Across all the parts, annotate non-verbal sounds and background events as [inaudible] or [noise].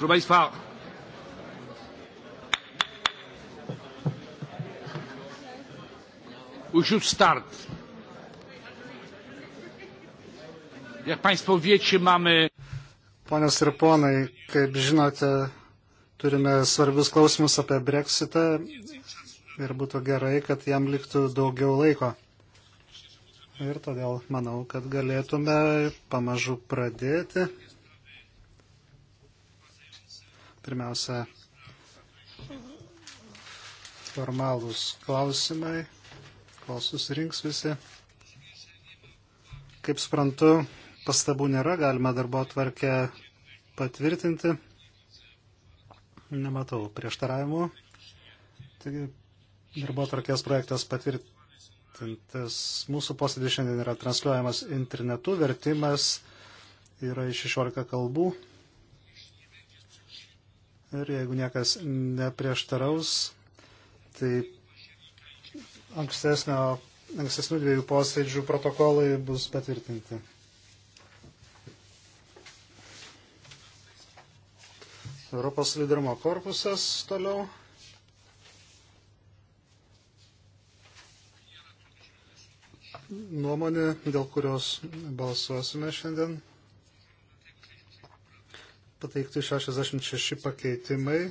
Proszę Państwa, we should start. Jak Państwo wiecie, mamy... Ponios ir ponai, kaip žinote, turime svarbius klausimus apie Brexitą ir būtų gerai, kad jam liktų daugiau laiko. Ir todėl manau, kad galėtume pamažu pradėti. Pirmiausia, formalūs klausimai, kol susirinks visi. Kaip suprantu, pastabų nėra, galima darbo tvarkę patvirtinti. Nematau prieštaravimų. Taigi, darbo tvarkės projektas patvirtintas. Mūsų posėdis šiandien yra transliuojamas internetu, vertimas yra iš 16 kalbų. Ir jeigu niekas neprieštaraus, tai ankstesnių dviejų posėdžių protokolai bus patvirtinti. Europos solidarumo korpusas toliau. Nuomonė, dėl kurios balsuosime šiandien pateikti 66 pakeitimai.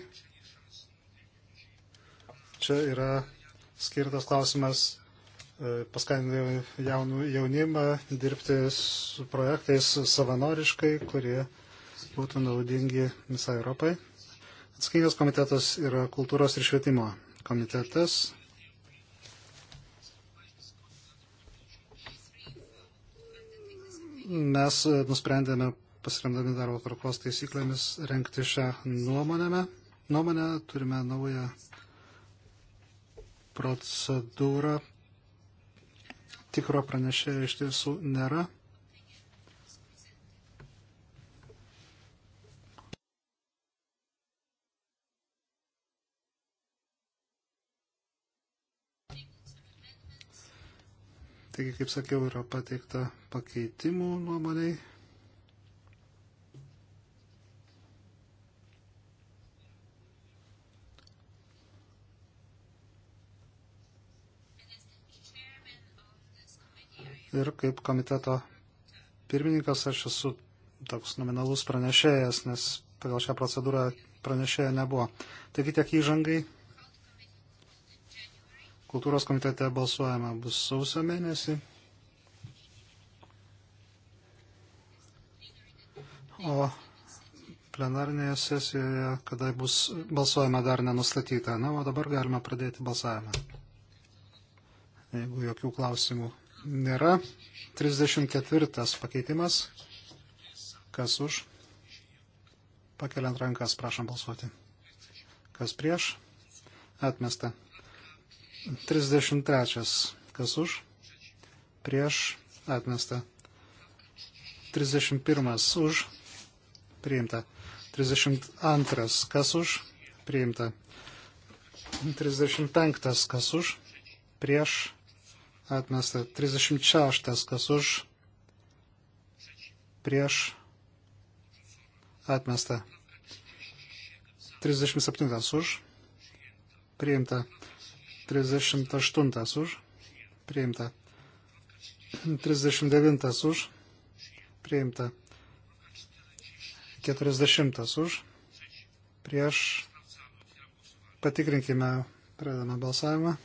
Čia yra skirtas klausimas e, paskatinti jaunimą dirbti su projektais savanoriškai, kurie būtų naudingi visai Europai. Atsakingas komitetas yra kultūros ir švietimo komitetas. Mes nusprendėme pasiremdami darbo tvarkos taisyklėmis, renkti šią nuomonę. Nuomonę turime naują procedūrą. Tikro pranešėjo iš tiesų nėra. Taigi, kaip sakiau, yra pateikta pakeitimų nuomoniai. ir kaip komiteto pirmininkas aš esu toks nominalus pranešėjas, nes pagal šią procedūrą pranešėjo nebuvo. Taigi tiek įžangai. Kultūros komitete balsuojama bus sausio mėnesį. O plenarinėje sesijoje, kada bus balsuojama dar nenustatyta. Na, o dabar galima pradėti balsavimą. Jeigu jokių klausimų nėra. 34 pakeitimas. Kas už? Pakeliant rankas, prašom balsuoti. Kas prieš? Atmesta. 33. Kas už? Prieš atmesta. 31. Už priimta. 32. Kas už? Priimta. 35. Kas už? Prieš atmesta. 36 kas už prieš atmesta. 37 už priimta. 38 už priimta. 39 už priimta. 40 už prieš patikrinkime, pradedame balsavimą.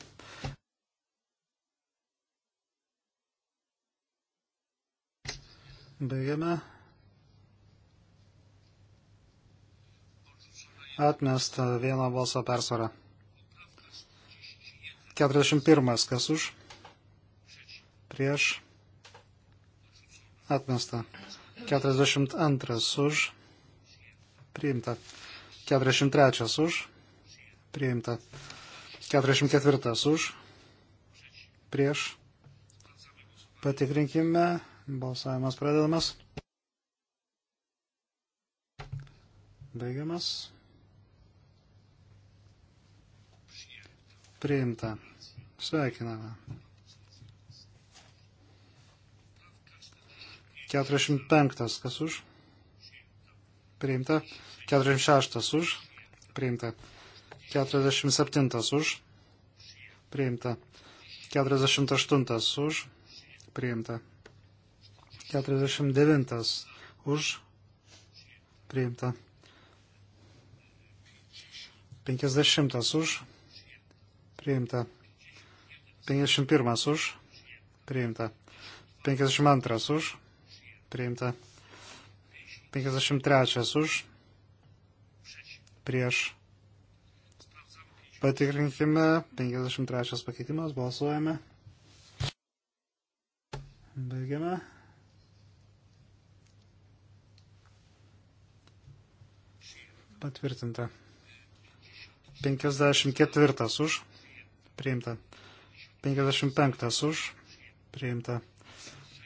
Baigiame. Atmesta vieno balso persvara. 41. Kas už? Prieš. Atmesta. 42. Už. Priimta. 43. Už. Priimta. 44. Už. Prieš. Patikrinkime. Balsavimas pradedamas. Baigiamas. Priimta. Sveikiname. 45. Kas už? Priimta. 46. Už? Priimta. 47. Už? Priimta. 48. Už? Priimta. 49 už priimta. 50 už priimta. 51 už priimta. 52 už priimta. 53 už prieš. Patikrinkime. 53 pakeitimas. Balsuojame. Baigiame. patvirtinta. 54 už, priimta. 55 už, priimta.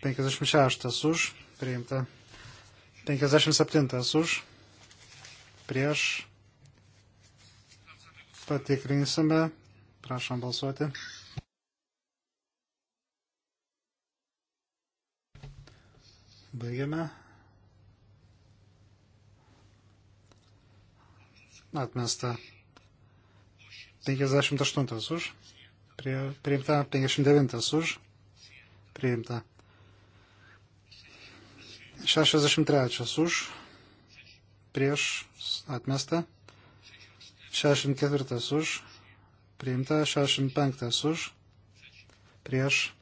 56 už, priimta. 57 už, prieš. Patikrinsime. Prašom balsuoti. Baigiame. atmesta. 58 už, prie, priimta 59 už, priimta. 63 už, prieš atmesta. 64 už, priimta. 65 už, prieš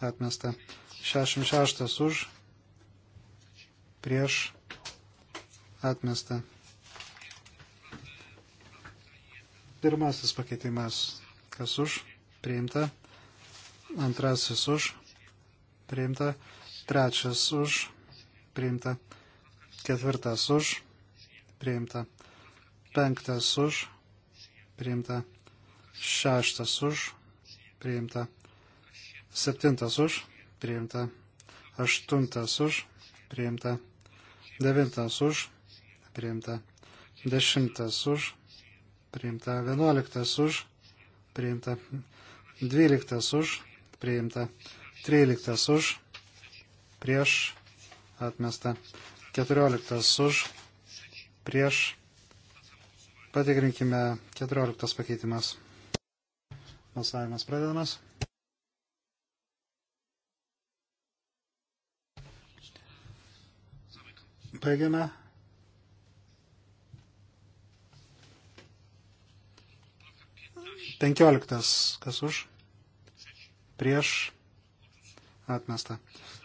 atmesta. 66 už, prieš atmesta. Pirmasis pakeitimas, kas už, priimta. Antrasis už, priimta. Trečias už, priimta. Ketvirtas už, priimta. Penktas už, priimta. Šeštas už, priimta. Septintas už, priimta. Aštuntas už, priimta. Devintas už, priimta. Dešimtas už, priimta 11 už, priimta 12 už, priimta 13 už, prieš atmesta 14 už, prieš patikrinkime 14 pakeitimas. Balsavimas pradedamas. Baigiame. 15. Kas už? Prieš. Atmesta.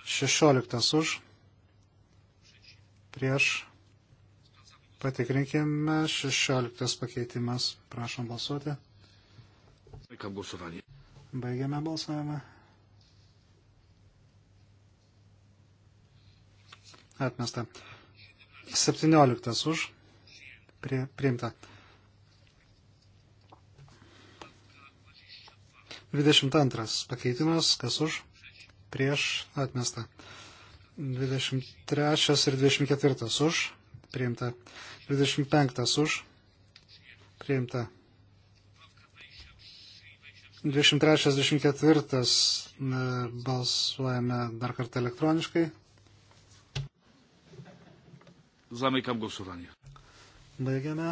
16. Už. Prieš. Patikrinkime. 16. pakeitimas. Prašom balsuoti. Baigiame balsavimą. Atmesta. 17. Už. Prie, priimta. 22 pakeitimas, kas už, prieš, atmesta. 23 ir 24 už, priimta. 25 už, priimta. 23-24 balsuojame dar kartą elektroniškai. Zamykam głosowanie. Baigiame.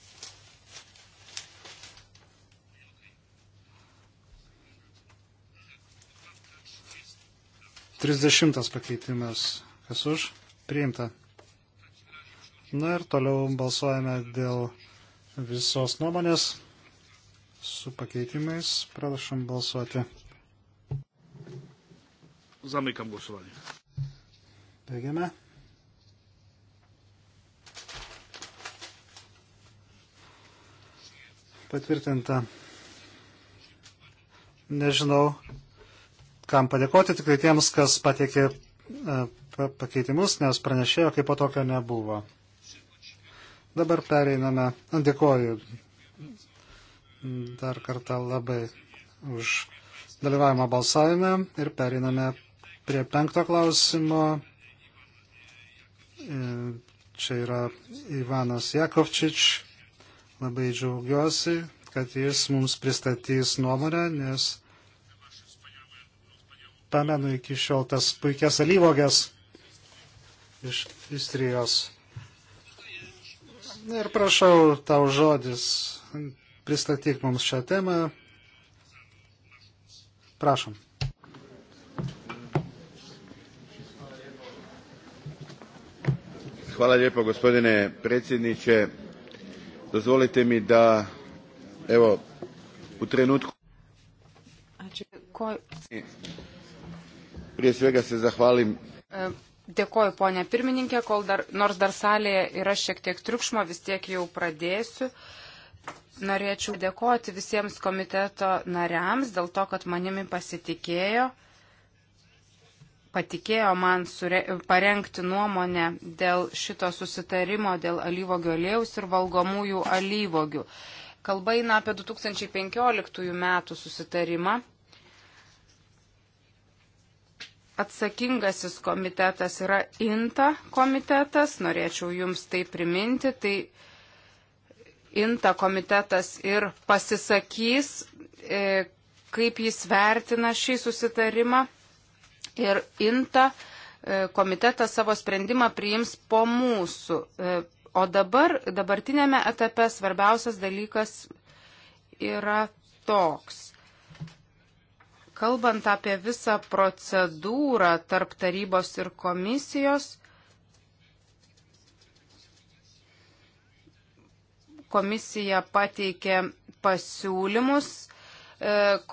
30 pakeitimas. Kas už? Priimta. Na ir toliau balsuojame dėl visos nuomonės su pakeitimais. Pralašom balsuoti. Zamykam głosowanie. Baigiame. Patvirtinta. Nežinau, kam padėkoti, tik tai tiems, kas pateikė e, pakeitimus, nes pranešėjo kaip po tokio nebuvo. Dabar pereiname. Dėkoju dar kartą labai už dalyvavimą balsavime ir pereiname prie penkto klausimo. E, čia yra Ivanas Jakovčič. Labai džiaugiuosi, kad jis mums pristatys nuomonę, nes pamenu iki šiol tas puikias alyvogės iš Istrijos. Ir prašau tau žodis, pristatyk mums šią temą. Prašom. Hvala lijepo gospodine predsjedniče. Dozvolite mi da evo u trenutku Ačiū. Ko... Prie svega se zahvalim. E, dėkoju, ponė pirmininkė, dar, nors dar salėje yra šiek tiek triukšmo, vis tiek jau pradėsiu. Norėčiau dėkoti visiems komiteto nariams dėl to, kad manimi pasitikėjo, patikėjo man sure, parengti nuomonę dėl šito susitarimo dėl alyvogio lėjaus ir valgomųjų alyvogių. Kalba eina apie 2015 metų susitarimą atsakingasis komitetas yra INTA komitetas, norėčiau jums tai priminti, tai INTA komitetas ir pasisakys, e, kaip jis vertina šį susitarimą. Ir INTA e, komitetas savo sprendimą priims po mūsų. E, o dabar, dabartinėme etape svarbiausias dalykas yra toks Kalbant apie visą procedūrą tarp tarybos ir komisijos, komisija pateikė pasiūlymus, e,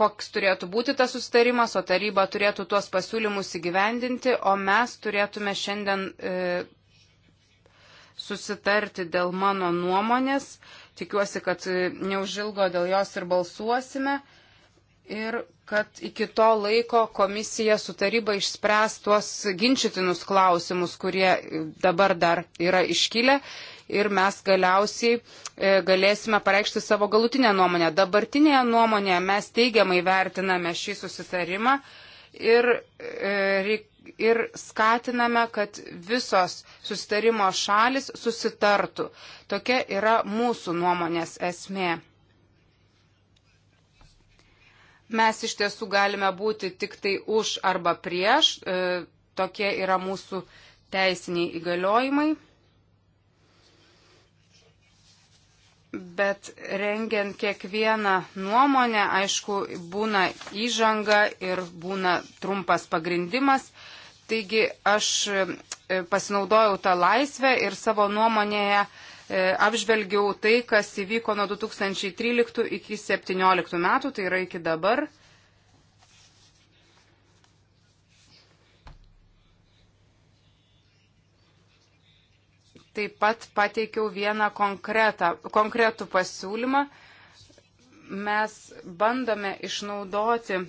koks turėtų būti tas sustarimas, o taryba turėtų tuos pasiūlymus įgyvendinti, o mes turėtume šiandien e, susitarti dėl mano nuomonės. Tikiuosi, kad e, neužilgo dėl jos ir balsuosime. Ir kad iki to laiko komisija su taryba išspręs tuos ginčytinus klausimus, kurie dabar dar yra iškilę ir mes galiausiai e, galėsime pareikšti savo galutinę nuomonę. Dabartinėje nuomonėje mes teigiamai vertiname šį susitarimą ir, e, ir skatiname, kad visos susitarimo šalis susitartų. Tokia yra mūsų nuomonės esmė mes iš tiesų galime būti tik tai už arba prieš. E, tokie yra mūsų teisiniai įgaliojimai. Bet rengiant kiekvieną nuomonę, aišku, būna įžanga ir būna trumpas pagrindimas. Taigi aš e, pasinaudojau tą laisvę ir savo nuomonėje E, apžvelgiau tai, kas įvyko nuo 2013 iki 2017 metų, tai yra iki dabar. Taip pat pateikiau vieną konkretą, konkretų pasiūlymą. Mes bandome išnaudoti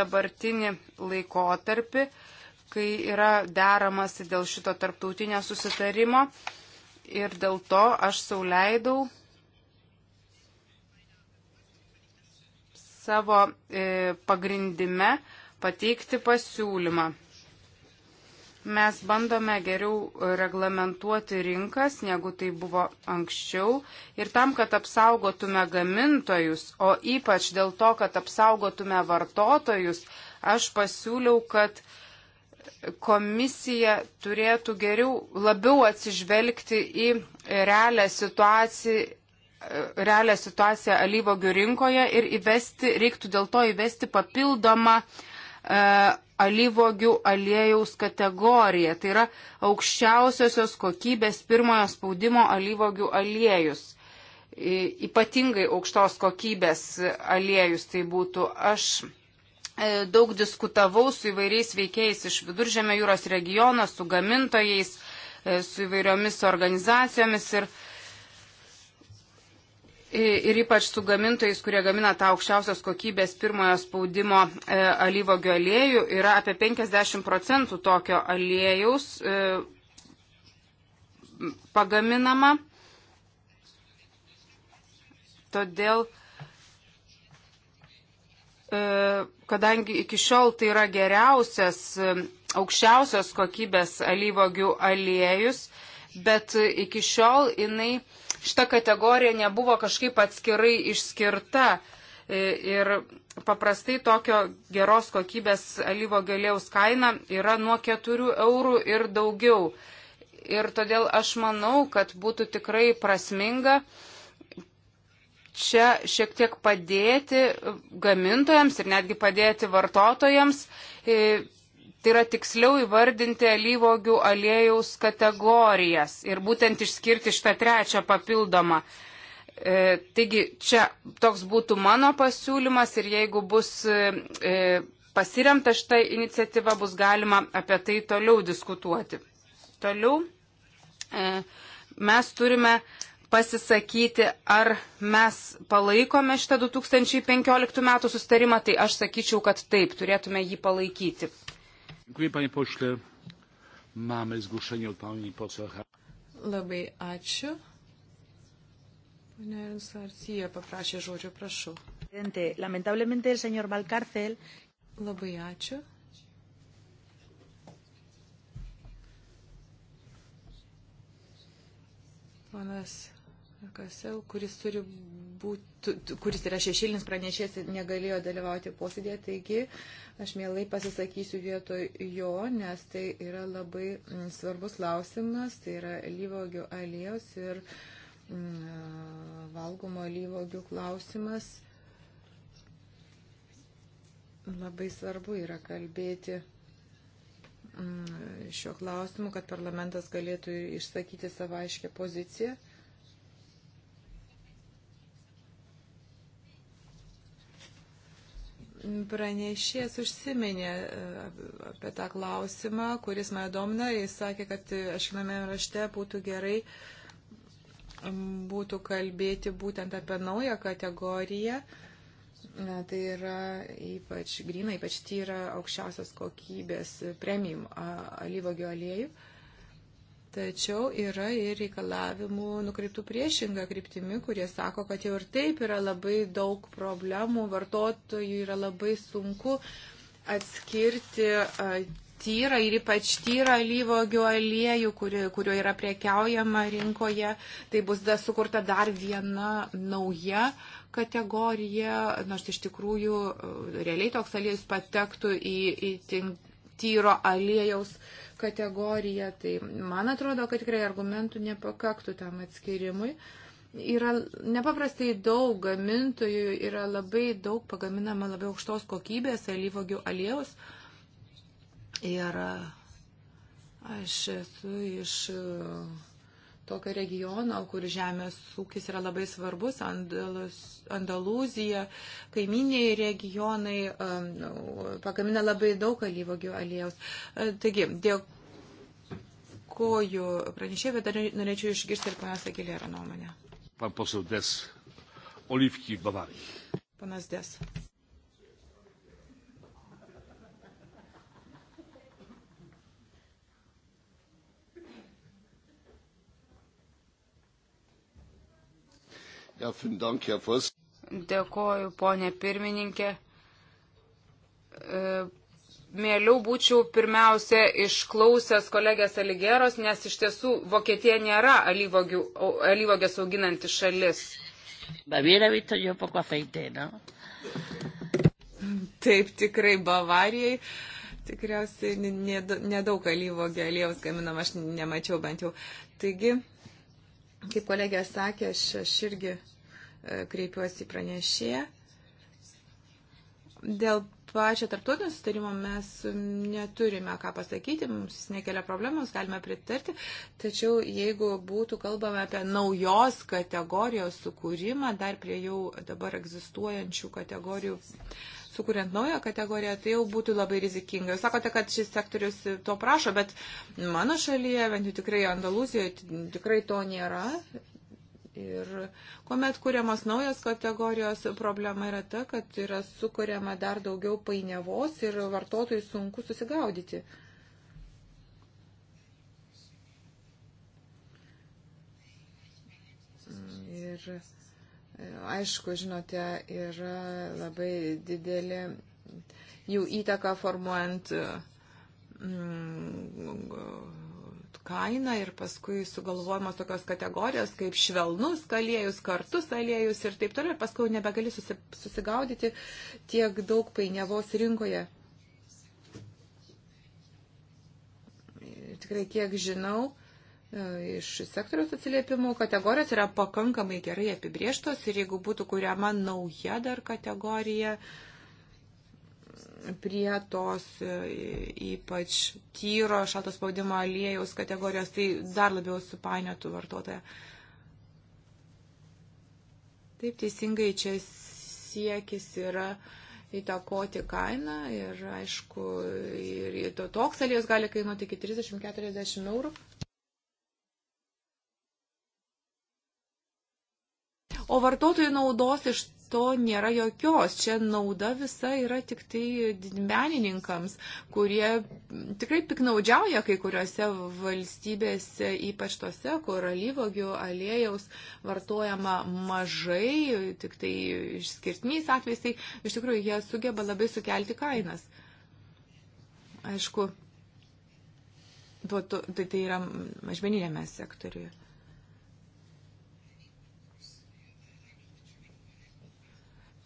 dabartinį laikotarpį, kai yra deramasi dėl šito tarptautinio susitarimo ir dėl to aš sauliaidau savo e, pagrindime pateikti pasiūlymą. Mes bandome geriau reglamentuoti rinkas, negu tai buvo anksčiau. Ir tam, kad apsaugotume gamintojus, o ypač dėl to, kad apsaugotume vartotojus, aš pasiūliau, kad e, kad komisija turėtų geriau, labiau atsižvelgti į realią situaciją realią situaciją alyvogių rinkoje ir įvesti, reiktų dėl to įvesti papildomą e, alyvogių aliejaus kategoriją. Tai yra aukščiausiosios kokybės pirmojo spaudimo alyvogių aliejus. E, ypatingai aukštos kokybės aliejus tai būtų. Aš E, daug diskutavau su įvairiais veikėjais iš Viduržėmio jūros regiono, su gamintojais, e, su įvairiomis organizacijomis ir, ir ypač su gamintojais, kurie gamina tą aukščiausios kokybės pirmojo spaudimo e, alyvogio aliejų. Yra apie 50 procentų tokio aliejaus pagaminama. Todėl E, kadangi iki šiol tai yra geriausias, e, aukščiausios kokybės alyvogių aliejus, bet iki šiol jinai šita kategorija nebuvo kažkaip atskirai išskirta. E, ir paprastai tokio geros kokybės alyvogių aliejaus kaina yra nuo 4 eurų ir daugiau. Ir todėl aš manau, kad būtų tikrai prasminga uh, čia šiek tiek padėti gamintojams ir netgi padėti vartotojams. E, tai yra tiksliau įvardinti alyvogių aliejaus kategorijas ir būtent išskirti šitą trečią papildomą. E, taigi čia toks būtų mano pasiūlymas ir jeigu bus e, pasiremta šitą iniciatyvą, bus galima apie tai toliau diskutuoti. Toliau e, mes turime pasisakyti, ar mes palaikome šitą 2015 metų sustarimą, tai aš sakyčiau, kad taip, turėtume jį palaikyti. Labai ačiū. Pane Ernst paprašė žodžio, prašau. Lamentablemente el señor Valcárcel. Labai ačiū. Ponas Kasel, kuris, turi būti, kuris yra šešilinis pranešės, negalėjo dalyvauti posėdėje, taigi aš mielai pasisakysiu vietoj jo, nes tai yra labai mm, svarbus klausimas, tai yra lyvogių aliejus ir mm, valgomo lyvogių klausimas. Labai svarbu yra kalbėti mm, šiuo klausimu, kad parlamentas galėtų išsakyti savo aiškę poziciją. Pranešėjas užsiminė e, apie tą klausimą, kuris mane domina. Jis sakė, kad ašiname rašte būtų gerai būtų kalbėti būtent apie naują kategoriją. Na, tai yra ypač grina, ypač tyra aukščiausios kokybės premium alyvogio aliejų. A, Tačiau yra ir reikalavimų nukreiptų priešingą kryptimi, kurie sako, kad jau ir taip yra labai daug problemų, vartotojų yra labai sunku atskirti tyrą ir ypač tyrą lyvogių aliejų, kuri, kurio yra priekiaujama rinkoje. Tai bus da, sukurta dar viena nauja kategorija, nors iš tikrųjų realiai toks aliejus patektų į, į tyro aliejaus uh, kategoriją. Tai man atrodo, kad tikrai argumentų nepakaktų tam atskirimui. Yra nepaprastai daug gamintojų, yra labai daug pagaminama labai aukštos kokybės alyvogių aliejus. Ir aš esu iš tokio regiono, kur žemės ūkis yra labai svarbus, Andalus, Andalūzija, kaiminiai regionai um, pagamina labai daug alyvogių aliejaus. E, taigi, dėkoju pranešėjai, bet dar norėčiau išgirsti ir panas Agilėro nuomonę. Pan posėdės Olivki Bavarijai. Panas Des. Dėkoju, ponė pirmininkė. E, Mėliau būčiau pirmiausia išklausęs kolegės Aligeros, nes iš tiesų Vokietija nėra alyvogės auginanti šalis. Taip tikrai Bavarijai. Tikriausiai nedaug alyvogė alievos gaminama, aš nemačiau bent jau. Taigi, Kaip kolegė sakė, aš, aš irgi e, kreipiuosi į pranešėją. Dėl pačio tarptautinio sustarimo mes neturime ką pasakyti, mums nekelia problemos, galime pritarti, tačiau jeigu būtų kalbama apie naujos kategorijos sukūrimą, dar prie jau dabar egzistuojančių kategorijų uh, sukuriant naują kategoriją, tai jau būtų labai rizikinga. Jūs sakote, kad šis sektorius to prašo, bet mano šalyje, bent jau tikrai Andaluzijoje, tikrai to nėra. Ir kuomet kuriamos naujos kategorijos, problema yra ta, kad yra sukuriama dar daugiau painiavos ir vartotojai sunku susigaudyti. Ir aišku, žinote, yra labai didelė jų įtaka formuojant mm, kainą ir paskui sugalvojamos tokios kategorijos kaip švelnus aliejus, kartus aliejus ir taip toliau. Ir paskui nebegali susi, susigaudyti tiek daug painiavos rinkoje. Ir tikrai kiek žinau, E, iš sektoriaus atsiliepimų kategorijos yra pakankamai gerai apibrieštos ir jeigu būtų kuriama nauja dar kategorija prie tos e, ypač tyro šalto spaudimo aliejaus kategorijos, tai dar labiau supainiotų vartotoją. Taip teisingai čia siekis yra įtakoti kainą ir aišku, ir to, toks aliejus gali kainuoti iki 30-40 eurų. o vartotojų naudos iš to nėra jokios. Čia nauda visa yra tik tai menininkams, kurie tikrai piknaudžiauja kai kuriuose valstybėse, ypač tose, kur alyvogių aliejaus vartojama mažai, tik tai išskirtiniais atvejais, tai iš tikrųjų jie sugeba labai sukelti kainas. Aišku, tuo, tuo, tai, tai yra mažmeninėme sektoriuje.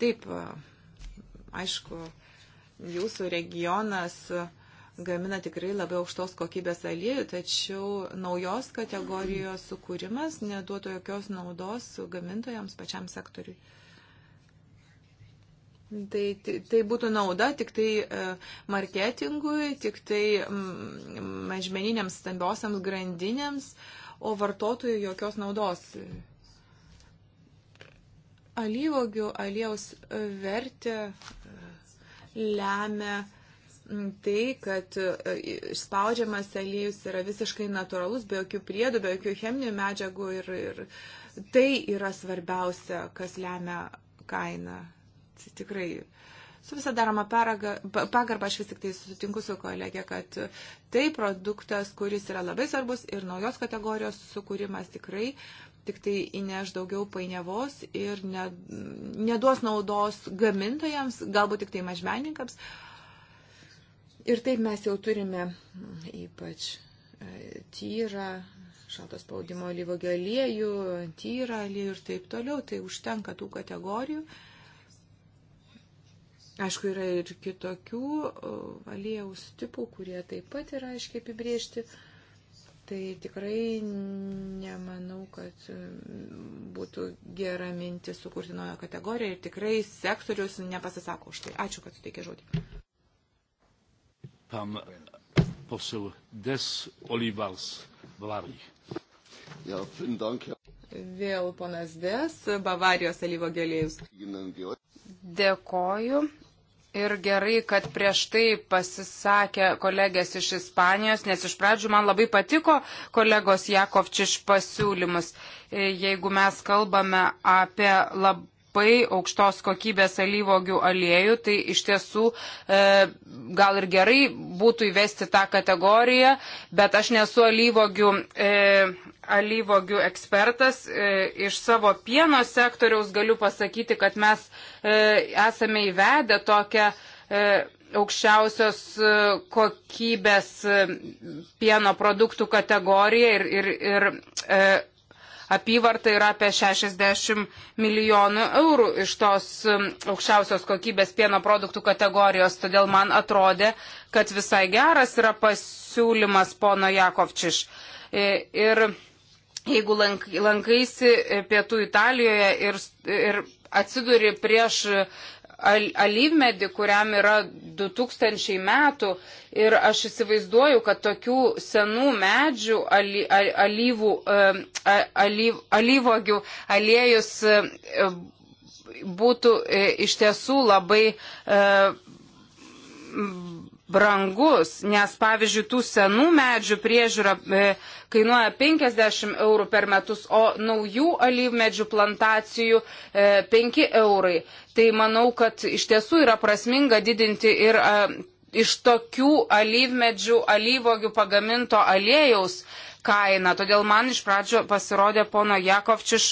Taip, aišku, jūsų regionas gamina tikrai labai aukštos kokybės aliejų, tačiau naujos kategorijos sukūrimas neduotų jokios naudos gamintojams pačiam sektoriui. Tai, tai, tai būtų nauda tik tai e, marketingui, tik tai mažmeniniams stambiosiams grandinėms, o vartotojui jokios naudos alyvogių aliejaus vertė e, lemia tai, kad e, spaudžiamas aliejus yra visiškai natūralus, be jokių priedų, be jokių cheminių medžiagų ir, ir tai yra svarbiausia, kas lemia kainą. Tai tikrai su visą daroma pagarba aš vis tik tai sutinku su kolegė, kad tai produktas, kuris yra labai svarbus ir naujos kategorijos sukūrimas tikrai uh, tik tai įneš daugiau painiavos ir ne, neduos naudos gamintojams, galbūt tik tai mažmeninkams. Ir taip mes jau turime ypač e, tyrą, šaltos spaudimo lyvogio aliejų, tyrą aliejų ir taip toliau, tai užtenka tų kategorijų. Aišku, yra ir kitokių e, aliejaus tipų, kurie taip pat yra aiškiai apibriežti. Uh, Tai tikrai nemanau, kad e, būtų gera mintis sukurti naują kategoriją ir tikrai sektorius nepasisako už tai. Ačiū, kad suteikė žodį. Pan poseł Des Olivals Bavarii. Ja, dank, ja. Vėl ponas Des, Bavarijos alyvo gėlėjus. Dėkoju. Ir gerai, kad prieš tai pasisakė kolegės iš Ispanijos, nes iš pradžių man labai patiko kolegos Jakovčiš pasiūlymus. E, jeigu mes kalbame apie lab, labai aukštos kokybės alyvogių aliejų, tai iš tiesų e, gal ir gerai būtų įvesti tą kategoriją, bet aš nesu alyvogių, e, alyvogių ekspertas. E, iš savo pieno sektoriaus galiu pasakyti, kad mes e, esame įvedę tokią. E, aukščiausios e, kokybės e, pieno produktų kategoriją ir, ir, ir e, apyvarta yra apie 60 milijonų eurų iš tos um, aukščiausios kokybės pieno produktų kategorijos. Todėl man atrodė, kad visai geras yra pasiūlymas pono Jakovčiš. E, ir jeigu lank, lankaisi e, pietų Italijoje ir, ir atsiduri prieš al, alyvmedį, kuriam yra 2000 metų. Ir aš įsivaizduoju, kad tokių senų medžių aly, alyvų, e, alyv, alyvogių aliejus e, būtų e, iš tiesų labai brangus, nes pavyzdžiui, tų senų medžių priežiūra e, kainuoja 50 eurų per metus, o naujų alyvmedžių plantacijų 5 e, eurai. Tai manau, kad iš tiesų yra prasminga didinti ir e, iš tokių alyvmedžių, alyvogių pagaminto aliejaus kainą. Todėl man iš pradžio pasirodė pono Jakovčiš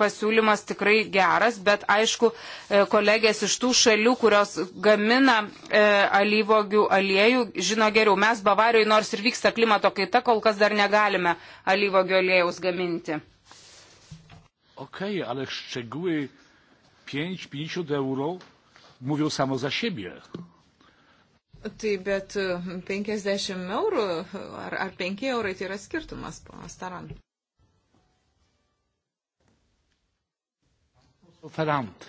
pasiūlymas tikrai geras, bet aišku, e, kolegės iš tų šalių, kurios gamina e, alyvogių aliejų, žino geriau. Mes Bavarijoje, nors ir vyksta klimato kaita, kol kas dar negalime alyvogių aliejaus gaminti. Okej, okay, ale szczegóły 5-50 euro mówią samo za siebie. Tai bet 50 e, eurų ar, ar 5 eurai tai yra skirtumas, ponas Taran. Ferrand.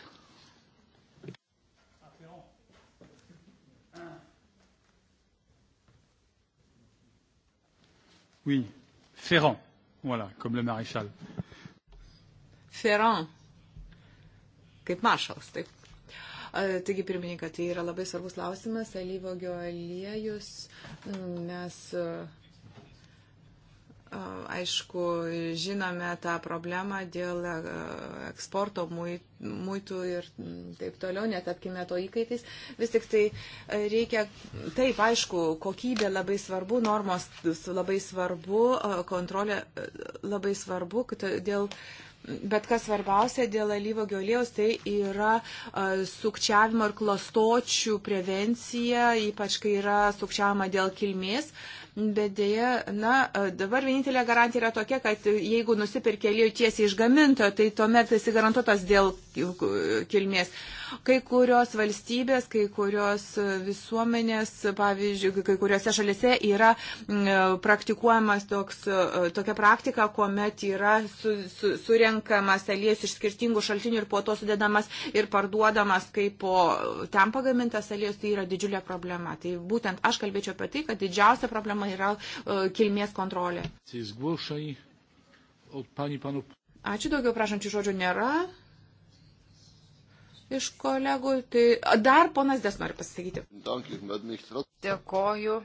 Oui, Ferrand, voilà, comme le maréchal. Ferrand, kaip maršalas, taip. Taigi, pirmininkai, tai yra labai svarbus klausimas. Alyvogio aliejus mes aišku, žinome tą problemą dėl eksporto muitų ir taip toliau, netapkime to įkaitais. Vis tik tai reikia, taip, aišku, kokybė labai svarbu, normos labai svarbu, kontrolė labai svarbu, dėl Bet kas svarbiausia dėl alyvogio aliejaus, tai yra sukčiavimo ir klastočių prevencija, ypač kai yra sukčiavima dėl kilmės. Uh, bet dėja, na, dabar vienintelė garantija yra tokia, kad jeigu nusipirkėlėjų tiesiai iš gamintojo, tai tuomet esi garantuotas dėl kilmės. Kai kurios valstybės, kai kurios visuomenės, pavyzdžiui, kai kuriuose šalise yra praktikuojamas toks, tokia praktika, kuomet yra su, su, surenkamas aliejus iš skirtingų šaltinių ir po to sudedamas ir parduodamas kaip po ten pagamintas aliejus, tai yra didžiulė problema. Tai būtent aš kalbėčiau apie tai, kad didžiausia problema privaloma yra e, kilmės kontrolė. Ačiū daugiau prašančių žodžių nėra. Iš kolegų, tai dar ponas Des nori pasakyti. Dėkoju.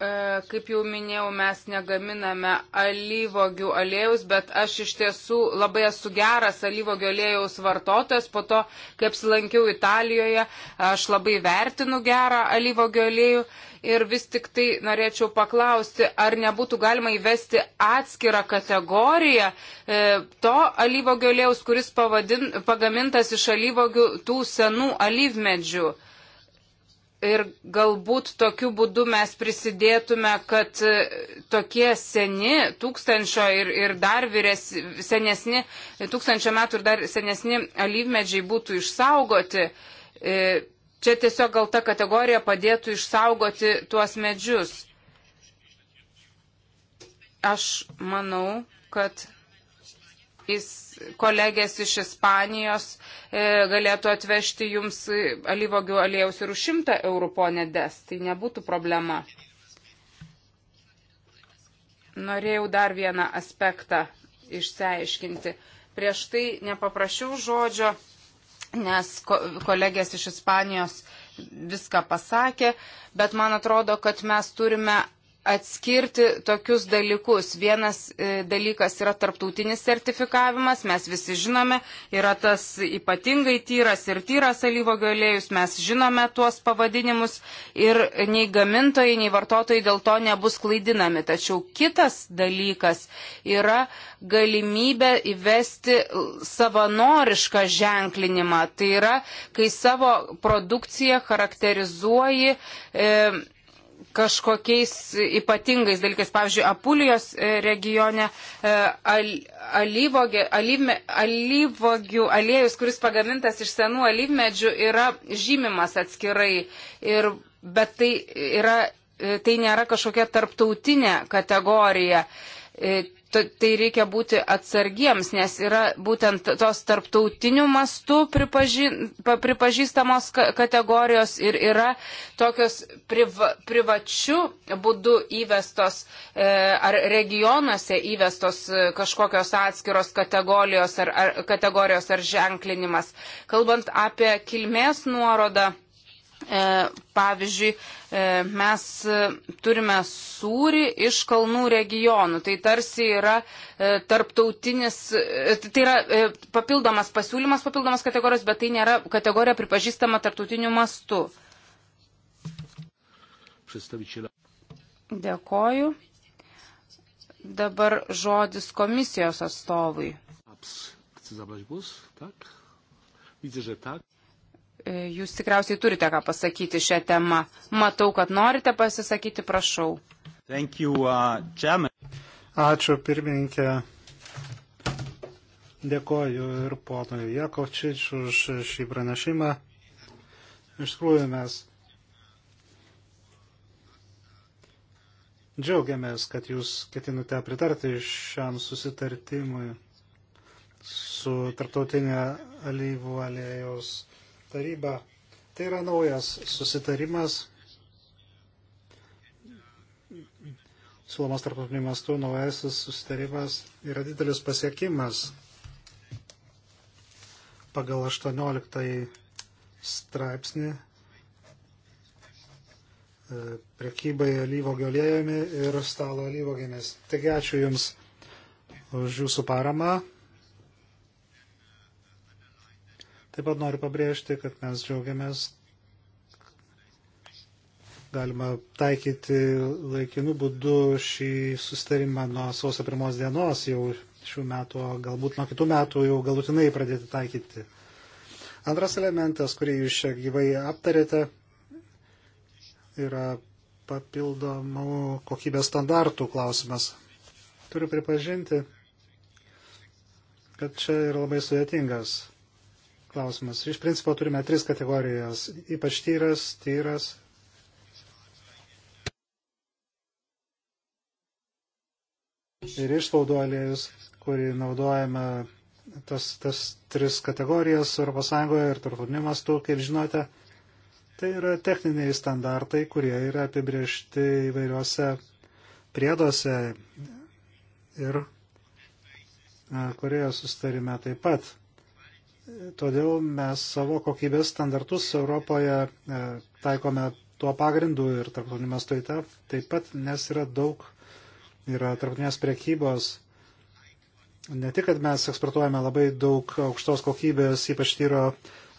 E, kaip jau minėjau, mes negaminame alyvogių aliejus, bet aš iš tiesų labai esu geras alyvogių aliejus vartotojas. Po to, kai apsilankiau Italijoje, aš labai vertinu gerą alyvogių aliejų. Ir vis tik tai norėčiau paklausti, ar nebūtų galima įvesti atskirą kategoriją e, to alyvogių aliejus, kuris pavadin, pagamintas iš alyvogių tų senų alyvmedžių. E, Ir galbūt tokiu būdu mes prisidėtume, kad e, tokie seni, tūkstančio ir, ir dar vyres, senesni, tūkstančio metų ir dar senesni alyvmedžiai būtų išsaugoti. E, čia tiesiog gal ta kategorija padėtų išsaugoti tuos medžius. Aš manau, kad pasakys kolegės iš Ispanijos, e, galėtų atvežti jums alyvogių aliejaus ir už 100 eurų ponė des. Tai nebūtų problema. Norėjau dar vieną aspektą išsiaiškinti. Prieš tai nepaprašiau žodžio, nes kolegės iš Ispanijos viską pasakė, bet man atrodo, kad mes turime atskirti tokius dalykus. Vienas e, dalykas yra tarptautinis sertifikavimas, mes visi žinome, yra tas ypatingai tyras ir tyras alyvogio aliejus, mes žinome tuos pavadinimus ir nei gamintojai, nei vartotojai dėl to nebus klaidinami. Tačiau kitas dalykas yra galimybė įvesti savanorišką ženklinimą. Tai yra, kai savo produkciją charakterizuoji e, kažkokiais ypatingais dalykais. Pavyzdžiui, Apulijos e, regione e, al, alyvogė, alyvme, alyvogių aliejus, kuris pagamintas iš senų alyvmedžių, yra žymimas atskirai. Ir, bet tai, yra, e, tai nėra kažkokia tarptautinė kategorija. E, E, tai reikia būti atsargiems, nes yra būtent tos tarptautinių mastų pripaži, pripažįstamos kategorijos ir yra tokios priva, privačių būdų įvestos e, ar regionuose įvestos e, kažkokios atskiros kategorijos ar, ar, kategorijos ar ženklinimas. Kalbant apie kilmės nuorodą. E, pavyzdžiui, e, mes turime sūrį iš kalnų regionų. Tai tarsi yra e, tarptautinis, tai yra papildomas pasiūlymas, papildomas kategorijos, bet tai nėra kategorija pripažįstama tarptautiniu mastu. Dėkoju. Dabar žodis komisijos atstovui. Apps. Chce zabrać głos? Tak? Widzę, że tak. E, jūs tikriausiai turite ką pasakyti šią temą. Matau, kad norite pasisakyti, prašau. Thank you, uh, Ačiū pirmininkė. Dėkoju ir ponui Jakovčič už šį pranešimą. Iš tikrųjų mes džiaugiamės, kad jūs ketinate pritarti šiam susitartimui su tarptautinė alyvų aliejaus taryba. Tai yra naujas susitarimas, siūlomas tarptautiniu mastu, naujasis susitarimas yra didelis pasiekimas pagal 18 straipsnį e, prekybai alyvogio aliejumi ir stalo alyvogėmis. Taigi ačiū Jums už Jūsų paramą. Taip pat noriu pabrėžti, kad mes džiaugiamės galima taikyti laikinų būdų šį sustarimą nuo sausio pirmos dienos jau šių metų, galbūt nuo kitų metų jau galutinai pradėti taikyti. Antras elementas, kurį jūs čia gyvai aptarėte, yra papildomų kokybės standartų klausimas. Turiu pripažinti, kad čia yra labai sudėtingas klausimas. Iš principo turime tris kategorijas. Ypač tyras, tyras. Ir išspaudų aliejus, kurį naudojame tas, tas tris kategorijas ES ir tarptautiniu mastu, kaip žinote. Tai yra techniniai standartai, kurie yra apibriežti įvairiuose prieduose ir Korejos sustarime taip pat. Todėl mes savo kokybės standartus Europoje e, taikome tuo pagrindu ir tarptautiniu mastu į tą taip pat, nes yra daug, yra tarptautinės priekybos. Ne tik, kad mes eksportuojame labai daug aukštos kokybės, ypač tyro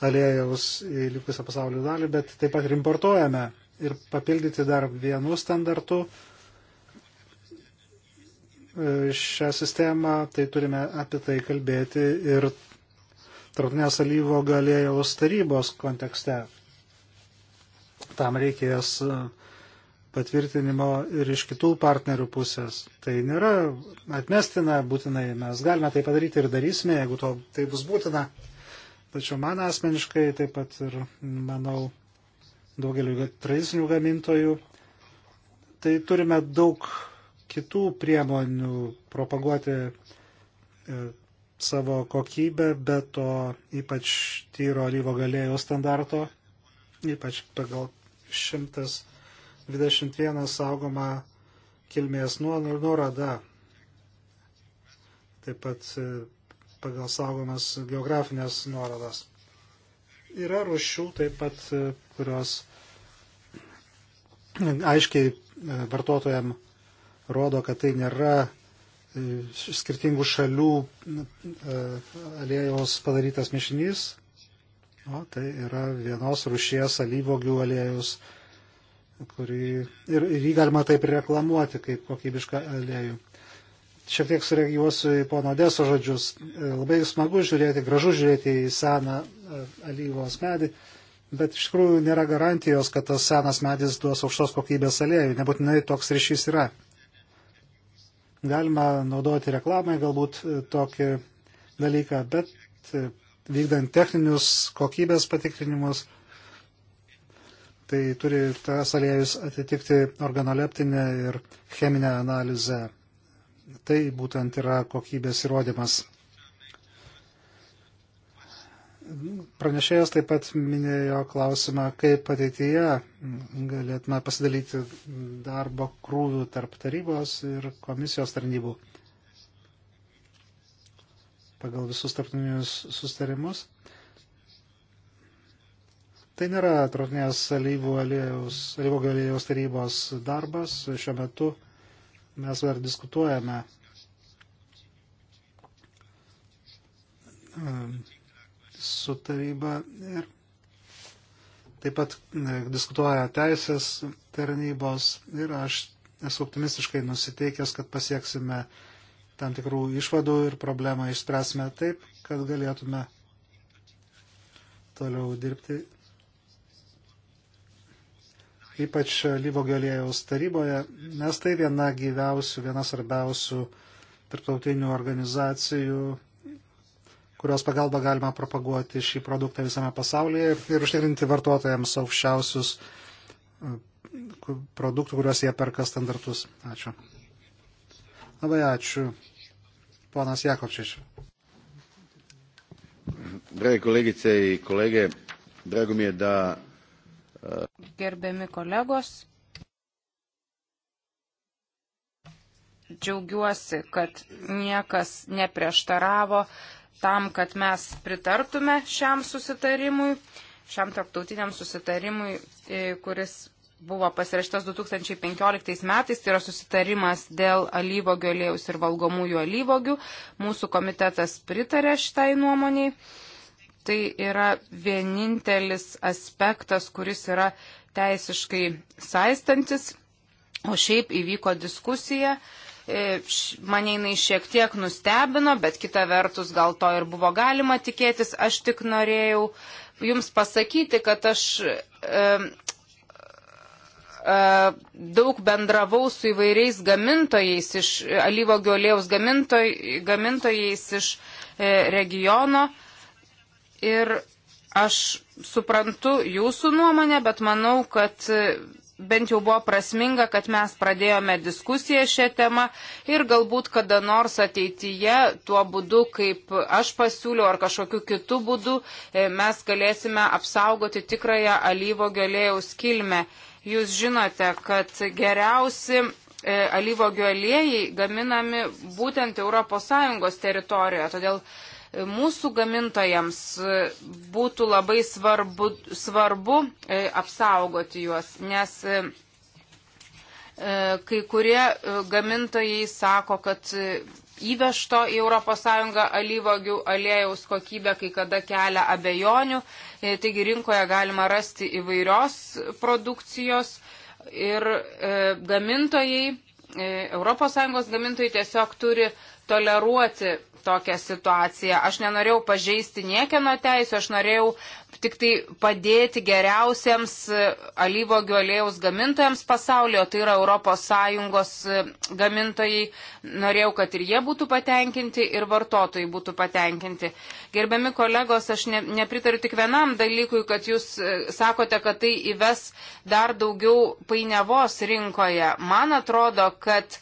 aliejaus į likusią pasaulio dalį, bet taip pat ir importuojame. Ir papildyti dar vienu standartu e, šią sistemą, tai turime apie tai kalbėti ir tarptautinės alyvo galėjaus tarybos kontekste. Tam reikės e, patvirtinimo ir iš kitų partnerių pusės. Tai nėra atmestina būtinai, mes galime tai padaryti ir darysime, jeigu to tai bus būtina. Tačiau man asmeniškai taip pat ir, manau, daugeliu tradicinių gamintojų, tai turime daug kitų priemonių propaguoti e, savo kokybę, bet to ypač tyro alyvo galėjo standarto, ypač pagal 121 saugoma kilmės nuoroda, taip pat e, pagal saugomas geografinės nuorodas. Yra rušių taip pat, e, kurios aiškiai e, vartotojams rodo, kad tai nėra skirtingų šalių e, aliejaus padarytas mišinys. O tai yra vienos rušies alyvogių aliejus, kurį ir, ir jį galima taip reklamuoti kaip kokybišką aliejų. Šiek tiek sureaguosiu į pono Deso žodžius. E, labai smagu žiūrėti, gražu žiūrėti į seną e, alyvos medį, bet iš tikrųjų nėra garantijos, kad tas senas medis duos aukštos kokybės aliejų. Nebūtinai toks ryšys yra. Galima naudoti reklamai galbūt e, tokį dalyką, bet e, vykdant techninius kokybės patikrinimus, tai turi tas aliejus atitikti organoleptinę ir cheminę analizę. Tai būtent yra kokybės įrodymas. Pranešėjas taip pat minėjo klausimą, kaip ateityje galėtume pasidalyti darbo krūvių tarp tarybos ir komisijos tarnybų pagal visus tarptautinius sustarimus. Tai nėra trotinės alyvų galėjaus tarybos darbas. Šiuo metu mes dar diskutuojame su taryba ir taip pat e, diskutuoja teisės tarnybos ir aš esu optimistiškai nusiteikęs, kad pasieksime tam tikrų išvadų ir problemą išspręsime taip, kad galėtume toliau dirbti. Ypač lyvo galėjaus taryboje, nes tai viena gyviausių, viena svarbiausių tarptautinių organizacijų kurios pagalba galima propaguoti šį produktą visame pasaulyje ir, ir užtikrinti vartotojams aukščiausius e, produktų, kuriuos jie perka standartus. Ačiū. Labai ačiū. Ponas Jakovčiš. Dragi kolegice i kolege, drago mi je da. E, Gerbiami kolegos, džiaugiuosi, kad niekas neprieštaravo tam, kad mes pritartume šiam susitarimui, šiam tarptautiniam susitarimui, e, kuris buvo pasirašytas 2015 metais, tai yra susitarimas dėl alyvogių aliejus ir valgomųjų alyvogių. Mūsų komitetas pritarė šitai nuomoniai. Tai yra vienintelis aspektas, kuris yra teisiškai saistantis. O šiaip įvyko diskusija E, mane jinai šiek tiek nustebino, bet kita vertus gal to ir buvo galima tikėtis. Aš tik norėjau Jums pasakyti, kad aš e, e, daug bendravau su įvairiais gamintojais, iš alyvogio lėjaus gamintoj, gamintojais iš e, regiono. Ir aš suprantu jūsų nuomonę, bet manau, kad bent jau buvo prasminga, kad mes pradėjome diskusiją šią temą ir galbūt kada nors ateityje tuo būdu, kaip aš pasiūliau ar kažkokiu kitu būdu, e, mes galėsime apsaugoti tikrąją alyvo galėjaus kilmę. Jūs žinote, kad geriausi e, alyvo galėjai gaminami būtent ES teritorijoje, todėl Mūsų gamintojams būtų labai svarbu, svarbu e, apsaugoti juos, nes e, e, kai kurie gamintojai sako, kad įvežto į ES alyvogių aliejaus kokybė kai kada kelia abejonių. Taigi rinkoje galima rasti įvairios produkcijos ir gamintojai, ES gamintojai tiesiog turi toleruoti tokią situaciją. Aš nenorėjau pažeisti niekieno teisų, aš norėjau tik tai padėti geriausiems e, alyvogių aliejaus gamintojams pasaulio, tai yra ES e, gamintojai. Norėjau, kad ir jie būtų patenkinti, ir vartotojai būtų patenkinti. Gerbiami kolegos, aš ne, nepritariu tik vienam dalykui, kad jūs e, sakote, kad tai įves dar daugiau painiavos rinkoje. Man atrodo, kad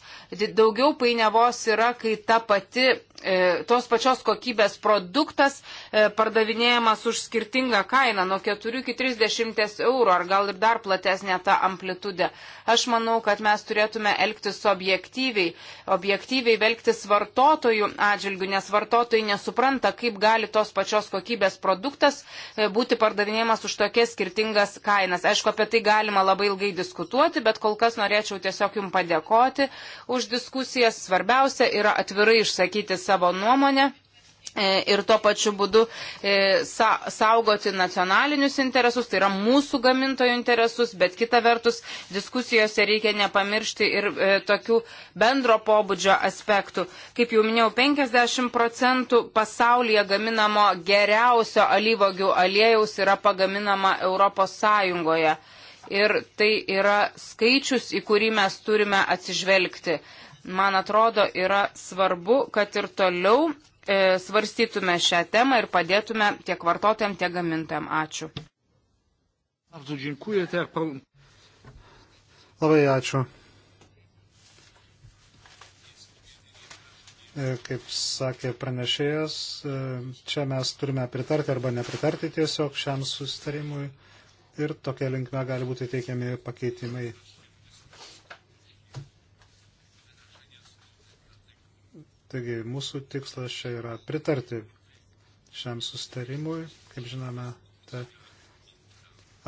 daugiau painiavos yra, kai ta pati E, tos pačios kokybės produktas e, pardavinėjamas už skirtingą kainą nuo 4 iki 30 eurų ar gal ir dar platesnė ta amplitudė. Aš manau, kad mes turėtume elgtis objektyviai, objektyviai elgtis vartotojų atžvilgių, nes vartotojai nesupranta, kaip gali tos pačios kokybės produktas e, būti pardavinėjamas už tokias skirtingas kainas. Aišku, apie tai galima labai ilgai diskutuoti, bet kol kas norėčiau tiesiog Jums padėkoti už diskusijas. Svarbiausia yra atvirai išsakyti savo savo nuomonę e, ir tuo pačiu būdu e, saugoti nacionalinius interesus, tai yra mūsų gamintojų interesus, bet kita vertus diskusijose reikia nepamiršti ir e, tokių bendro pobūdžio aspektų. Kaip jau minėjau, 50 procentų pasaulyje gaminamo geriausio alyvogių aliejaus yra pagaminama Europos Sąjungoje. Ir tai yra skaičius, į kurį mes turime atsižvelgti man atrodo, yra svarbu, kad ir toliau e, svarstytume šią temą ir padėtume tiek vartotojams, tiek gamintojams. Ačiū. Labai ačiū. E, kaip sakė pranešėjas, e, čia mes turime pritarti arba nepritarti tiesiog šiam sustarimui ir tokia linkme gali būti teikiami pakeitimai. Taigi mūsų tikslas čia yra pritarti šiam sustarimui. Kaip žinome, ta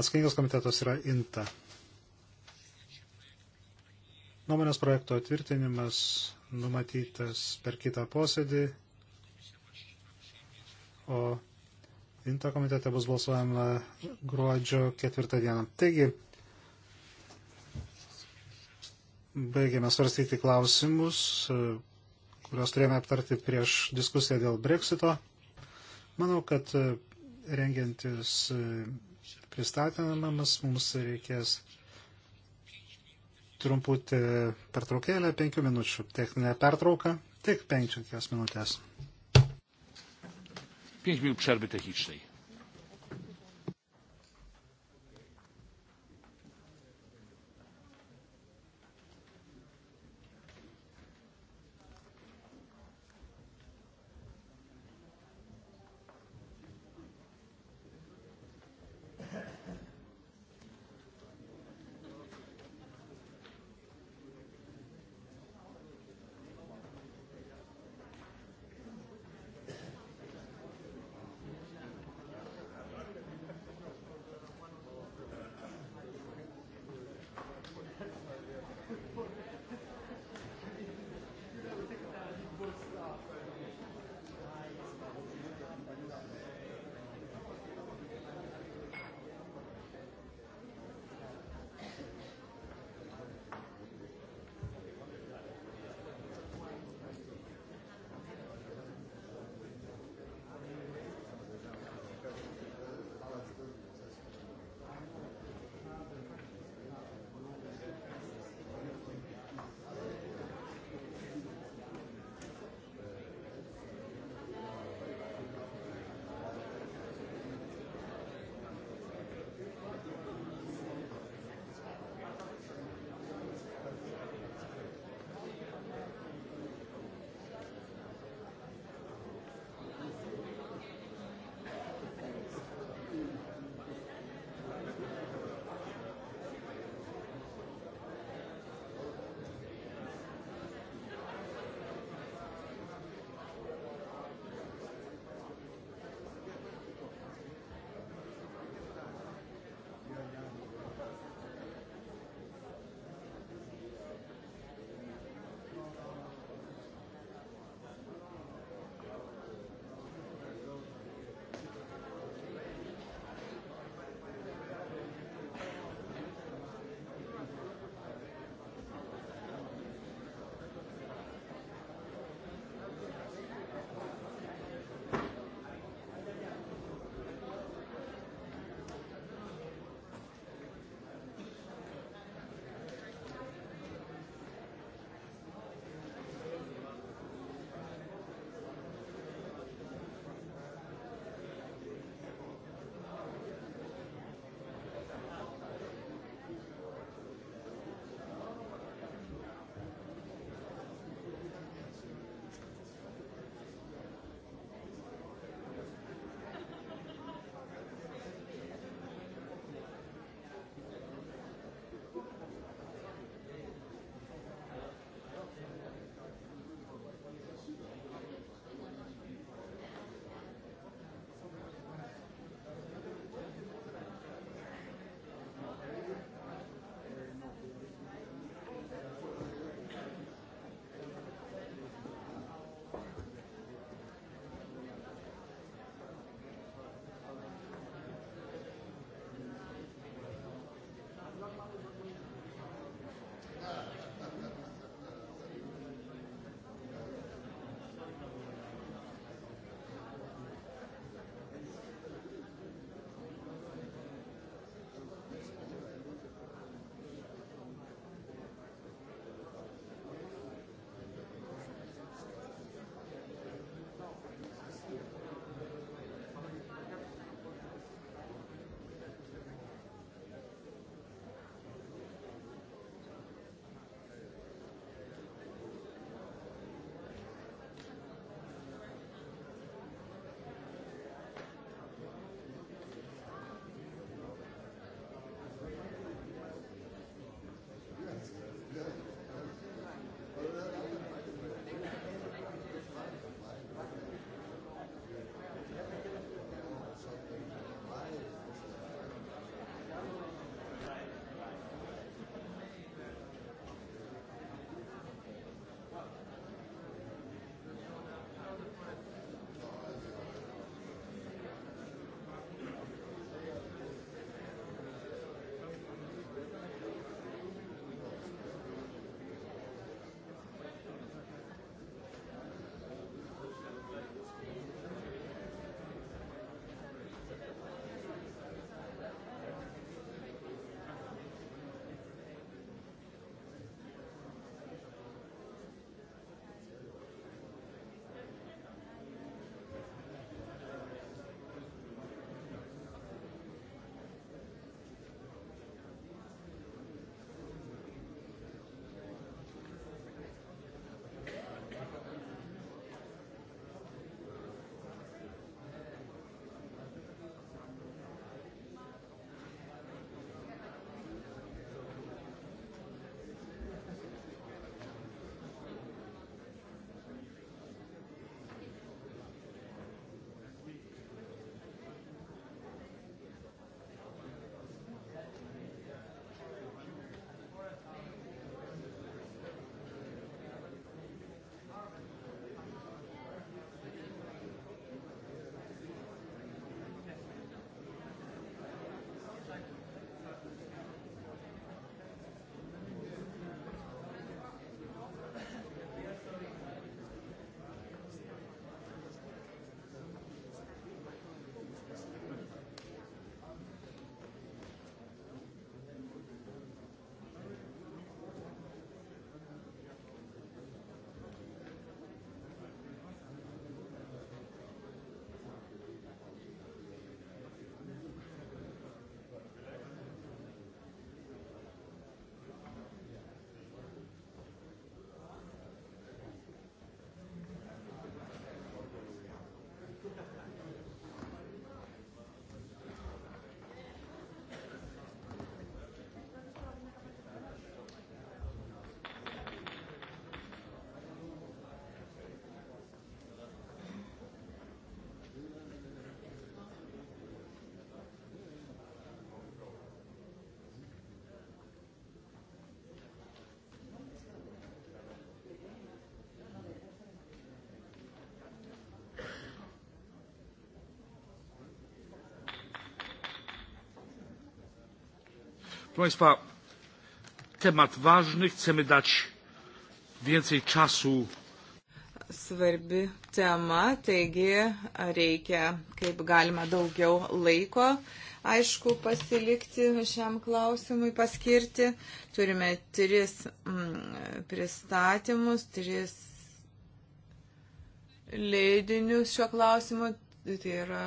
atsakingas komitetas yra INTA. Nuomonės projekto tvirtinimas numatytas per kitą posėdį, o INTA komitete bus balsuojama gruodžio ketvirtą dieną. Taigi, baigėme svarstyti klausimus, kuriuos turėjome aptarti prieš diskusiją dėl Brexito. Manau, kad e, rengiantis e, pristatymams mums reikės trumputį pertraukėlę, penkių minučių techninę pertrauką, tik penkias minutės. 5 minut przerwy technicznej. Proszę Państwa, temat ważny, chcemy dać więcej czasu. Svarbi tema, taigi reikia kaip galima daugiau laiko, aišku, pasilikti šiam klausimui, paskirti. Turime tris mm, pristatymus, tris leidinius šiuo klausimu, tai yra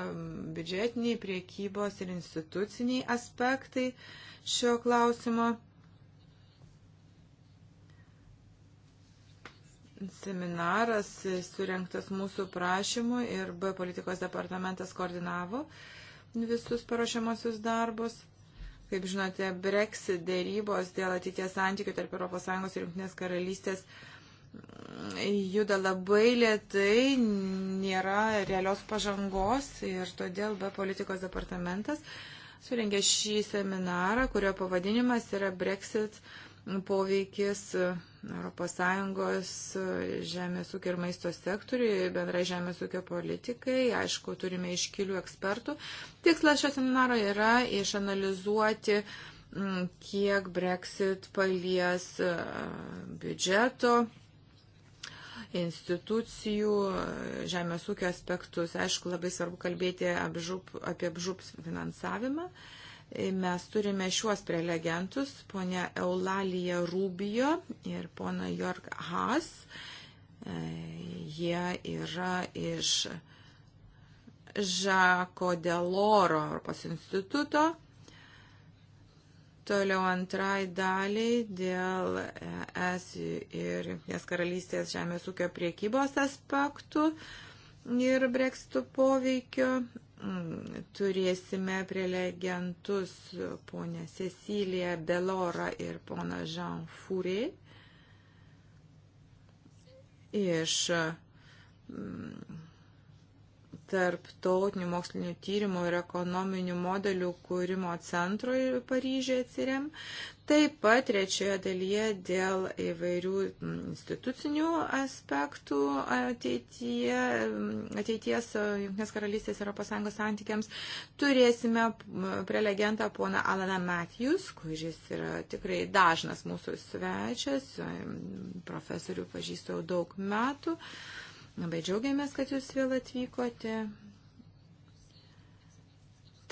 biudžetiniai, priekybos ir instituciniai aspektai šio klausimo. Seminaras surinktas mūsų prašymu ir B politikos departamentas koordinavo visus paruošiamosius darbus. Kaip žinote, Brexit dėrybos dėl ateities santykių tarp ES ir Junktinės karalystės uh, juda labai lietai, nėra realios pažangos ir todėl be politikos departamentas surengė šį seminarą, kurio pavadinimas yra Brexit poveikis ES žemės ūkio ir maisto sektoriui, bendrai žemės ūkio politikai. Aišku, turime iškilių ekspertų. Tikslas šio seminaro yra išanalizuoti, mm, kiek Brexit palies e, biudžeto institucijų, žemės ūkio aspektus. Aišku, labai svarbu kalbėti apžup, apie apžup finansavimą. Mes turime šiuos prelegentus, ponia Eulalija Rūbijo ir pona Jorg Haas. Jie yra iš Žako Deloro Europos instituto Toliau antrai daliai dėl ES ir Junktinės karalystės žemės ūkio priekybos aspektų ir breksitų poveikio. Turėsime prelegentus ponę Ceciliją Belorą ir poną Jean Fouré iš tarptautinių mokslinių tyrimų ir ekonominių modelių kūrimo centrui Paryžiai atsiriam. Taip pat trečioje dalyje dėl įvairių institucinių aspektų ateityje, ateities Junktinės karalystės ir ES santykiams turėsime prelegentą poną Alaną Matthews, kuris yra tikrai dažnas mūsų svečias, profesorių pažįstu jau daug metų. Uh, Labai džiaugiamės, kad jūs vėl atvykote.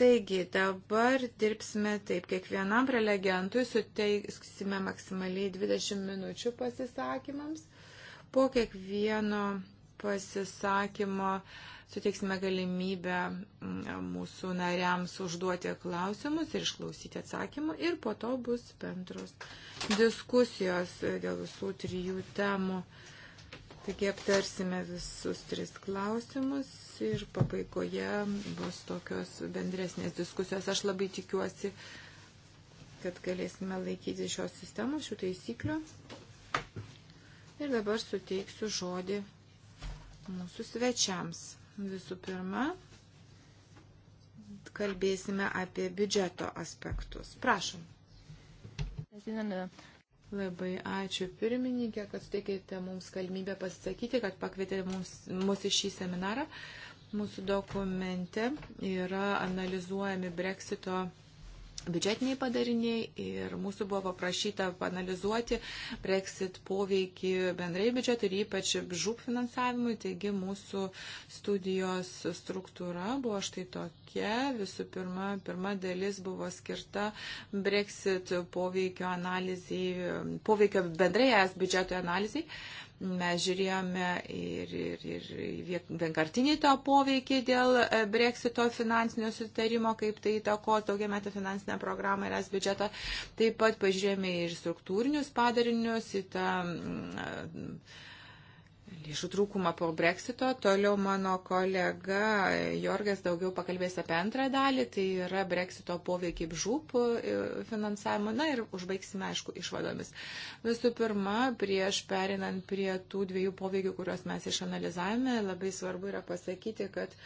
Taigi, dabar dirbsime taip, kiekvienam prelegentui suteiksime maksimaliai 20 minučių pasisakymams. Po kiekvieno pasisakymo suteiksime galimybę mm, mūsų nariams užduoti klausimus ir išklausyti atsakymų ir po to bus bendros diskusijos dėl visų trijų temų. Taigi aptarsime visus tris klausimus ir pabaigoje bus tokios bendresnės diskusijos. Aš labai tikiuosi, kad galėsime laikyti šios sistemos, šių taisyklių. Ir dabar suteiksiu žodį mūsų svečiams. Visų pirma, kalbėsime apie biudžeto aspektus. Prašom. Labai ačiū pirmininkė, kad suteikėte mums galimybę pasisakyti, kad pakvietėte mums, mus į šį seminarą. Mūsų dokumente yra analizuojami breksito biudžetiniai padariniai ir mūsų buvo paprašyta panalizuoti Brexit poveikį bendrai biudžetui ir ypač žūp finansavimui. Taigi mūsų studijos struktūra buvo štai tokia. Visų pirma, pirma dalis buvo skirta Brexit poveikio analizai, poveikio bendrai es biudžetui analizai. Mes žiūrėjome ir, ir, ir vienkartinį tą poveikį dėl e, breksito finansinio sutarimo, kaip tai įtako daugia metą finansinę programą ir es biudžetą. Taip pat pažiūrėjome ir struktūrinius padarinius, į tą. Uh, lėšų trūkumą po breksito. Toliau mano kolega Jorgas daugiau pakalbės apie antrą dalį, tai yra breksito poveikį žūp e, finansavimo. Na ir užbaigsime, aišku, išvadomis. Visų pirma, prieš perinant prie tų dviejų poveikių, kuriuos mes išanalizavome, labai svarbu yra pasakyti, kad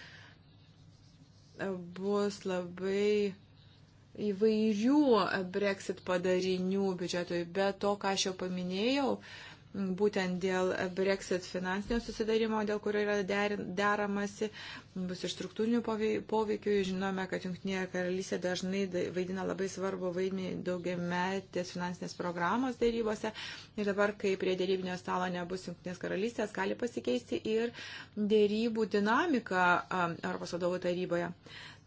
bus labai įvairių Brexit padarinių biudžetui, bet to, ką aš jau paminėjau, uh, būtent dėl Brexit finansinio susidarimo, dėl kurio yra deramasi, bus ir struktūrinių poveikių. Žinome, kad Junktinėje karalystė dažnai vaidina labai svarbu vaidmenį daugiametės finansinės programos dėrybose. Ir dabar, kai prie dėrybinio stalo nebus Junktinės karalystės, gali pasikeisti ir dėrybų dinamika Europos vadovų taryboje.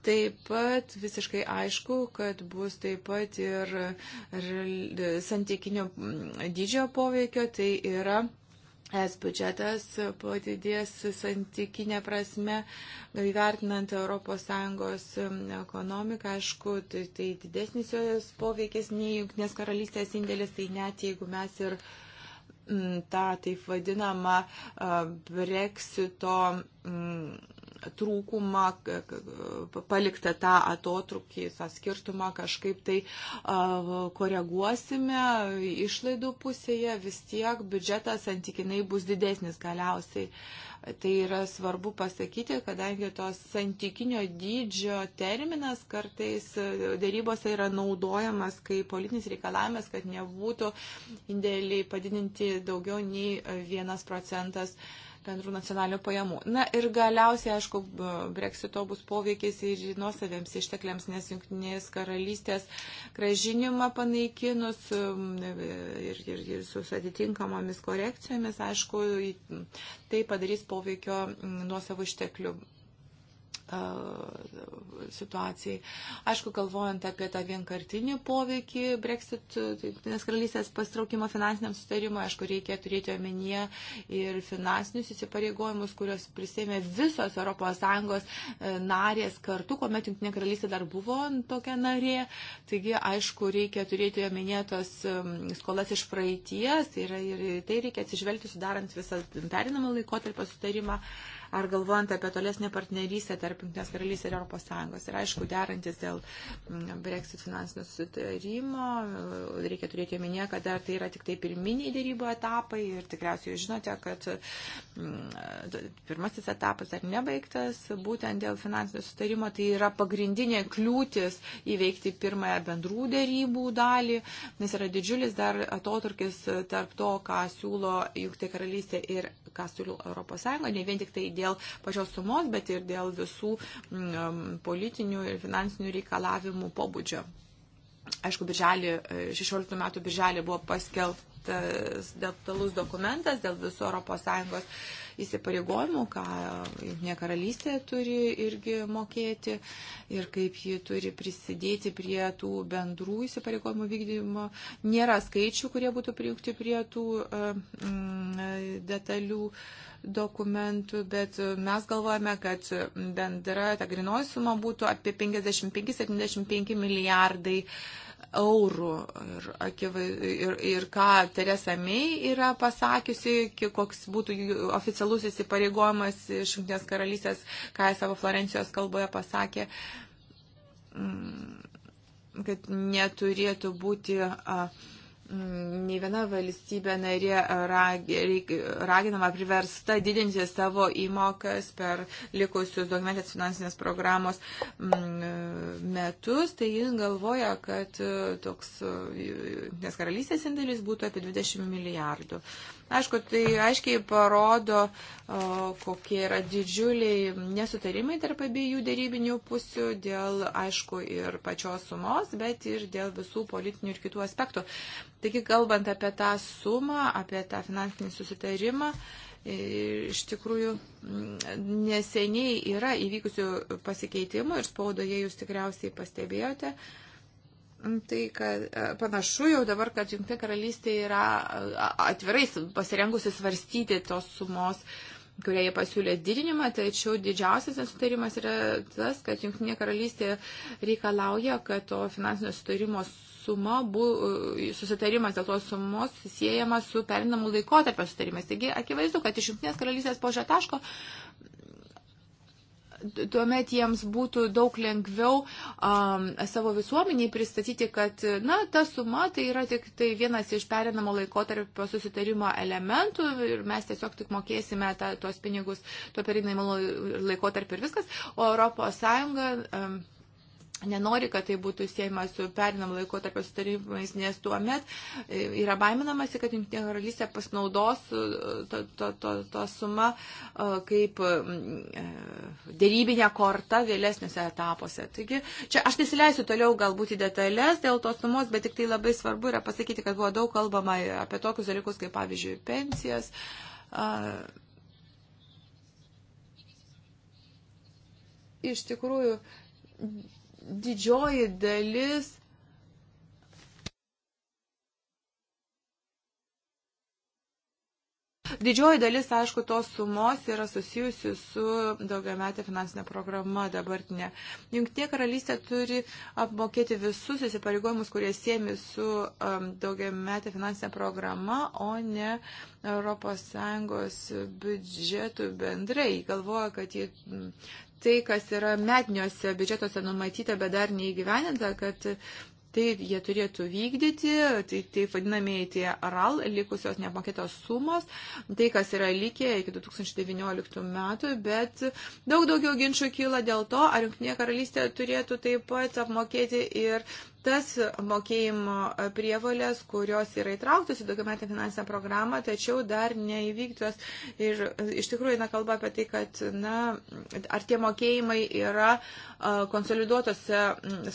Taip pat visiškai aišku, kad bus taip pat ir, ir santykinio mm, dydžio poveikio, tai yra Es biudžetas padidės santykinė prasme, įvertinant ES mm, ekonomiką, aišku, tai, tai didesnis jos poveikis nei Junktinės karalystės indėlis, tai net jeigu mes ir m, mm, tą taip vadinamą Brexito m, trūkumą, paliktą tą atotrukį, tą skirtumą kažkaip tai koreguosime išlaidų pusėje, vis tiek biudžetas santykinai bus didesnis galiausiai. Tai yra svarbu pasakyti, kadangi tos santykinio dydžio terminas kartais e, dėrybose yra naudojamas kaip politinis reikalavimas, kad nebūtų indėliai padidinti daugiau nei vienas procentas. Uh, bendrų nacionalinių pajamų. Na ir galiausiai, aišku, breksito bus poveikis ir nuosavėms ištekliams, nes jungtinės karalystės gražinimą panaikinus ir, ir, ir su atitinkamomis korekcijomis, aišku, tai padarys poveikio nuosavų išteklių E, situacijai. Aišku, galvojant apie tą vienkartinį poveikį Brexit, tai nes karalystės pastraukimo finansiniam sutarimui, aišku, reikia turėti omenyje ir finansinius įsipareigojimus, kurios prisėmė visos ES e, narės kartu, kuomet Junktinė karalystė dar buvo tokia narė. Taigi, aišku, reikia turėti omenyje tos e, skolas iš praeities tai ir, ir tai reikia atsižvelgti sudarant visą perinamą laikotarpio sutarimą. Uh, ar galvojant apie tolesnę partnerystę tarp Junktinės karalystės ir Europos Sąjungos. Ir aišku, derantis dėl mm, Brexit finansinio sutarimo, reikia turėti omenyje, kad dar tai yra tik tai pirminiai dėrybų etapai ir tikriausiai jūs žinote, kad mm, pirmasis etapas dar nebaigtas, būtent dėl finansinio sutarimo tai yra pagrindinė kliūtis įveikti pirmąją bendrų dėrybų dalį, nes yra didžiulis dar atoturkis tarp to, ką siūlo Junktinė karalystė ir ką siūlo Europos Sąjunga, ne vien tik tai dėl pačios sumos, bet ir dėl visų mm, politinių ir finansinių reikalavimų pobūdžio. Aišku, birželį, 16 e, metų birželį buvo paskelbtas detalus dokumentas dėl viso ES įsipareigojimų, ką Junktinė karalystė turi irgi mokėti ir kaip ji turi prisidėti prie tų bendrų įsipareigojimų vykdymo. Nėra skaičių, kurie būtų prijungti prie tų mm, detalių dokumentų, bet mes galvojame, kad bendra ta grinoji suma būtų apie 55-75 milijardai uh, eurų. Ir, akivai, ir, ir ką Teresa May yra pasakiusi, koks būtų oficialus įsipareigojimas iš Junktinės karalystės, ką jis savo Florencijos kalboje pasakė, mm, kad neturėtų būti. Uh, Mm, nei viena valstybė narė raginama priversta didinti savo įmokas per likusius dokumentės finansinės programos mm, metus, tai jis galvoja, kad e, toks, e, nes karalystės indėlis būtų apie 20 milijardų. Aišku, tai aiškiai parodo, kokie yra didžiuliai nesutarimai tarp abiejų dėrybinių pusių dėl, aišku, ir pačios sumos, bet ir dėl visų politinių ir kitų aspektų. Taigi, kalbant apie tą sumą, apie tą finansinį susitarimą, iš tikrųjų mm, neseniai yra įvykusių pasikeitimų ir spaudoje jūs tikriausiai pastebėjote. Uh, tai, kad e, panašu jau dabar, kad Junktinė karalystė yra atvirai pasirengusi svarstyti tos sumos kurie jie pasiūlė didinimą, tačiau didžiausias nesutarimas yra tas, kad Junktinė karalystė reikalauja, kad to finansinio sutarimo suma, bu, e, susitarimas dėl tos sumos siejamas su perinamų laikotarpio sutarimais. Taigi akivaizdu, kad iš Junktinės karalystės požio taško tuomet jiems būtų daug lengviau um, savo visuomeniai pristatyti, kad, na, ta suma tai yra tik tai vienas iš perinamo laikotarpio susitarimo elementų ir mes tiesiog tik mokėsime ta, tuos pinigus tuo perinamo laikotarpiu ir viskas, o Europos Sąjunga um, nenori, kad tai būtų siejama su perinam laiko tarp sutarimais, nes tuo met e, yra baiminamasi, kad Junktinė karalystė pasinaudos e, to, to, to, to suma e, kaip mm, dėrybinė korta vėlesniuose etapuose. Taigi, čia aš nesileisiu toliau galbūt į detalės dėl tos sumos, bet tik tai labai svarbu yra pasakyti, kad buvo daug kalbama apie tokius dalykus kaip, pavyzdžiui, pensijas. Iš tikrųjų, didžioji dalis Didžioji dalis, aišku, tos sumos yra susijusi su daugiametė finansinė programa dabartinė. Jungtinė karalystė turi apmokėti visus įsipareigojimus, kurie siemi su um, daugiametė finansinė programa, o ne ES biudžetų bendrai. Galvoja, kad jie tai, kas yra metiniuose biudžetuose numatyta, bet dar neįgyveninta, kad Tai jie turėtų vykdyti, tai, tai vadinamieji tie RAL, likusios neapmokėtos sumos, tai kas yra likę iki 2019 metų, bet daug daugiau ginčių kyla dėl to, ar Junktinė karalystė turėtų taip pat apmokėti ir tas mokėjimo prievolės, kurios yra įtrauktos į dokumentą finansinę programą, tačiau dar neįvyktos. Ir iš tikrųjų eina kalba apie tai, kad na, ar tie mokėjimai yra konsoliduotose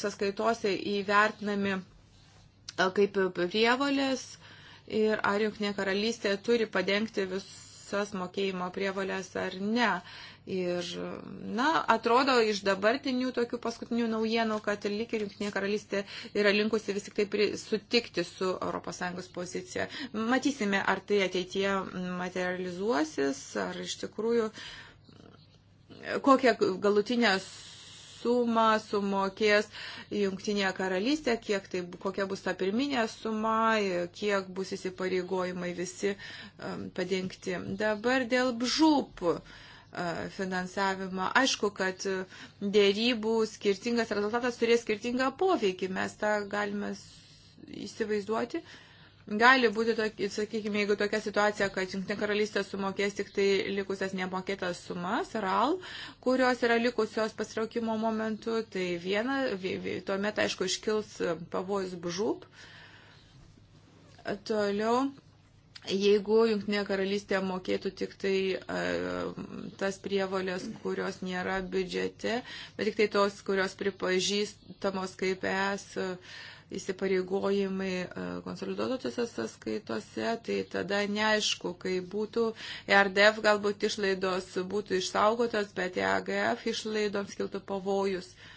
sąskaitose įvertinami kaip prievolės ir ar jungtinė karalystė turi padengti visas mokėjimo prievolės ar ne. Ir, na, atrodo iš dabartinių tokių paskutinių naujienų, kad lik ir Junktinė karalystė yra linkusi vis tik taip sutikti su ES pozicija. Matysime, ar tai ateitie materializuosis, ar iš tikrųjų kokią galutinę sumą sumokės Junktinė karalystė, kiek tai, kokia bus ta pirminė suma, kiek bus įsipareigojimai visi um, padengti. Dabar dėl bžūpų E, finansavimą. Aišku, kad dėrybų skirtingas rezultatas turės skirtingą poveikį, mes tą galime įsivaizduoti. Gali būti, tokia, sakykime, jeigu tokia situacija, kad Junktinė karalystė sumokės tik tai likusias nemokėtas sumas, RAL, kurios yra likusios pasitraukimo momentu, tai viena, tuomet, aišku, iškils pavojus bžūp. Toliau Jeigu Junktinė karalystė mokėtų tik tai uh, tas prievolės, kurios nėra biudžete, bet tik tai tos, kurios pripažįstamos kaip es uh, įsipareigojimai uh, konsoliduotose sąskaitose, tai tada neaišku, kai būtų e RDF galbūt išlaidos būtų išsaugotos, bet EAGF išlaidoms kiltų pavojus. Uh,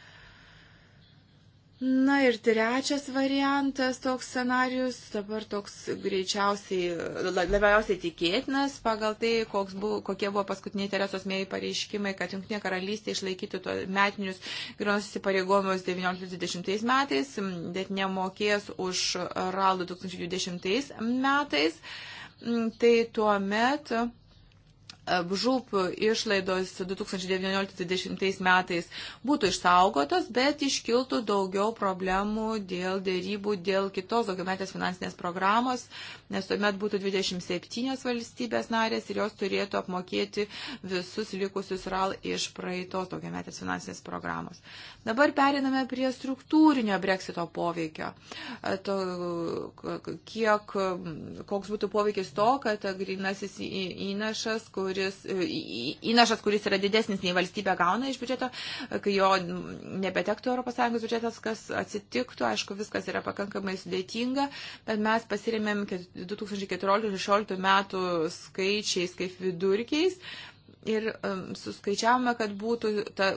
Na ir trečias variantas, toks scenarius, dabar toks greičiausiai, labiausiai tikėtinas pagal tai, buvo, kokie buvo paskutiniai Teresos mėjai pareiškimai, kad Junktinė karalystė išlaikytų to metinius grinos įsipareigojimus 19-20 metais, bet nemokės už RAL 2020 metais. Tai tuo metu BŽUP išlaidos 2019-2020 metais būtų išsaugotos, bet iškiltų daugiau problemų dėl dėrybų, dėl kitos daugiametės finansinės programos, nes tuomet būtų 27 valstybės narės ir jos turėtų apmokėti visus likusius RAL iš praeitos daugiametės finansinės programos. Dabar periname prie struktūrinio breksito poveikio. E, to, kiek, koks būtų poveikis to, kad grinasis įnašas, kuris kuris, e, įnašas, kuris yra didesnis nei valstybė gauna iš biudžeto, e, kai jo nebetektų ES biudžetas, kas atsitiktų, aišku, viskas yra pakankamai sudėtinga, bet mes pasirėmėm 2014-2016 metų skaičiais kaip vidurkiais ir um, suskaičiavome, kad būtų ta,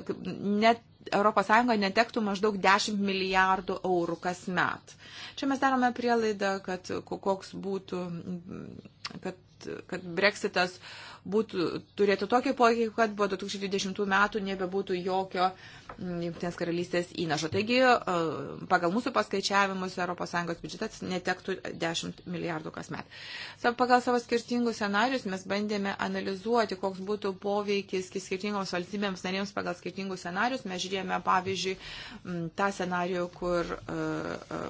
net ES netektų maždaug 10 milijardų eurų kas met. Čia mes darome prielaidą, kad koks būtų, kad kad Brexitas būtų, turėtų tokį poveikį, kad po 2020 metų nebebūtų jokio uh, Junktinės karalystės įnašo. Taigi, e, pagal mūsų paskaičiavimus, ES biudžetas netektų 10 milijardų kasmet. Pagal savo skirtingus scenarius mes bandėme analizuoti, koks būtų poveikis skirtingoms valstybėms narėms pagal skirtingus scenarius. Mes žiūrėjome, pavyzdžiui, tą scenarių, kur e, e,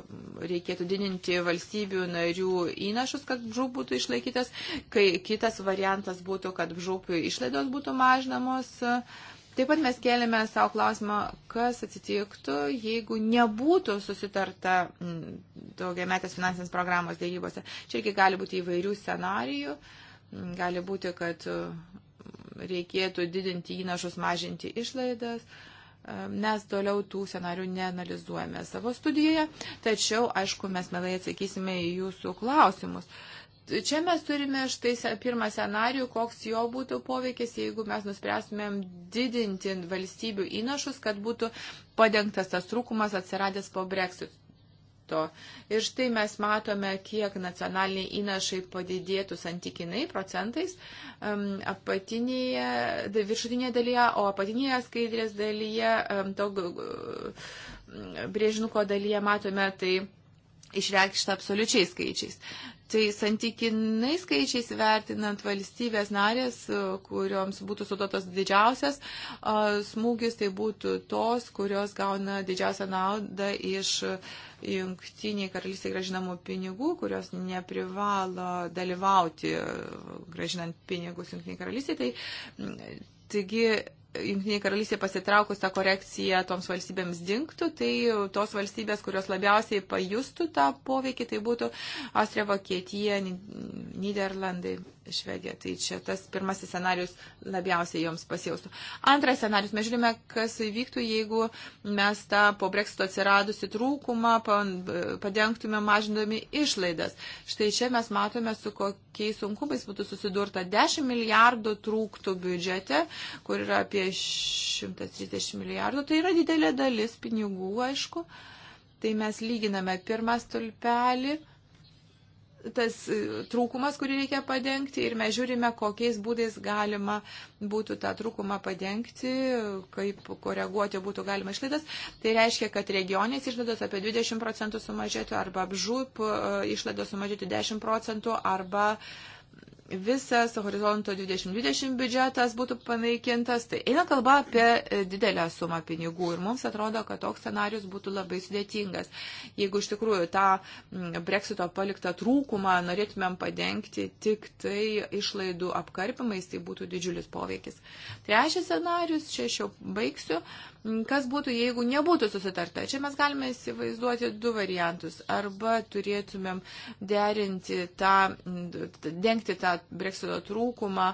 reikėtų didinti valstybių narių įnašus, kad žūp būtų išlaikytas, kai kitas variantas būtų, kad žūp išlaidos būtų mažinamos. Uh, Taip pat mes kėlėme savo klausimą, kas atsitiktų, jeigu nebūtų susitarta mm, daugiametės finansinės programos dėrybose. Čia irgi gali būti įvairių scenarijų. Mm, gali būti, kad mm, reikėtų didinti įnašus, mažinti išlaidas. Mes toliau tų scenarių neanalizuojame savo studijoje, tačiau, aišku, mes melai atsakysime į jūsų klausimus. Uh, Čia mes turime štai pirmą scenarių, koks jo būtų poveikis, jeigu mes nuspręstumėm didinti valstybių įnašus, kad būtų padengtas tas trūkumas atsiradęs po Brexit biudžeto. Ir štai mes matome, kiek nacionaliniai įnašai padidėtų santykinai procentais um, apatinėje, viršutinėje dalyje, o apatinėje skaidrės dalyje, um, to uh, brėžinuko dalyje matome tai išreikšta absoliučiai skaičiais. Tai santykinai skaičiais vertinant valstybės narės, kurioms būtų sudotas didžiausias smūgis, tai būtų tos, kurios gauna didžiausią naudą iš jungtiniai karalystė gražinamų pinigų, kurios neprivalo dalyvauti gražinant pinigus jungtiniai karalystė. Tai, taigi Junktinė karalystė pasitraukus tą korekciją toms valstybėms dinktų, tai tos valstybės, kurios labiausiai pajustų tą poveikį, tai būtų Austrija, Vokietija, Niderlandai. Švedija. Tai čia tas pirmasis scenarius labiausiai joms pasijaustų. Antras scenarius, mes žiūrime, kas įvyktų, jeigu mes tą po breksito atsiradusi trūkumą padengtume mažindami išlaidas. Štai čia mes matome, su kokiais sunkumais būtų susidurta. 10 milijardų trūktų biudžete, kur yra apie 130 milijardų. Tai yra didelė dalis pinigų, aišku. Tai mes lyginame pirmą stulpelį tas e, trūkumas, kurį reikia padengti ir mes žiūrime, kokiais būdais galima būtų tą trūkumą padengti, kaip koreguoti būtų galima išlaidas. Tai reiškia, kad regionės išlaidos apie 20 procentų sumažėtų arba apžūp e, išlaidos sumažėtų 10 procentų arba visas horizonto 2020 biudžetas būtų panaikintas. Tai eina kalba apie e, didelę sumą pinigų ir mums atrodo, kad toks scenarius būtų labai sudėtingas. Jeigu iš tikrųjų tą breksito paliktą trūkumą norėtumėm padengti tik tai išlaidų apkarpimais, tai būtų didžiulis poveikis. Trečias scenarius, čia aš jau baigsiu, kas būtų, jeigu nebūtų susitarta. Čia mes galime įsivaizduoti du variantus. Arba turėtumėm derinti tą, dengti tą breksito trūkumą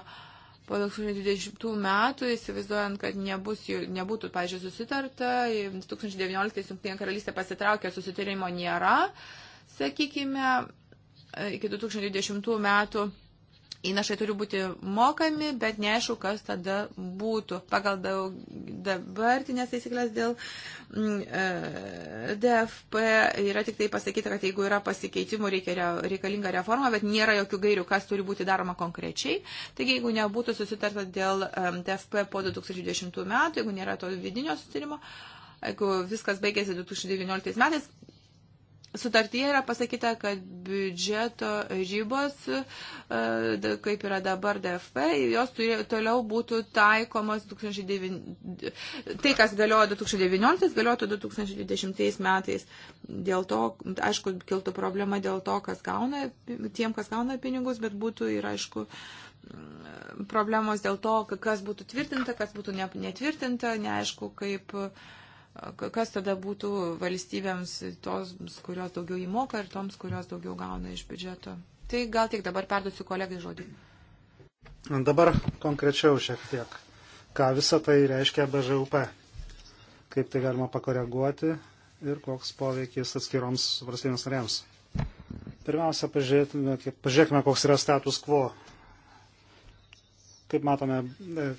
po 2020 metų, įsivaizduojant, kad nebus, nebūtų, pažiūrėjau, susitarta, 2019 Junktinė karalystė pasitraukė, susitarimo nėra, sakykime, iki 2020 metų Įnašai turi būti mokami, bet neaišku, kas tada būtų. Pagal daug, dabartinės taisyklės dėl mm, e, DFP yra tik tai pasakyta, kad jeigu yra pasikeitimų, reikia, reikalinga reforma, bet nėra jokių gairių, kas turi būti daroma konkrečiai. Taigi, jeigu nebūtų susitarta dėl e, DFP po 2020 metų, jeigu nėra to vidinio susitarimo, jeigu viskas baigėsi 2019 metais, Sutartyje yra pasakyta, kad biudžeto ribos, e, kaip yra dabar DFP, jos turė, toliau būtų taikomos 2009, tai, kas galiojo 2019, galiojo 2020 metais. Dėl to, aišku, kiltų problema dėl to, kas gauna, tiem, kas gauna pinigus, bet būtų ir, aišku, problemos dėl to, kas būtų tvirtinta, kas būtų netvirtinta, neaišku, kaip uh, kas tada būtų valstybėms tos, kurios daugiau įmoka ir toms, kurios daugiau gauna iš biudžeto. Tai gal tik dabar perduosiu kolegai žodį. Dabar konkrečiau šiek tiek. Ką visą tai reiškia BŽUP? Kaip tai galima pakoreguoti ir koks poveikis atskiroms valstybėms narėms? Pirmiausia, pažiūrėkime, pažiūrėkime, koks yra status quo. Kaip matome, e,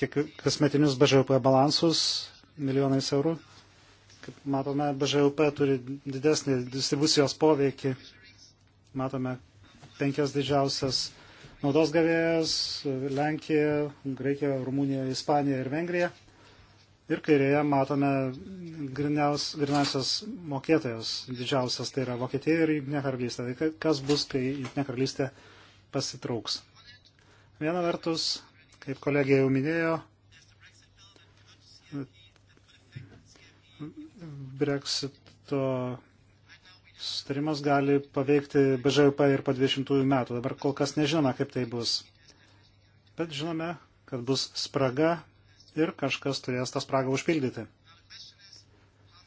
kiek kasmetinius BŽUP balansus milijonais eurų. Kaip matome, BŽLP turi didesnį distribucijos poveikį. Matome penkias didžiausias naudos gavėjas - Lenkija, Graikija, Rumunija, Ispanija ir Vengrija. Ir kairėje matome griniaus, griniausias mokėtojas, didžiausias tai yra Vokietija ir Junktinė karalystė. Tai kas bus, kai Junktinė karalystė pasitrauks? Viena vertus, kaip kolegija jau minėjo, Brexito sustarimas gali paveikti BŽUP ir po 20 metų. Dabar kol kas nežinome, kaip tai bus. Bet žinome, kad bus spraga ir kažkas turės tą spragą užpildyti.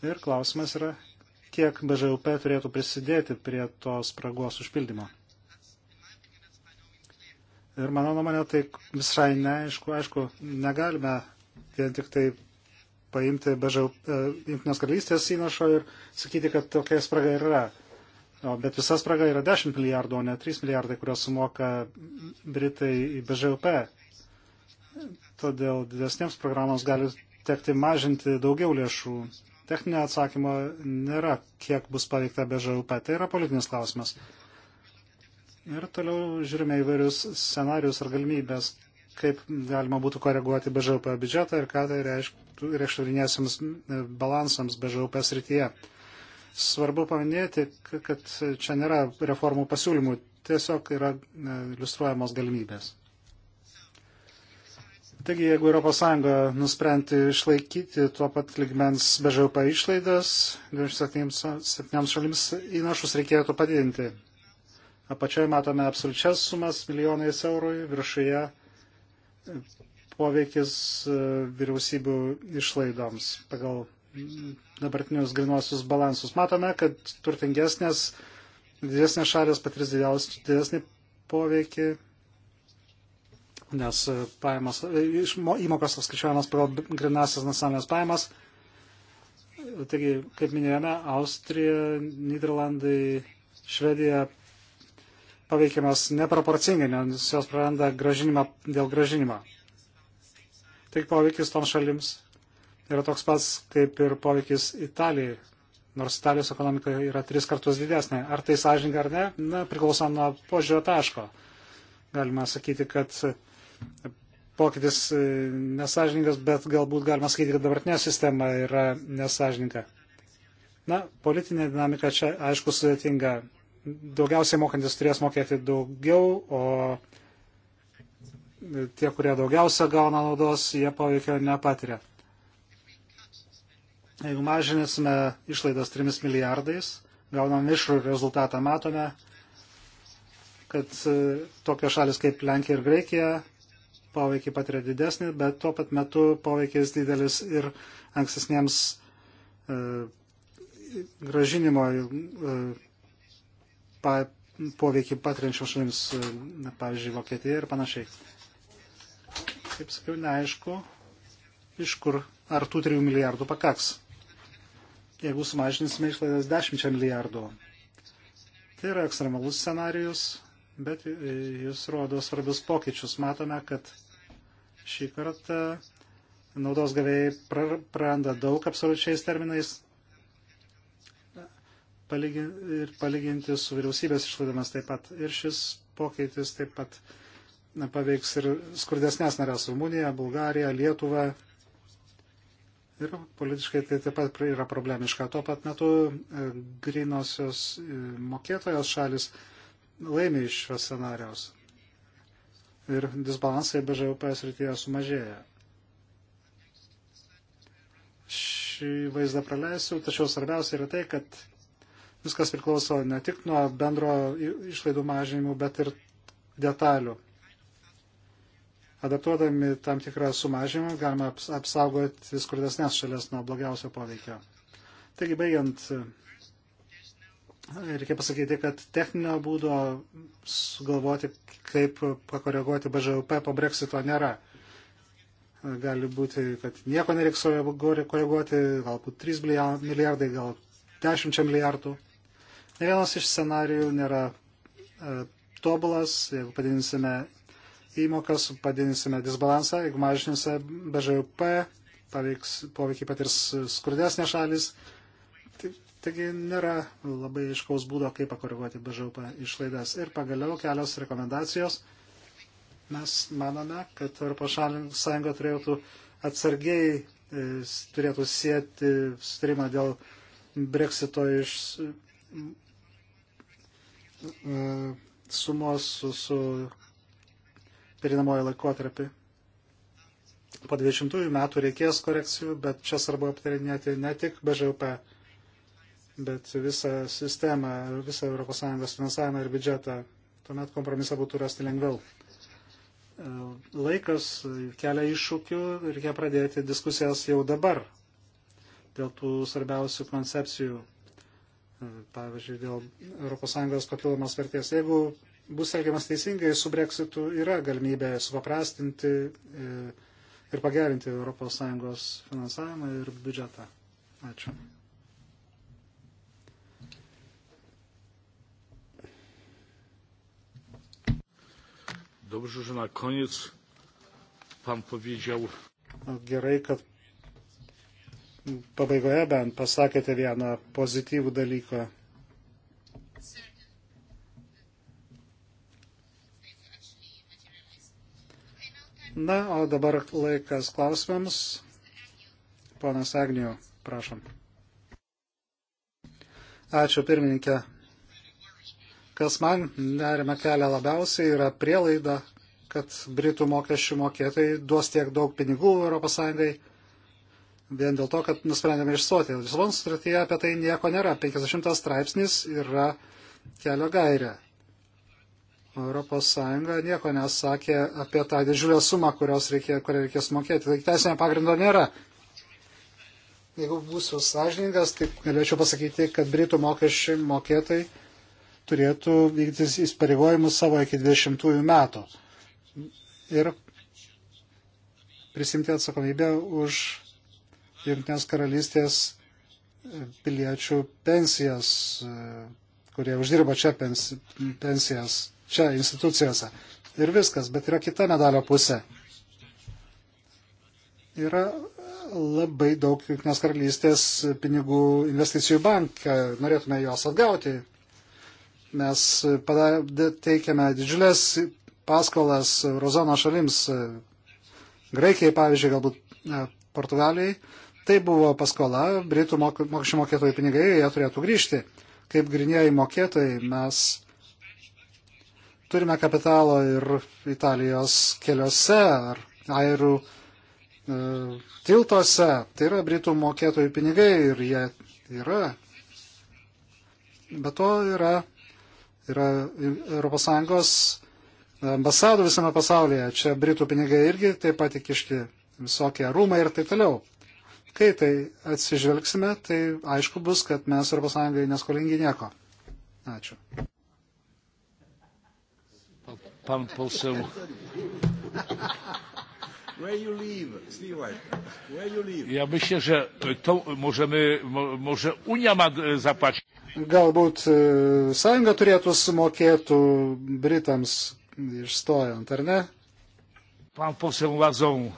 Ir klausimas yra, kiek BŽUP turėtų prisidėti prie tos spragos užpildymo. Ir mano nuomonė, tai visai neaišku, aišku, negalime vien tik taip paimti bežal, e, jungtinės karalystės įnašo ir sakyti, kad tokia spraga yra. O, bet visa spraga yra 10 milijardų, o ne 3 milijardai, kurios sumoka Britai į BŽUP. Todėl didesniems programams gali tekti mažinti daugiau lėšų. Techninio atsakymo nėra, kiek bus paveikta BŽUP. Tai yra politinis klausimas. Ir toliau žiūrime įvairius scenarius ar galimybės kaip galima būtų koreguoti BŽP biudžetą ir ką tai reikštų liniesiams e, balansams BŽP srityje. Svarbu paminėti, kad čia nėra reformų pasiūlymų, tiesiog yra e, iliustruojamos galimybės. Taigi, jeigu ES nusprendė išlaikyti tuo pat ligmens BŽP išlaidas, 27 šalims įnašus reikėtų padidinti. Apačioje matome absoliučias sumas milijonais eurų, viršuje poveikis e, vyriausybių išlaidoms pagal dabartinius grinuosius balansus. Matome, kad turtingesnės, didesnės šalės patirs didesnį poveikį, nes e, pajamas, e, įmokos apskaičiuojamas pagal grinasias nacionalinės pajamas. Taigi, kaip minėjome, Austrija, Niderlandai, Švedija paveikiamas neproporcingai, nes jos praranda gražinimą dėl gražinimo. Tik poveikis toms šalims yra toks pats, kaip ir poveikis Italijai, nors Italijos ekonomika yra tris kartus didesnė. Ar tai sąžininkai ar ne, na, priklauso nuo požiūrio taško. Galima sakyti, kad pokytis e, nesažininkas, bet galbūt galima sakyti, kad dabartinė sistema yra nesažininka. Na, politinė dinamika čia aišku sudėtinga daugiausiai mokantis turės mokėti daugiau, o tie, kurie daugiausia gauna naudos, jie poveikio nepatiria. Jeigu mažinėsime išlaidas 3 milijardais, gaunam mišrų rezultatą, matome, kad e, tokios šalis kaip Lenkija ir Graikija poveikį patiria didesnį, bet tuo pat metu poveikis didelis ir ankstesniems e, gražinimo e, pa, poveikį patiriančios šalims, e, pavyzdžiui, Vokietija ir panašiai. Kaip sakiau, neaišku, iš kur ar tų 3 milijardų pakaks. Jeigu sumažinsime išlaidas 10 milijardų, tai yra ekstremalus scenarius, bet jis rodo svarbius pokyčius. Matome, kad šį kartą naudos gavėjai praranda daug absoliučiais terminais, ir palyginti su vyriausybės išlaidomis taip pat. Ir šis pokytis taip pat paveiks ir skurdesnės narės Rumuniją, Bulgariją, Lietuvą. Ir politiškai tai taip pat yra problemiška. Tuo pat metu e, grinosios e, mokėtojos šalis laimi iš šios scenarijaus. Ir disbalansai BŽUP srityje sumažėja. Šį vaizdą praleisiu, tačiau svarbiausia yra tai, kad Viskas priklauso ne tik nuo bendro išlaidų mažinimų, bet ir detalių. Adaptuodami tam tikrą sumažinimą galima apsaugoti skurdesnės šalies nuo blogiausio poveikio. Taigi, baigiant, reikia pasakyti, kad techninio būdo sugalvoti, kaip pakoreguoti BŽUP po breksito nėra. Gali būti, kad nieko nereiks koreguoti, galbūt 3 milijardai, gal 10 milijardų. Ne vienas iš scenarijų nėra e, tobulas, jeigu padidinsime įmokas, padidinsime disbalansą, jeigu mažinsime BŽUP, paveiks, poveikį patirs skurdesnės šalis. Tai, taigi nėra labai iškaus būdo, kaip pakoreguoti BŽUP išlaidas. Ir pagaliau kelios rekomendacijos. Mes manome, kad Europos Sąjunga turėtų atsargiai e, turėtų sėti sutarimą dėl breksito iš E, sumos su, su perinamojo laikotarpį. Po 20 metų reikės korekcijų, bet čia svarbu aptarinėti ne tik BŽUP, bet visą sistemą, visą ES finansavimą ir biudžetą. Tuomet kompromisą būtų rasti lengviau. E, laikas kelia iššūkių, reikia pradėti diskusijas jau dabar dėl tų svarbiausių koncepcijų pavyzdžiui, dėl ES papildomos vertės. Jeigu bus elgiamas teisingai, su breksitu yra galimybė supaprastinti e, ir pagerinti ES finansavimą ir biudžetą. Ačiū. Dobrze, że na koniec pan powiedział. Gerai, kad pabaigoje bent pasakėte vieną pozityvų dalyką. Na, o dabar laikas klausimams. Ponas Agnijo, prašom. Ačiū pirmininkė. Kas man nerima kelia labiausiai yra prielaida, kad Britų mokesčių mokėtojai duos tiek daug pinigų ES vien dėl to, kad nusprendėme išstoti. Lisabono sutartyje apie tai nieko nėra. 50 straipsnis yra kelio gairė. Europos Sąjunga nieko nesakė apie tą didžiulę sumą, reikė, kurią reikės mokėti. Tai teisinio pagrindo nėra. Jeigu būsiu sąžiningas, tai galėčiau pasakyti, kad Britų mokesčiai mokėtai turėtų vykdyti įsipareigojimus savo iki 20 metų ir prisimti atsakomybę už Junktinės karalystės piliečių pensijas, e, kurie uždirba čia pensijas, čia institucijose. Ir viskas, bet yra kita medalio pusė. Yra labai daug Junktinės karalystės pinigų investicijų banką, norėtume juos atgauti. Mes padarė, teikiame didžiulės paskolas Rozono šalims, e, Graikijai pavyzdžiui, galbūt e, Portugalijai, Tai buvo paskola, Britų mokesčių mokėtojų pinigai, jie turėtų grįžti. Kaip grinieji mokėtojai mes turime kapitalo ir Italijos keliuose ar airių e, tiltuose. Tai yra Britų mokėtojų pinigai ir jie yra. Be to yra, yra ES ambasadų visame pasaulyje. Čia Britų pinigai irgi taip pat įkišti visokie rūmai ir taip toliau. Kai tai atsižvelgsime, tai aišku bus, kad mes Europos Sąjungai neskolingi nieko. Ačiū. Pan poseł. Ja myślę, że to możemy, może Unia ma e, zapłacić. Galbūt e, sąjunga turėtų sumokėtų Britams išstojant, ar ne? Pan poseł Lazon.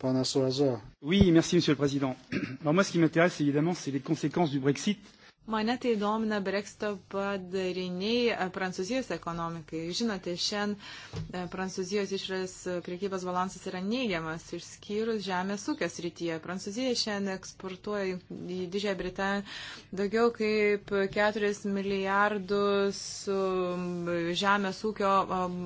Ponas Uazo. Oui, merci, monsieur le président. [clears throat] Alors moi, ce qui m'intéresse, évidemment, c'est les conséquences du Brexit. Mane tai domina Brexito padariniai Prancūzijos ekonomikai. Žinote, šiandien e, Prancūzijos išras e, priekybos balansas yra neigiamas, išskyrus žemės ūkės rytyje. Prancūzija šiandien eksportuoja į Didžiąją Britaniją daugiau kaip 4 milijardus um, žemės ūkio. Um,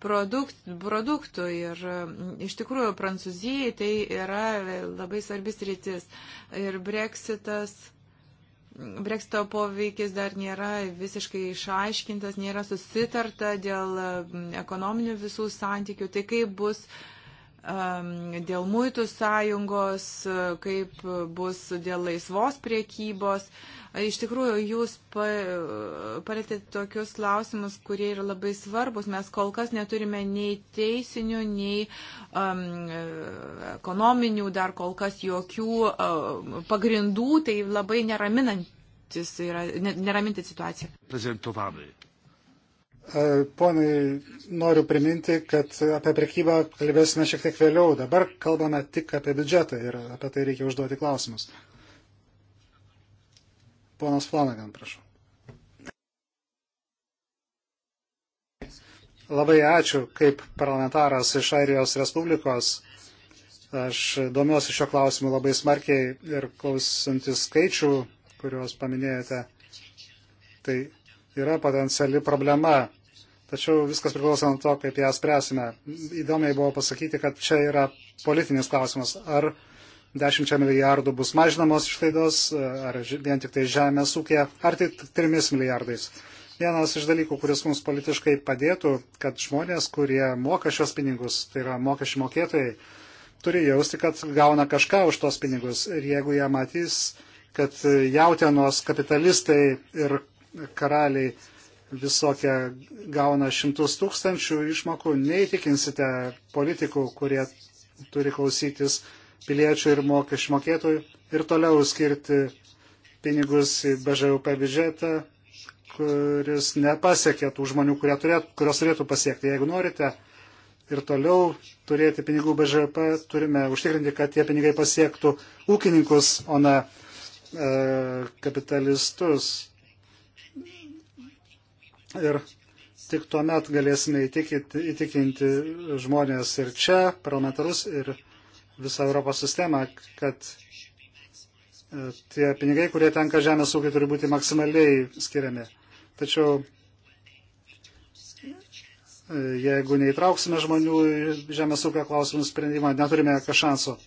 produkt, produktų. Ir mm, iš tikrųjų, Prancūzijai tai yra labai svarbis rytis. Ir breksitas. Brexito poveikis dar nėra visiškai išaiškintas, nėra susitarta dėl mm, ekonominių visų santykių. Tai kaip bus uh, dėl muitų sąjungos, kaip bus dėl laisvos priekybos. Iš tikrųjų, jūs palėtėte tokius klausimus, kurie yra labai svarbus. Mes kol kas neturime nei teisinių, nei um, ekonominių, dar kol kas jokių um, pagrindų. Tai labai neraminantis yra, neraminti situacija. Prezentovami. E, ponai, noriu priminti, kad apie prekybą kalbėsime šiek tiek vėliau. Dabar kalbame tik apie biudžetą ir apie tai reikia užduoti klausimus. Ponas Flanagan, prašau. Labai ačiū, kaip parlamentaras iš Airijos Respublikos. Aš domiuosi šio klausimu labai smarkiai ir klausantis skaičių, kuriuos paminėjote. Tai yra potenciali problema. Tačiau viskas priklauso nuo to, kaip ją spręsime. Įdomiai buvo pasakyti, kad čia yra politinis klausimas. Ar 10 milijardų bus mažinamos išlaidos, ar vien tik tai žemės ūkė, ar tik 3 milijardais. Vienas iš dalykų, kuris mums politiškai padėtų, kad žmonės, kurie moka šios pinigus, tai yra mokesčių mokėtojai, turi jausti, kad gauna kažką už tos pinigus. Ir jeigu jie matys, kad jautienos kapitalistai ir karaliai visokie gauna šimtus tūkstančių išmokų, neįtikinsite politikų, kurie turi klausytis piliečių ir mokesčių mokėtojų ir toliau skirti pinigus į BŽUP biudžetą, kuris nepasiekė tų žmonių, turėtų, kurios turėtų pasiekti. Jeigu norite ir toliau turėti pinigų BŽP, turime užtikrinti, kad tie pinigai pasiektų ūkininkus, o ne e, kapitalistus ir tik tuo met galėsime įtikinti, įtikinti žmonės ir čia, parlamentarus ir visą Europos sistemą, kad e, tie pinigai, kurie tenka žemės ūkiai, turi būti maksimaliai skiriami. Tačiau e, jeigu neįtrauksime žmonių žemės ūkio klausimų sprendimą, neturime jokio šanso.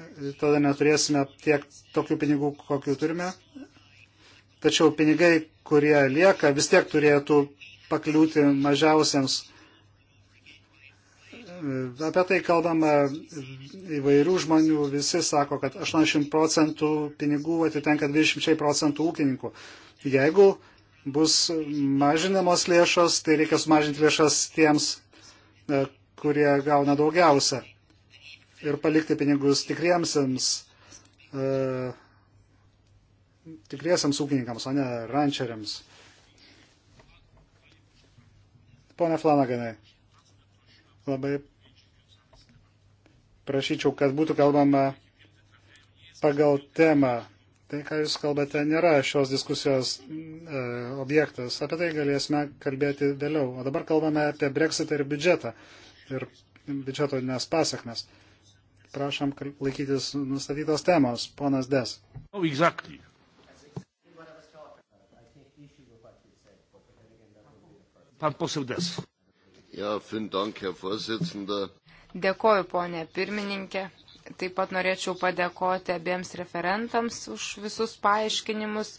E, tada neturėsime tiek tokių pinigų, kokių turime tačiau pinigai, kurie lieka, vis tiek turėtų pakliūti mažiausiams. Apie tai kalbama įvairių žmonių, visi sako, kad 80 procentų pinigų atitenka 20 procentų ūkininkų. Jeigu bus mažinamos lėšos, tai reikia sumažinti lėšas tiems, e, kurie gauna daugiausia ir palikti pinigus tikriemsiams e, tikriesiams ūkininkams, o ne rančeriams. Pone Flanaganai, labai prašyčiau, kad būtų kalbama pagal temą. Tai, ką Jūs kalbate, nėra šios diskusijos e, objektas. Apie tai galėsime kalbėti vėliau. O dabar kalbame apie Brexitą ir biudžetą ir biudžeto nes pasiekmes. Prašom laikytis nustatytos temos, ponas Des. Oh, exactly. Pan poseł Des. Ja, dank, Dėkoju, ponė pirmininkė. Taip pat norėčiau padėkoti abiems referentams už visus paaiškinimus.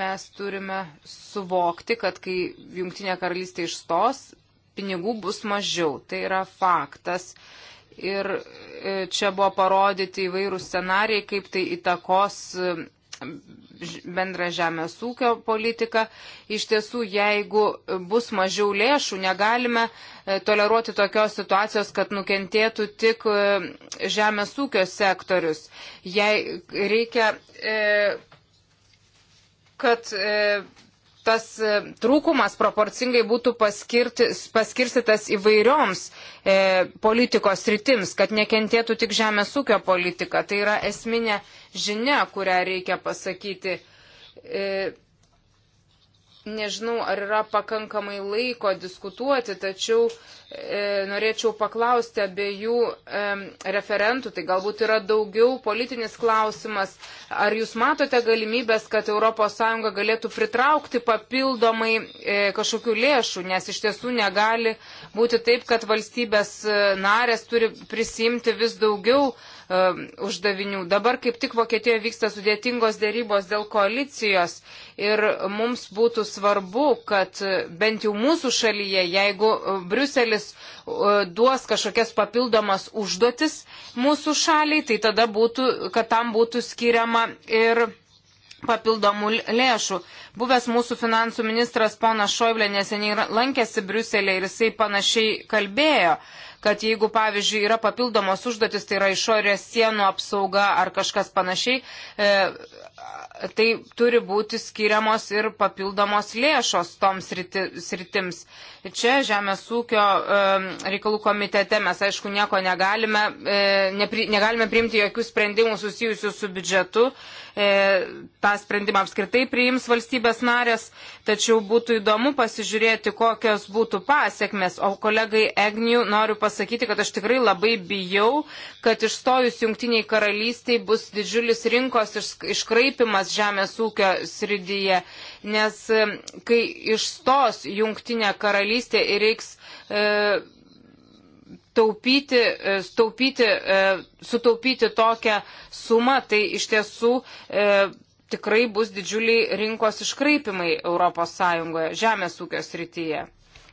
Mes turime suvokti, kad kai Junktinė karalystė išstos, pinigų bus mažiau. Tai yra faktas. Ir e, čia buvo parodyti įvairūs scenarijai, kaip tai įtakos e, bendrą žemės ūkio politiką. Iš tiesų, jeigu bus mažiau lėšų, negalime e, toleruoti tokios situacijos, kad nukentėtų tik e, žemės ūkio sektorius. Jei reikia, e, kad tas trūkumas proporcingai būtų paskirstytas įvairioms e, politikos rytims, kad nekentėtų tik žemės ūkio politika. Tai yra esminė žinia, kurią reikia pasakyti. E, nežinau, ar yra pakankamai laiko diskutuoti, tačiau e, norėčiau paklausti abiejų e, referentų, tai galbūt yra daugiau politinis klausimas, ar jūs matote galimybės, kad ES galėtų pritraukti papildomai e, kažkokių lėšų, nes iš tiesų negali būti taip, kad valstybės e, narės turi prisimti vis daugiau Um, uždavinių. Dabar kaip tik Vokietijoje vyksta sudėtingos dėrybos dėl koalicijos ir mums būtų svarbu, kad bent jau mūsų šalyje, jeigu uh, Bruselis uh, duos kažkokias papildomas užduotis mūsų šaliai, tai tada būtų, kad tam būtų skiriama ir papildomų lėšų. Buvęs mūsų finansų ministras ponas Šoiblė neseniai lankėsi Briuselė ir jisai panašiai kalbėjo, kad jeigu, pavyzdžiui, yra papildomos užduotis, tai yra išorės sienų apsauga ar kažkas panašiai, e, tai turi būti skiriamos ir papildomos lėšos toms sriti, sritims. Čia Žemės ūkio e, reikalų komitete mes, aišku, nieko negalime, e, nepri, negalime priimti jokių sprendimų susijusių su biudžetu. E, tą sprendimą apskritai priims valstybės narės, tačiau būtų įdomu pasižiūrėti, kokios būtų pasiekmes. O kolegai Egniu noriu pasakyti, kad aš tikrai labai bijau, kad išstojus Junktiniai karalystiai bus didžiulis rinkos išskraipimas reformas žemės ūkio srityje, nes e, kai išstos jungtinė karalystė ir reiks e, taupyti, e, staupyti, e, sutaupyti tokią sumą, tai iš tiesų e, tikrai bus didžiuliai rinkos iškraipimai ES žemės ūkio srityje.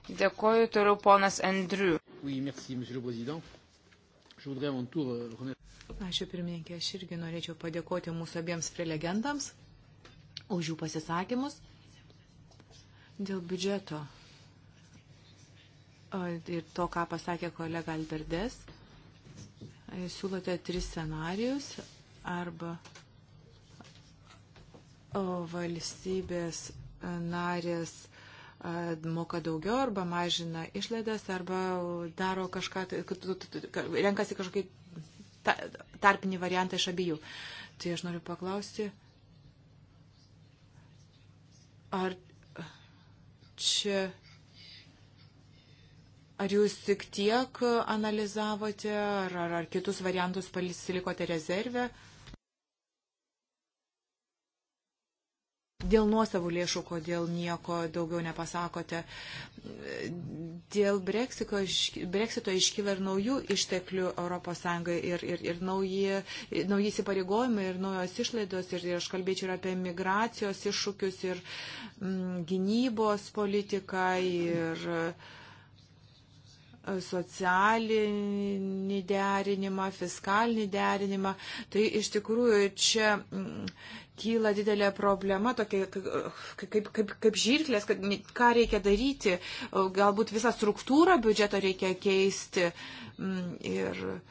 Dėkoju, turiu ponas Andriu. Oui, merci, Euh, Ačiū pirmininkė, aš irgi norėčiau padėkoti mūsų abiems prelegentams už jų pasisakymus dėl biudžeto ir to, ką pasakė kolega Alberdes. Siūlote tris scenarius arba valstybės narės moka daugiau arba mažina išlaidas arba daro kažką, tai, renkasi kažkokį tarpinį variantą iš abiejų. Tai aš noriu paklausti, ar čia Ar jūs tik tiek analizavote, ar, ar, ar kitus variantus pasilikote rezervę? Dėl nuosavų lėšų, kodėl nieko daugiau nepasakote. Dėl Brexito, Brexito iškyla ir naujų išteklių ES ir, ir, ir nauji, nauji įsipareigojimai ir naujos išlaidos. Ir, ir aš kalbėčiau ir apie migracijos iššūkius ir m, mm, gynybos politiką. Ir, m, socialinį derinimą, fiskalinį derinimą. Tai iš tikrųjų čia mm, kyla didelė problema, tokia kaip, kaip, kaip žirklės, kad ką reikia daryti, galbūt visą struktūrą biudžeto reikia keisti. Mm, ir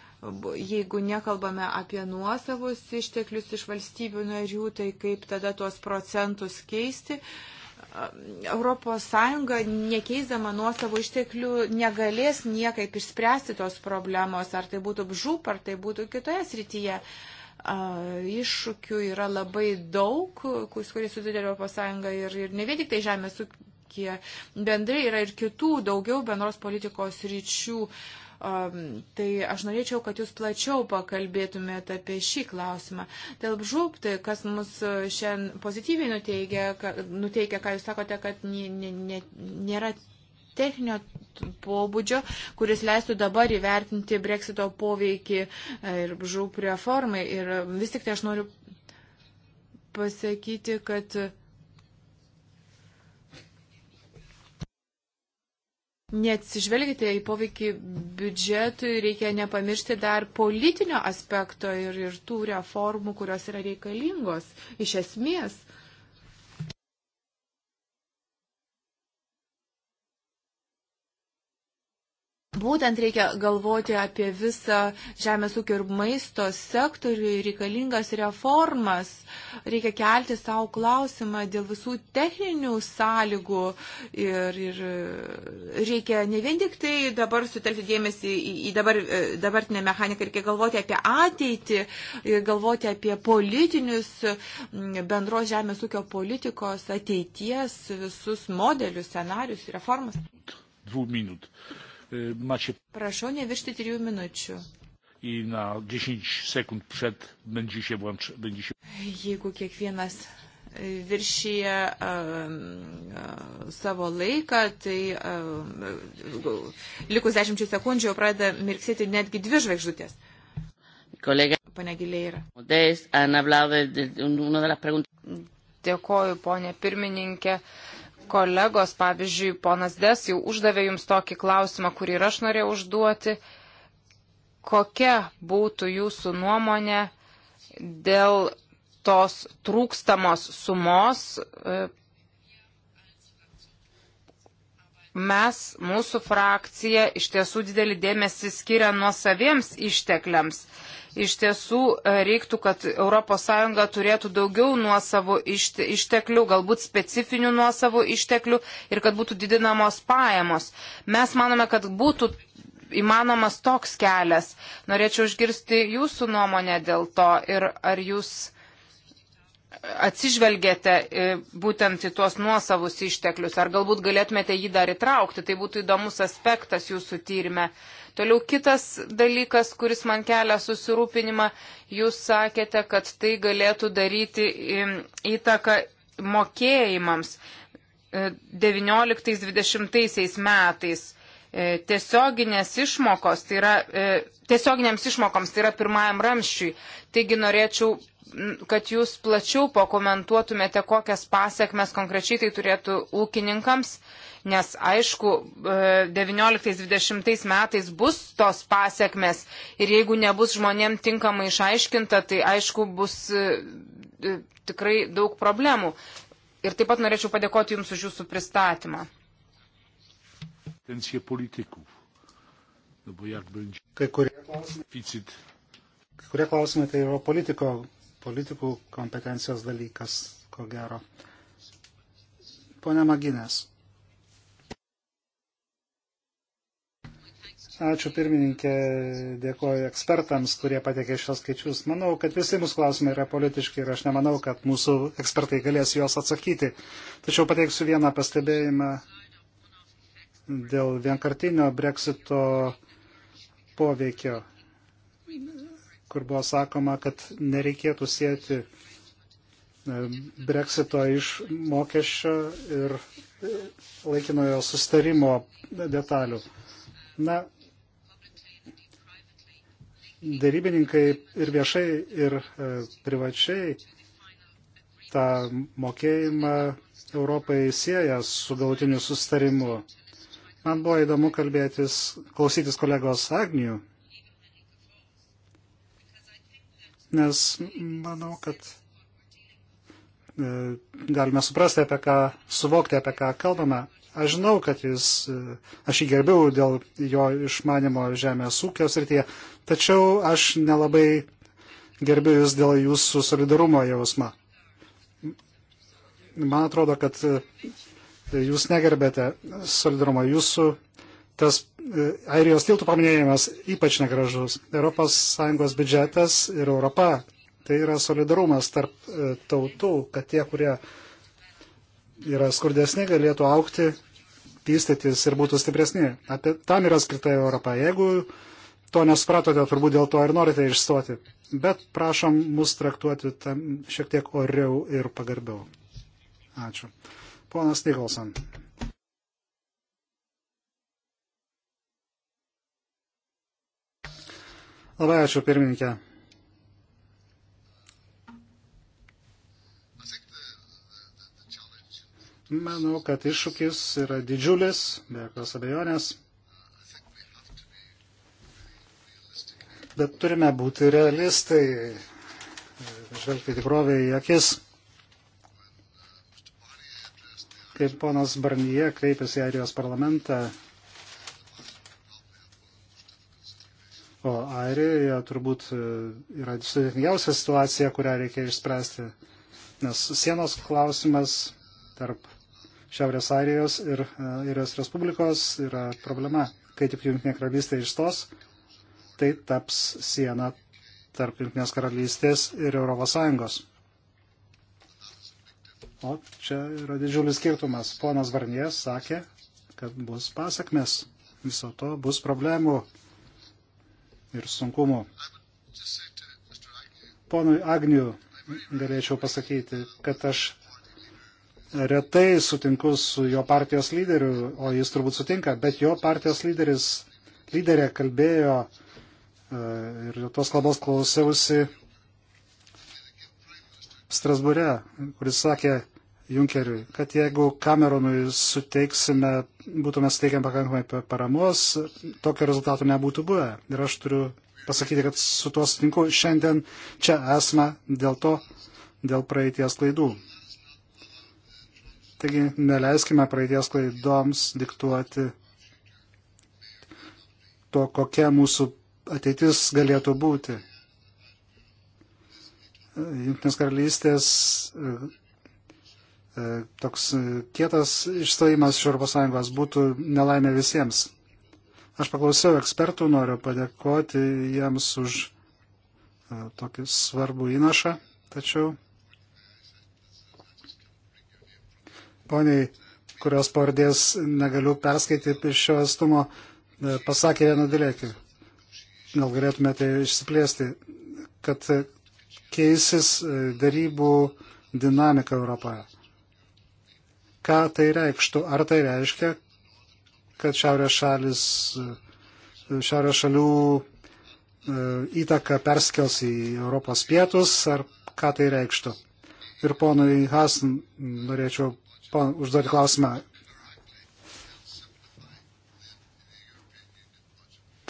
jeigu nekalbame apie nuosavus išteklius iš valstybių narių, tai kaip tada tuos procentus keisti. Uh, Europos Sąjunga, nekeisdama nuosavų išteklių, negalės niekaip išspręsti tos problemos, ar tai būtų žūp, ar tai būtų kitoje srityje. Iššūkių yra labai daug, kurie sudarė Europos Sąjunga ir, ir ne vien tik tai žemės ūkija, bendrai yra ir kitų daugiau bendros politikos ryčių. Uh, Tai aš norėčiau, kad jūs plačiau pakalbėtumėte apie šį klausimą. Dėl žūp, tai kas mus šiandien pozityviai nuteikia, nuteikia ką jūs sakote, kad nėra techninio pobūdžio, kuris leistų dabar įvertinti breksito poveikį e, ir žūp reformai. Ir vis tik tai aš noriu pasakyti, kad neatsižvelgite į poveikį biudžetui, reikia nepamiršti dar politinio aspekto ir, ir tų reformų, kurios yra reikalingos iš esmės. Būtent reikia galvoti apie visą žemės ūkio ir maisto sektorių reikalingas reformas. Reikia kelti savo klausimą dėl visų techninių sąlygų ir, ir reikia ne vien tik tai dabar sutelkti dėmesį į, į dabar, e, dabartinę mechaniką, reikia galvoti apie ateitį, galvoti apie politinius bendros žemės ūkio politikos ateities visus modelius, scenarius, reformas. Dviejų minutų macie. Prašau neviršti trijų minučių. Į na 10 sekund przed będzie się włączy, będzie się. Jeigu kiekvienas viršyje savo laiką, tai a, likus 10 sekundžių jau pradeda mirksėti netgi dvi žvaigždutės. Kolega. Pane Gileira. Dėkoju, ponė pirmininkė. Uh, kolegos, pavyzdžiui, ponas Des jau uždavė jums tokį klausimą, kurį ir aš norėjau užduoti. Kokia būtų jūsų nuomonė dėl tos trūkstamos sumos e, Mes, mūsų frakcija, iš tiesų didelį dėmesį skiria nuosaviems ištekliams. Iš tiesų e, reiktų, kad ES turėtų daugiau nuosavų išteklių, galbūt specifinių nuosavų išteklių ir kad būtų didinamos pajamos. Mes manome, kad būtų įmanomas toks kelias. Norėčiau išgirsti jūsų nuomonę dėl to ir ar jūs atsižvelgėte e, būtent į tuos nuosavus išteklius, ar galbūt galėtumėte jį dar įtraukti, tai būtų įdomus aspektas jūsų tyrimė. Toliau kitas dalykas, kuris man kelia susirūpinimą, jūs sakėte, kad tai galėtų daryti e, įtaką mokėjimams 19-20 e, metais. Tiesioginės išmokos, tai yra, tiesioginiams išmokoms, tai yra pirmajam ramščiui. Taigi norėčiau kad jūs plačiau pakomentuotumėte, kokias pasiekmes konkrečiai tai turėtų ūkininkams, nes aišku, 19-20 e, metais bus tos pasiekmes ir jeigu nebus žmonėm tinkamai išaiškinta, tai aišku, bus e, e, tikrai daug problemų. Ir taip pat norėčiau padėkoti Jums už Jūsų pristatymą. Kai kurie klausimai, kai kurie klausimai tai yra politiko politikų kompetencijos dalykas, ko gero. Pone Maginės. Ačiū pirmininkė, dėkoju ekspertams, kurie patekė šios skaičius. Manau, kad visi mūsų klausimai yra politiški ir aš nemanau, kad mūsų ekspertai galės juos atsakyti. Tačiau pateiksiu vieną pastebėjimą dėl vienkartinio breksito poveikio kur buvo sakoma, kad nereikėtų sėti e, breksito iš mokesčio ir e, laikinojo sustarimo detalių. Na, dėrybininkai ir viešai, ir e, privačiai tą mokėjimą Europai sieja su gautiniu sustarimu. Man buvo įdomu kalbėtis, klausytis kolegos Agnių nes manau, kad e, galime suprasti, apie ką, suvokti, apie ką kalbame. Aš žinau, kad jis, e, aš jį gerbiau dėl jo išmanimo žemės ūkio srityje, tačiau aš nelabai gerbiu jūs dėl jūsų solidarumo jausmą. Man atrodo, kad e, jūs negerbėte solidarumo. Jūsų tas E, airijos tiltų paminėjimas ypač negražus. ES biudžetas ir Europa. Tai yra solidarumas tarp e, tautų, kad tie, kurie yra skurdesni, galėtų aukti, vystytis ir būtų stipresni. Apie, tam yra skirta Europa. Jeigu to nespratote, turbūt dėl to ir norite išstoti. Bet prašom mus traktuoti tam šiek tiek oriau ir pagarbiau. Ačiū. Ponas Nikolson. Labai ačiū, pirmininkė. Manau, kad iššūkis yra didžiulis, be jokios abejonės. Bet turime būti realistai, žvelgti tikrovę į akis. Kaip ponas Barnyje kreipėsi į Airijos parlamentą O Airijoje turbūt e, yra sudėtingiausia situacija, kurią reikia išspręsti, nes sienos klausimas tarp Šiaurės Airijos ir e, Airijos Respublikos yra problema. Kai tik Junktinė karalystė išstos, tai taps siena tarp Junktinės karalystės ir ES. O čia yra didžiulis skirtumas. Ponas Varnės sakė, kad bus pasakmes viso to, bus problemų ir sunkumų. Ponui Agniu galėčiau pasakyti, kad aš retai sutinku su jo partijos lyderiu, o jis turbūt sutinka, bet jo partijos lyderis, lyderė kalbėjo e, ir tos kalbos klausiausi Strasbūre, kuris sakė, Junkeriui, kad jeigu Cameronui suteiksime, būtume suteikę pakankamai paramos, tokio rezultato nebūtų buvę. Ir aš turiu pasakyti, kad su tuo sutinku. Šiandien čia esame dėl to, dėl praeities klaidų. Taigi neleiskime praeities klaidoms diktuoti to, kokia mūsų ateitis galėtų būti. Junktinės karalystės E, toks e, kietas išstojimas iš ES būtų nelaimė visiems. Aš paklausiau ekspertų, noriu padėkoti jiems už e, tokį svarbų įnašą, tačiau poniai, kurios pavardės negaliu perskaityti iš šio atstumo, pasakė vieną dalykį. Gal galėtumėte išsiplėsti, kad keisis darybų dinamika Europoje. Ką tai reikštų? Ar tai reiškia, kad šiaurės šalis, šiaurės šalių e, įtaka perskels į Europos pietus, ar ką tai reikštų? Ir ponui Hasn norėčiau pon, užduoti klausimą.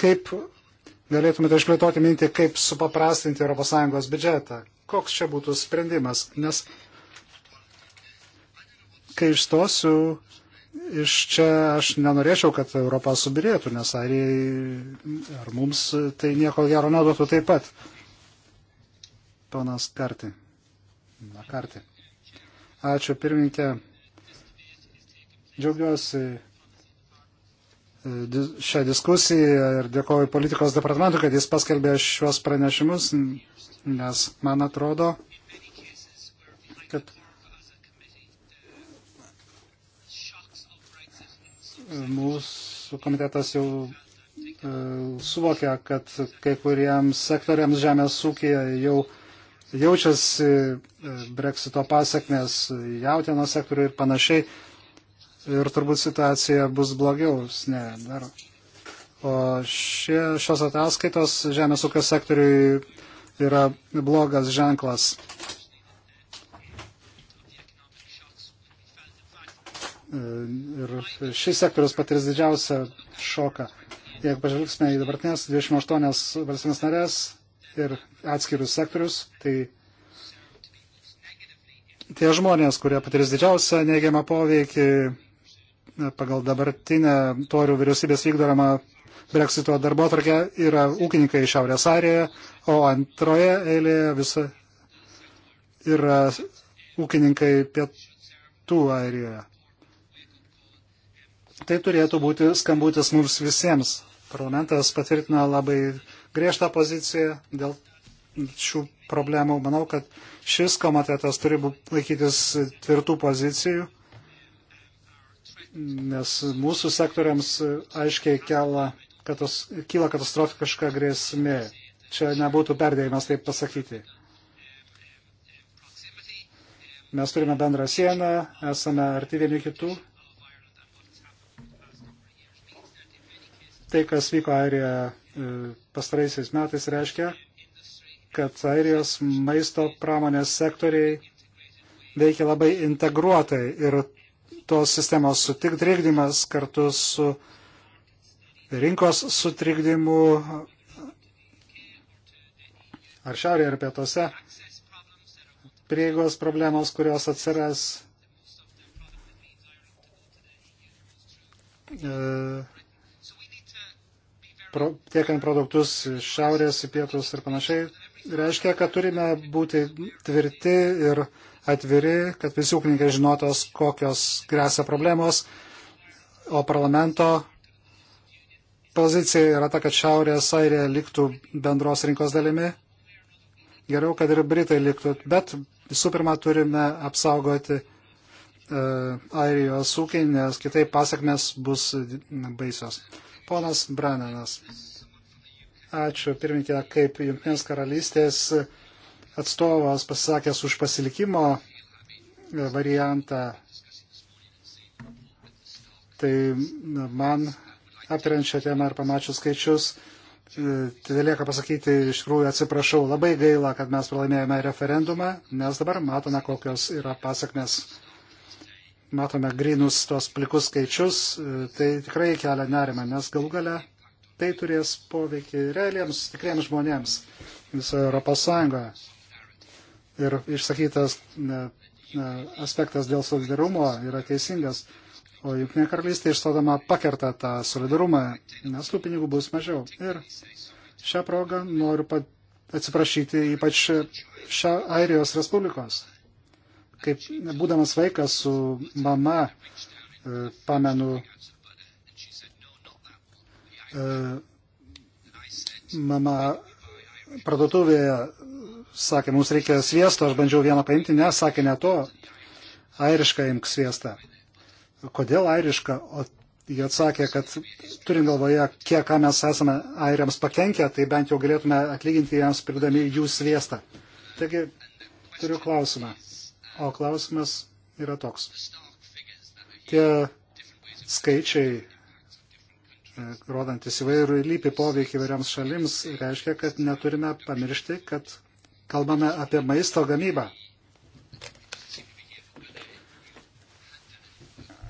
Kaip galėtumėte išplėtoti mintį, kaip supaprastinti ES biudžetą? Koks čia būtų sprendimas? Nes kai išstosiu iš čia, aš nenorėčiau, kad Europa subirėtų, nes airiai ar mums tai nieko gero neduotų taip pat. Ponas Karti. Na, Karti. Ačiū pirmininkė. Džiaugiuosi e, šią diskusiją ir dėkoju politikos departamentui, kad jis paskelbė šiuos pranešimus, nes man atrodo, kad mūsų komitetas jau e, suvokia, kad kai kuriems sektoriams žemės ūkija jau jaučiasi e, breksito pasiekmes jautienos sektoriui ir panašiai. Ir turbūt situacija bus blogiau. Ne, dar. O šie, šios ataskaitos žemės ūkio sektoriui yra blogas ženklas. E, ir šis sektorius patirs didžiausią šoką. Jeigu pažvelgsime į dabartinės 28 valstybės narės ir atskirius sektorius, tai tie žmonės, kurie patirs didžiausią neigiamą poveikį pagal dabartinę torių vyriausybės vykdomą Brexito darbo tarkę, yra ūkininkai Šiaurės Airijoje, o antroje eilėje visa yra ūkininkai Pietų Airijoje. Tai turėtų būti skambutis mums visiems. Parlamentas patvirtina labai griežtą poziciją dėl šių problemų. Manau, kad šis komitetas turi laikytis tvirtų pozicijų, nes mūsų sektoriams aiškiai kela, katos, kyla katastrofiška grėsmė. Čia nebūtų perdėjimas taip pasakyti. Mes turime bendrą sieną, esame arti vieni kitų Tai, kas vyko Airijoje pastaraisiais metais, reiškia, kad Airijos maisto pramonės sektoriai veikia labai integruotai ir tos sistemos sutikdrygdymas kartu su rinkos sutrikdymu ar šiaurėje ar pietuose prieigos problemos, kurios atsiras e, pro, tiekiant produktus šiaurės į pietus ir panašiai, reiškia, kad turime būti tvirti ir atviri, kad visi ūkininkai žinotos, kokios grėsia problemos, o parlamento pozicija yra ta, kad Šiaurės Airija liktų bendros rinkos dalimi. Geriau, kad ir Britai liktų, bet visų pirma turime apsaugoti uh, Airijos ūkį, nes kitaip pasakmes bus baisios. Ponas Brananas. Ačiū, pirmininkė, kaip Junktinės karalystės atstovas pasisakęs už pasilikimo variantą. Tai man aptariant šią temą ir pamačius skaičius, e, tai lieka pasakyti, iš tikrųjų atsiprašau, labai gaila, kad mes pralaimėjome referendumą, nes dabar matome, kokios yra pasakmes matome grinus tos plikus skaičius, e, tai tikrai kelia nerimą, nes galų gale tai turės poveikį realiems, tikriems žmonėms visoje Europos Sąjungoje. Ir išsakytas ne, ne, aspektas dėl solidarumo yra teisingas, o Junktinė karalystė išstodama pakerta tą solidarumą, nes tų pinigų bus mažiau. Ir šią progą noriu atsiprašyti ypač šią Airijos Respublikos kaip būdamas vaikas su mama, e, pamenu, e, mama parduotuvėje sakė, mums reikia sviesto, aš bandžiau vieną paimti, ne, sakė ne to, airišką imk sviestą. Kodėl airišką? O jie atsakė, kad turint galvoje, kiek mes esame airiams pakenkę, tai bent jau galėtume atlyginti jiems pirkdami jų sviestą. Taigi, turiu klausimą. O klausimas yra toks. Tie skaičiai, e, rodantis įvairių lypį poveikį įvairioms šalims, reiškia, kad neturime pamiršti, kad kalbame apie maisto gamybą.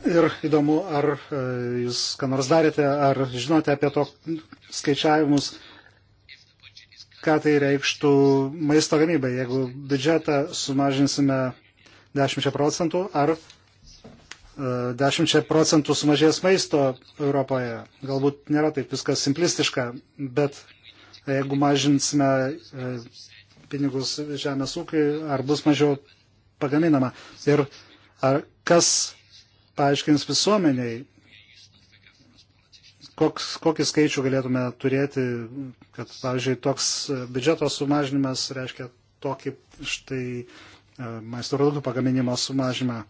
Ir įdomu, ar e, jūs ką nors darėte, ar žinote apie to skaičiavimus, ką tai reikštų maisto gamybai. Jeigu biudžetą sumažinsime 10 procentų, ar 10 e, procentų sumažės maisto Europoje. Galbūt nėra taip viskas simplistiška, bet jeigu mažinsime e, pinigus žemės ūkiai, ar bus mažiau pagaminama. Ir ar kas paaiškins visuomeniai, koks, kokį skaičių galėtume turėti, kad, pavyzdžiui, toks biudžeto sumažinimas reiškia tokį štai uh, E, maisto produktų pagaminimo sumažimą.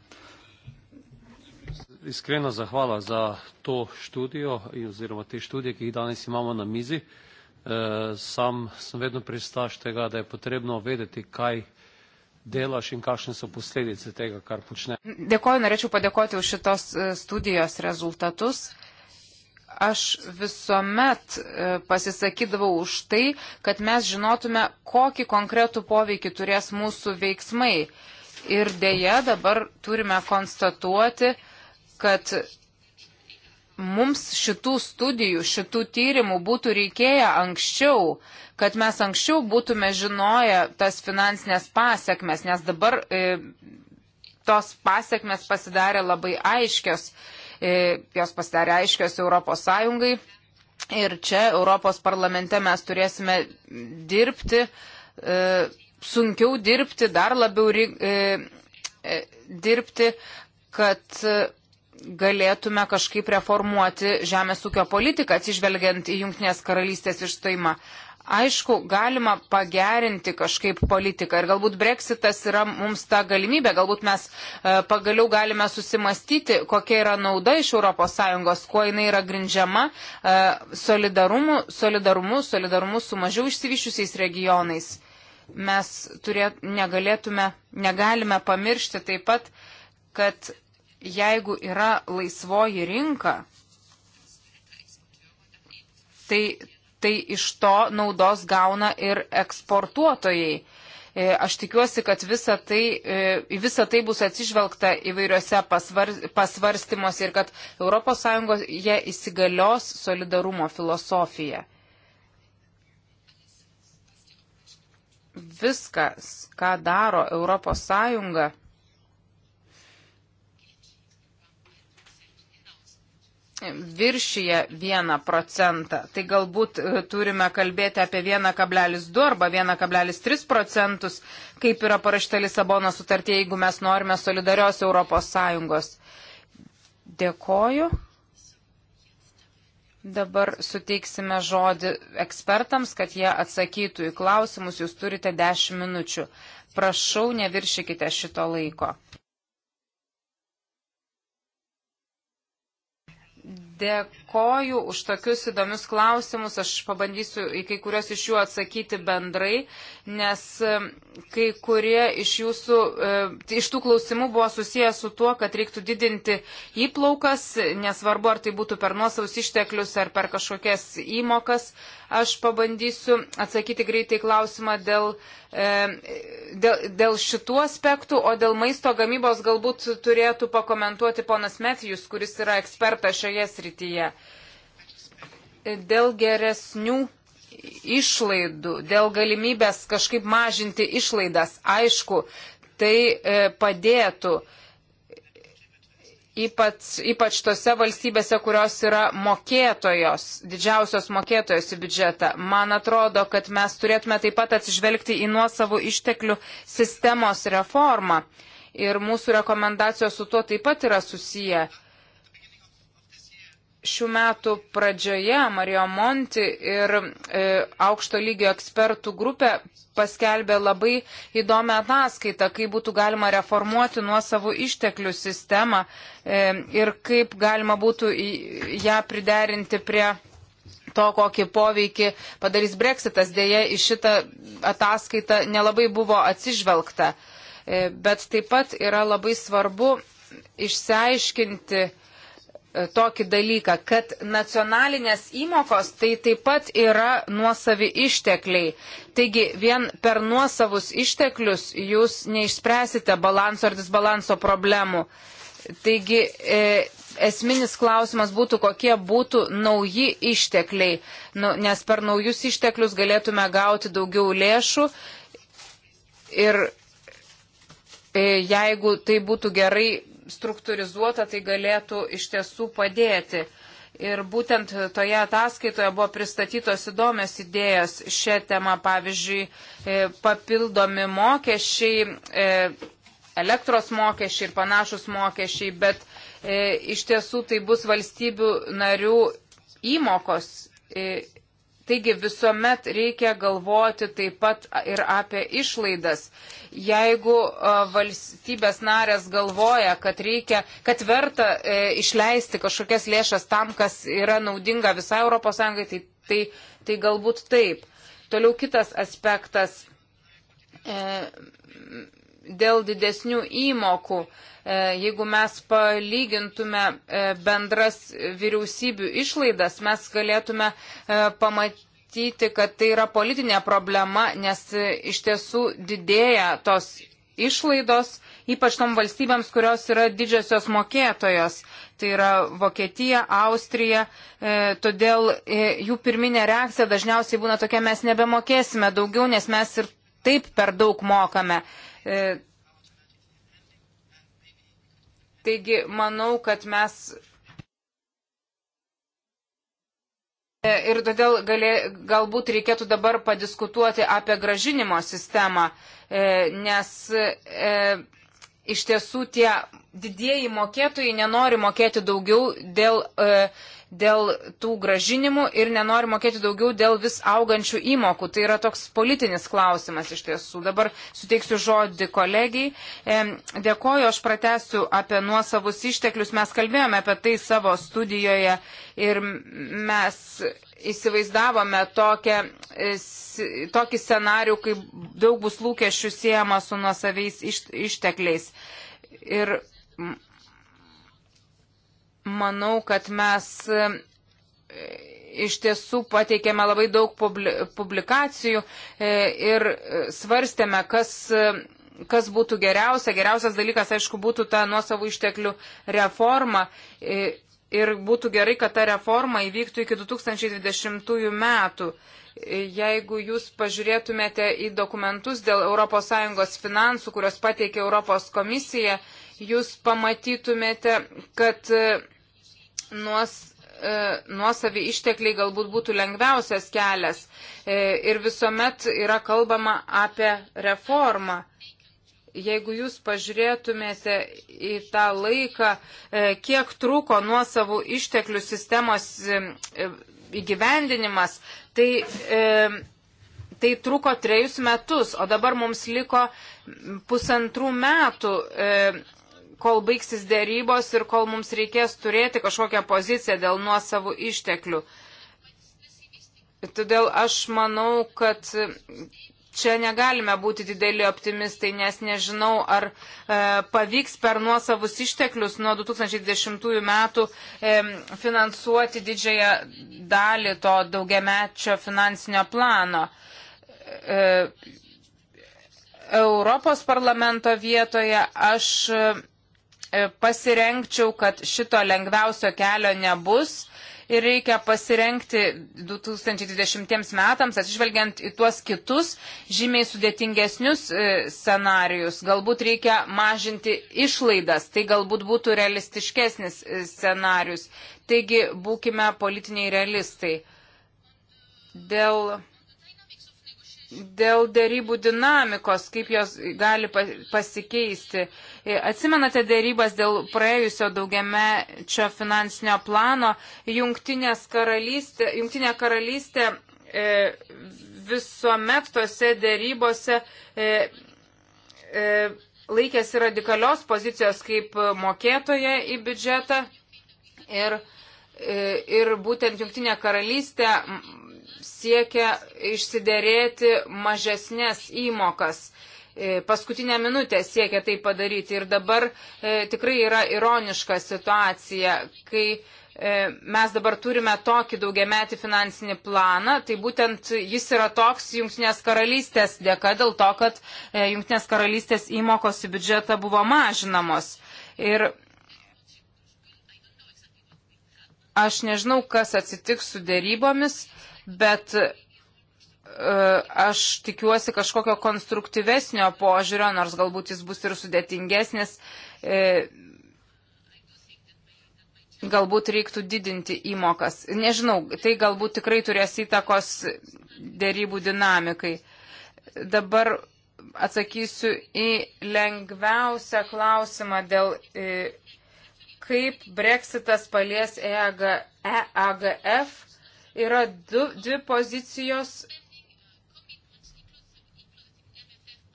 Iskrena zahvala za to študijo oziroma te študije, ki jih danes imamo na mizi. E, sam sem vedno pristaš tega, da je potrebno vedeti, kaj delaš in kakšne so posledice tega, kar počneš. Dėkoju, norėčiau padėkoti už šitos e, studijos rezultatus aš visuomet e, pasisakydavau už tai, kad mes žinotume, kokį konkretų poveikį turės mūsų veiksmai. Ir dėja dabar turime konstatuoti, kad mums šitų studijų, šitų tyrimų būtų reikėję anksčiau, kad mes anksčiau būtume žinoję tas finansinės pasiekmes, nes dabar e, tos pasiekmes pasidarė labai aiškios. E, E, jos pasidarė aiškios Europos Sąjungai. Ir čia Europos parlamente mes turėsime dirbti, e, sunkiau dirbti, dar labiau e, dirbti, kad galėtume kažkaip reformuoti žemės ūkio politiką, atsižvelgiant į Junktinės karalystės išstojimą. Aišku, galima pagerinti kažkaip politiką ir galbūt breksitas yra mums ta galimybė, galbūt mes e, pagaliau galime susimastyti, kokia yra nauda iš ES, kuo jinai yra grindžiama e, solidarumu, solidarumu, solidarumu su mažiau išsivyščiusiais regionais. Mes turėt, negalėtume, negalime pamiršti taip pat, kad jeigu yra laisvoji rinka, tai tai iš to naudos gauna ir eksportuotojai. E, aš tikiuosi, kad visa tai, e, visa tai bus atsižvelgta įvairiuose pasvar, pasvarstymuose ir kad ES įsigalios solidarumo filosofija. Viskas, ką daro ES, viršyje 1 procentą, tai galbūt e, turime kalbėti apie 1,2 arba 1,3 procentus, kaip yra parašta Lisabono sutartė, jeigu mes norime solidarios Europos Sąjungos. Dėkoju. Dabar suteiksime žodį ekspertams, kad jie atsakytų į klausimus. Jūs turite 10 minučių. Prašau, neviršykite šito laiko. dėkui dėkoju už tokius įdomius klausimus. Aš pabandysiu į kai kurios iš jų atsakyti bendrai, nes kai kurie iš jūsų, iš tų klausimų buvo susijęs su tuo, kad reiktų didinti įplaukas, nesvarbu ar tai būtų per nuosaus išteklius ar per kažkokias įmokas. Aš pabandysiu atsakyti greitai klausimą dėl, dėl, dėl šitų aspektų, o dėl maisto gamybos galbūt turėtų pakomentuoti ponas Metijus, kuris yra ekspertas šioje srityje dėl geresnių išlaidų, dėl galimybės kažkaip mažinti išlaidas, aišku, tai e, padėtų ypač, ypač tose valstybėse, kurios yra mokėtojos, didžiausios mokėtojos į biudžetą. Man atrodo, kad mes turėtume taip pat atsižvelgti į nuosavų išteklių sistemos reformą. Ir mūsų rekomendacijos su tuo taip pat yra susiję šių metų pradžioje Mario Monti ir e, aukšto lygio ekspertų grupė paskelbė labai įdomią ataskaitą, kaip būtų galima reformuoti nuosavų išteklių sistemą e, ir kaip galima būtų ją priderinti prie to, kokį poveikį padarys Brexitas. Deja, į šitą ataskaitą nelabai buvo atsižvelgta. E, bet taip pat yra labai svarbu išsiaiškinti, tokį dalyką, kad nacionalinės įmokos tai taip pat yra nuosavi ištekliai. Taigi vien per nuosavus išteklius jūs neišspręsite balanso ar disbalanso problemų. Taigi e, esminis klausimas būtų, kokie būtų nauji ištekliai, nu, nes per naujus išteklius galėtume gauti daugiau lėšų. Ir e, jeigu tai būtų gerai struktūrizuota, tai galėtų iš tiesų padėti. Ir būtent toje ataskaitoje buvo pristatytos įdomios idėjos šią temą, pavyzdžiui, e, papildomi mokesčiai, e, elektros mokesčiai ir panašus mokesčiai, bet e, iš tiesų tai bus valstybių narių įmokos Taigi visuomet reikia galvoti taip pat ir apie išlaidas. Jeigu valstybės narės galvoja, kad, reikia, kad verta e, išleisti kažkokias lėšas tam, kas yra naudinga visai ES, tai, tai, tai galbūt taip. Toliau kitas aspektas. E, dėl didesnių įmokų. E, jeigu mes palygintume e, bendras vyriausybių išlaidas, mes galėtume e, pamatyti mąstyti, kad tai yra politinė problema, nes iš tiesų didėja tos išlaidos, ypač tom valstybėms, kurios yra didžiosios mokėtojos. Tai yra Vokietija, Austrija, e, todėl e, jų pirminė reakcija dažniausiai būna tokia, mes nebemokėsime daugiau, nes mes ir taip per daug mokame. E, taigi, manau, kad mes e, Ir todėl galė, galbūt reikėtų dabar padiskutuoti apie gražinimo sistemą, e, nes iš tiesų tie didieji mokėtojai nenori mokėti daugiau dėl, e, dėl tų gražinimų ir nenori mokėti daugiau dėl vis augančių įmokų. Tai yra toks politinis klausimas iš tiesų. Dabar suteiksiu žodį kolegijai. E, dėkoju, aš pratesiu apie nuosavus išteklius. Mes kalbėjome apie tai savo studijoje ir mes įsivaizdavome tokią, e, tokį scenarių, kai daug bus lūkesčių siejama su nuosaviais ištekliais. Ir manau, kad mes e, iš tiesų pateikėme labai daug publikacijų e, ir svarstėme, kas, kas būtų geriausia. Geriausias dalykas, aišku, būtų ta nuosavų išteklių reforma ir būtų gerai, kad ta reforma įvyktų iki 2020 metų. Jeigu jūs pažiūrėtumėte į dokumentus dėl ES finansų, kurios pateikė Europos komisija, jūs pamatytumėte, kad e, nuos, e, nuosavi ištekliai galbūt būtų lengviausias kelias. E, ir visuomet yra kalbama apie reformą jeigu jūs pažiūrėtumėte į tą laiką, e, kiek truko nuosavų išteklių sistemos e, e, įgyvendinimas, tai, tai truko trejus metus, o dabar mums liko pusantrų metų kol baigsis dėrybos ir kol mums reikės turėti kažkokią poziciją dėl nuosavų išteklių. Todėl aš manau, kad čia negalime būti dideli optimistai, nes nežinau, ar e, pavyks per nuosavus išteklius nuo 2010 metų e, finansuoti didžiąją dalį to daugiamečio finansinio plano. E, Europos parlamento vietoje aš e, pasirengčiau, kad šito lengviausio kelio nebus ir reikia pasirenkti 2020 metams, atsižvelgiant į tuos kitus žymiai sudėtingesnius e, scenarius. Galbūt reikia mažinti išlaidas, tai galbūt būtų realistiškesnis e, scenarius. Taigi būkime politiniai realistai. Dėl dėl dėrybų dinamikos, kaip jos gali pasikeisti. E, atsimenate dėrybas dėl praėjusio daugiamečio finansinio plano, karalystė, jungtinė karalystė e, visuomet tose dėrybose e, e, laikėsi radikalios pozicijos kaip mokėtoja į biudžetą ir, e, ir būtent jungtinė karalystė siekia išsiderėti mažesnės įmokas. E, paskutinę minutę siekia tai padaryti ir dabar e, tikrai yra ironiška situacija, kai e, mes dabar turime tokį daugiametį finansinį planą, tai būtent jis yra toks Junktinės karalystės dėka dėl to, kad e, Junktinės karalystės įmokos į biudžetą buvo mažinamos. Ir aš nežinau, kas atsitiks su dėrybomis. E, bet e, aš tikiuosi kažkokio konstruktyvesnio požiūrio, nors galbūt jis bus ir sudėtingesnis. E, galbūt reiktų didinti įmokas. Nežinau, tai galbūt tikrai turės įtakos dėrybų dinamikai. Dabar atsakysiu į lengviausią klausimą dėl e, kaip Brexitas palies EAGF yra du, dvi pozicijos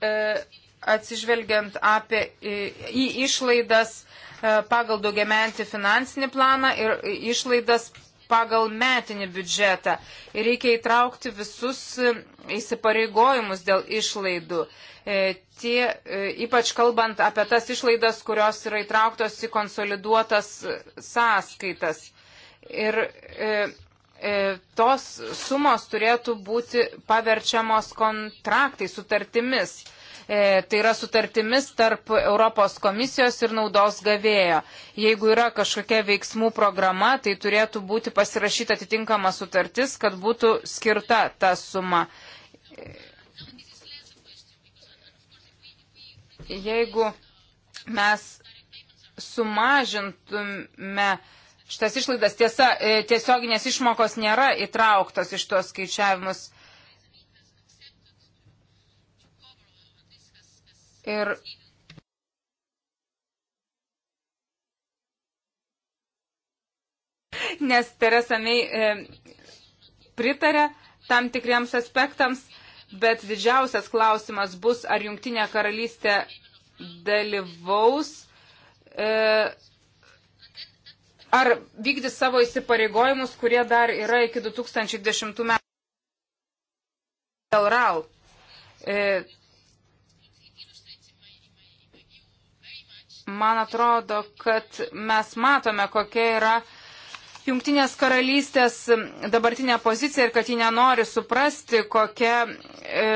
e, atsižvelgiant apie, į, į išlaidas e, pagal daugiamentį finansinį planą ir išlaidas pagal metinį biudžetą. Ir reikia įtraukti visus e, įsipareigojimus dėl išlaidų. E, tie, e, ypač kalbant apie tas išlaidas, kurios yra įtrauktos į konsoliduotas e, sąskaitas. Ir e, E, tos sumos turėtų būti paverčiamos kontraktai, sutartimis. E, tai yra sutartimis tarp Europos komisijos ir naudos gavėjo. Jeigu yra kažkokia veiksmų programa, tai turėtų būti pasirašyta atitinkama sutartis, kad būtų skirta ta suma. E, jeigu mes sumažintume šitas išlaidas. Tiesa, e, tiesioginės išmokos nėra įtrauktos iš tuos skaičiavimus. Ir nes Teresa May e, pritarė tam tikriems aspektams, bet didžiausias klausimas bus, ar Junktinė karalystė dalyvaus e, ar vykdys savo įsipareigojimus, kurie dar yra iki 2010 metų dėl RAL. E, man atrodo, kad mes matome, kokia yra Jungtinės karalystės dabartinė pozicija ir kad ji nenori suprasti, kokia e,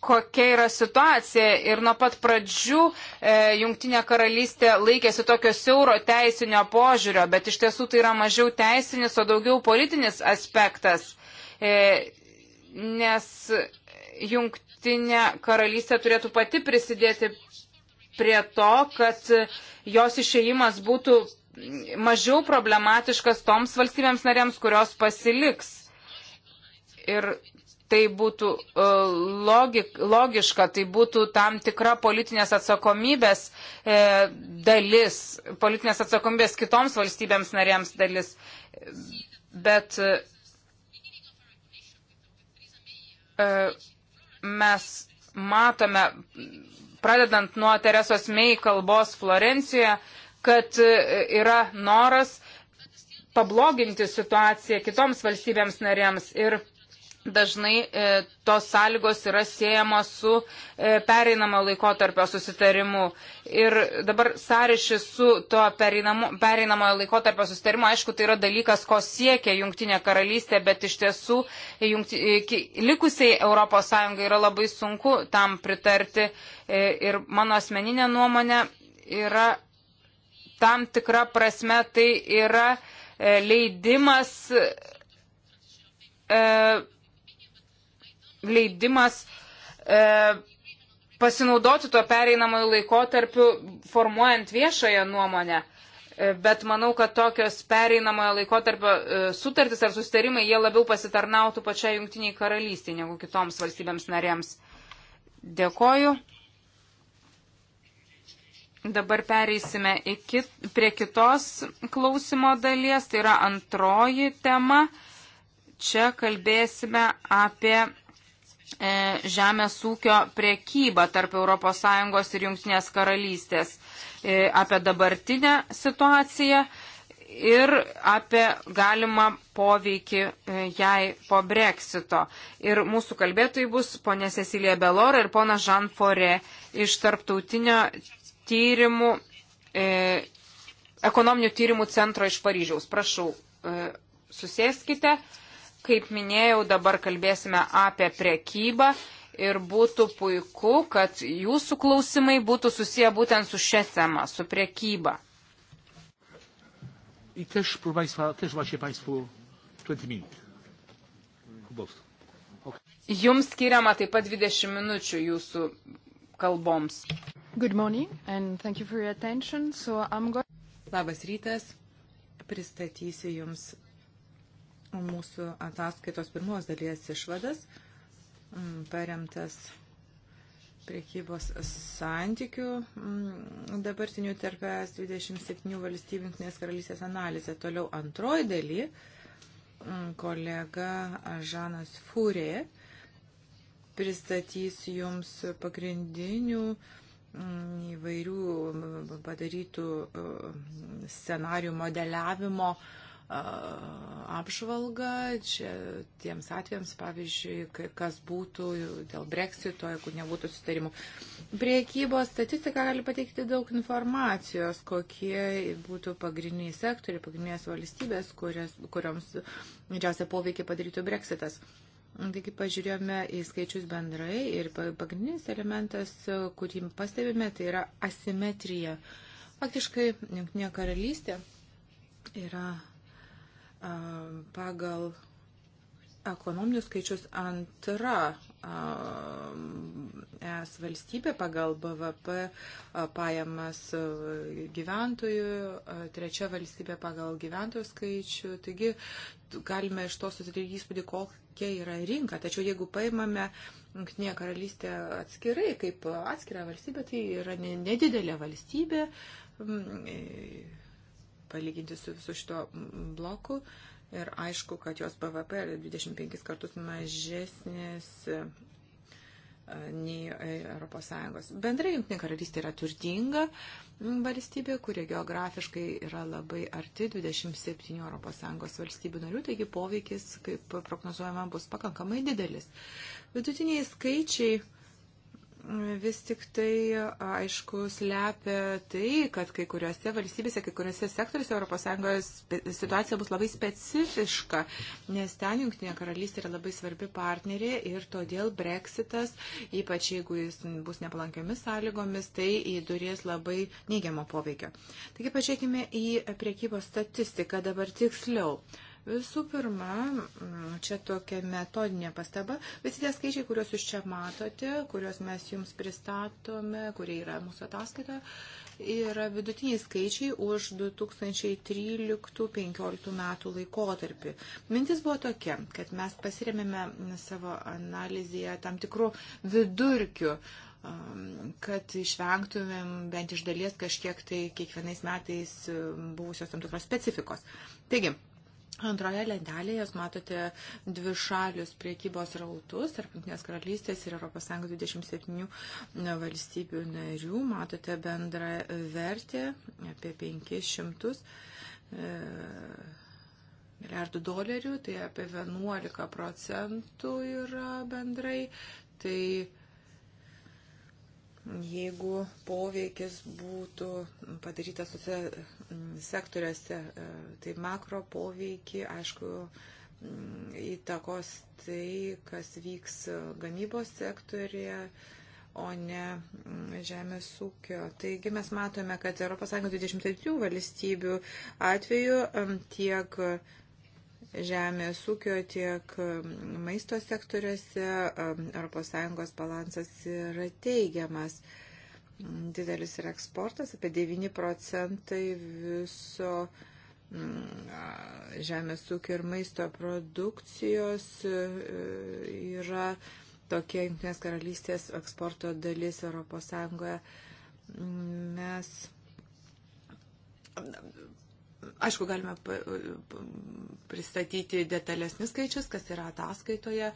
kokia yra situacija ir nuo pat pradžių e, Jungtinė karalystė laikėsi tokio siauro teisinio požiūrio, bet iš tiesų tai yra mažiau teisinis, o daugiau politinis aspektas, e, nes Jungtinė karalystė turėtų pati prisidėti prie to, kad jos išėjimas būtų mažiau problematiškas toms valstybėms narėms, kurios pasiliks. Ir tai būtų e, logik, logiška, tai būtų tam tikra politinės atsakomybės e, dalis, politinės atsakomybės kitoms valstybėms narėms dalis. Bet e, mes matome, pradedant nuo Teresos Mei kalbos Florencijoje, kad e, yra noras pabloginti situaciją kitoms valstybėms narėms. Ir dažnai e, tos sąlygos yra siejamos su e, pereinamo laikotarpio susitarimu. Ir dabar sąryšis su to pereinamojo laikotarpio susitarimu, aišku, tai yra dalykas, ko siekia Junktinė karalystė, bet iš tiesų jungti, e, likusiai ES yra labai sunku tam pritarti. E, ir mano asmeninė nuomonė yra tam tikra prasme, tai yra e, leidimas. E, leidimas e, pasinaudoti tuo pereinamojo laikotarpiu formuojant viešąją nuomonę. E, bet manau, kad tokios pereinamojo laikotarpio e, sutartys ar sustarimai jie labiau pasitarnautų pačiai jungtiniai karalystiai negu kitoms valstybėms narėms. Dėkoju. Dabar pereisime iki, prie kitos klausimo dalies, tai yra antroji tema. Čia kalbėsime apie E, žemės ūkio priekybą tarp ES ir Junktinės karalystės, e, apie dabartinę situaciją ir apie galimą poveikį e, jai po breksito. Ir mūsų kalbėtojai bus ponė Cecilija Belora ir pona Žan Fore iš tarptautinio tyrimų, e, ekonominių tyrimų centro iš Paryžiaus. Prašau, e, susėskite. E, kaip minėjau, dabar kalbėsime apie prekybą ir būtų puiku, kad jūsų klausimai būtų susiję būtent su šia tema, su priekyba. I też, proszę Państwa, też macie Państwo 20 minut. Jums skiriama taip pat 20 minučių jūsų kalboms. Good morning and thank you for your attention. So I'm going... Labas rytas. Pristatysiu Jums mūsų ataskaitos pirmos dalies išvadas, mm, paremtas priekybos santykių mm, dabartinių tarp 27 valstybių Junktinės karalystės analizė. Toliau antroji daly mm, kolega Žanas Fūrė pristatys jums pagrindinių įvairių padarytų scenarių modeliavimo uh, apžvalgą čia tiems atvejams, pavyzdžiui, kas būtų dėl breksito, jeigu nebūtų sutarimų. Priekybos statistika gali pateikti daug informacijos, kokie būtų pagrindiniai sektoriai, pagrindinės valstybės, kurias, kurioms didžiausia poveikia padarytų breksitas. Taigi pažiūrėjome į skaičius bendrai ir pagrindinis elementas, kurį pastebime, tai yra asimetrija. Faktiškai, Junktinė karalystė yra pagal ekonominius skaičius antra es valstybė pagal BVP pajamas gyventojų, trečia valstybė pagal gyventojų skaičių. Taigi galime iš to susidaryti įspūdį, kokia yra rinka. Tačiau jeigu paimame Junktinė karalystė atskirai, kaip atskira valstybė, tai yra nedidelė valstybė mm, palyginti su visu šito bloku. Ir aišku, kad jos BVP yra 25 kartus mažesnis e, nei ES. Bendrai Junktinė karalystė yra turtinga valstybė, kurie geografiškai yra labai arti 27 ES valstybių narių, taigi poveikis, kaip prognozuojama, bus pakankamai didelis. Vidutiniai skaičiai vis tik tai, aišku, slepia tai, kad kai kuriuose valstybėse, kai kuriuose sektoriuose ES situacija bus labai specifiška, nes ten Junktinė karalystė yra labai svarbi partnerė ir todėl Brexitas, ypač jeigu jis bus nepalankiomis sąlygomis, tai įdurės labai neigiamo poveikio. Taigi pažiūrėkime į priekybos statistiką dabar tiksliau. Uh, Visų pirma, mm, čia tokia metodinė pastaba. Visi tie skaičiai, kuriuos jūs čia matote, kuriuos mes jums pristatome, kurie yra mūsų ataskaitoje, yra vidutiniai skaičiai už 2013-2015 metų laikotarpį. Mintis buvo tokia, kad mes pasiremėme savo analizėje tam tikrų vidurkių kad išvengtumėm bent iš dalies kažkiek tai kiekvienais metais buvusios tam tikros specifikos. Taigi, Antroje lentelėje jūs matote dvi šalius priekybos rautus tarp Junktinės karalystės ir ES 27 e, valstybių narių. Matote bendrą vertę apie 500 e, milijardų dolerių, tai apie 11 procentų yra bendrai. Tai jeigu poveikis būtų padarytas tose mm, sektoriuose, e, tai makro poveikį, aišku, mm, įtakos tai, kas vyks gamybos sektorėje, o ne mm, žemės ūkio. Taigi mes matome, kad ES 23 valstybių atveju tiek žemės ūkio, tiek maisto sektoriuose ES balansas yra teigiamas. Didelis yra eksportas, apie 9 procentai viso žemės ūkio ir maisto produkcijos e, yra tokia Junktinės karalystės eksporto dalis ES. Mes Aišku, galime pristatyti detalesnius skaičius, kas yra ataskaitoje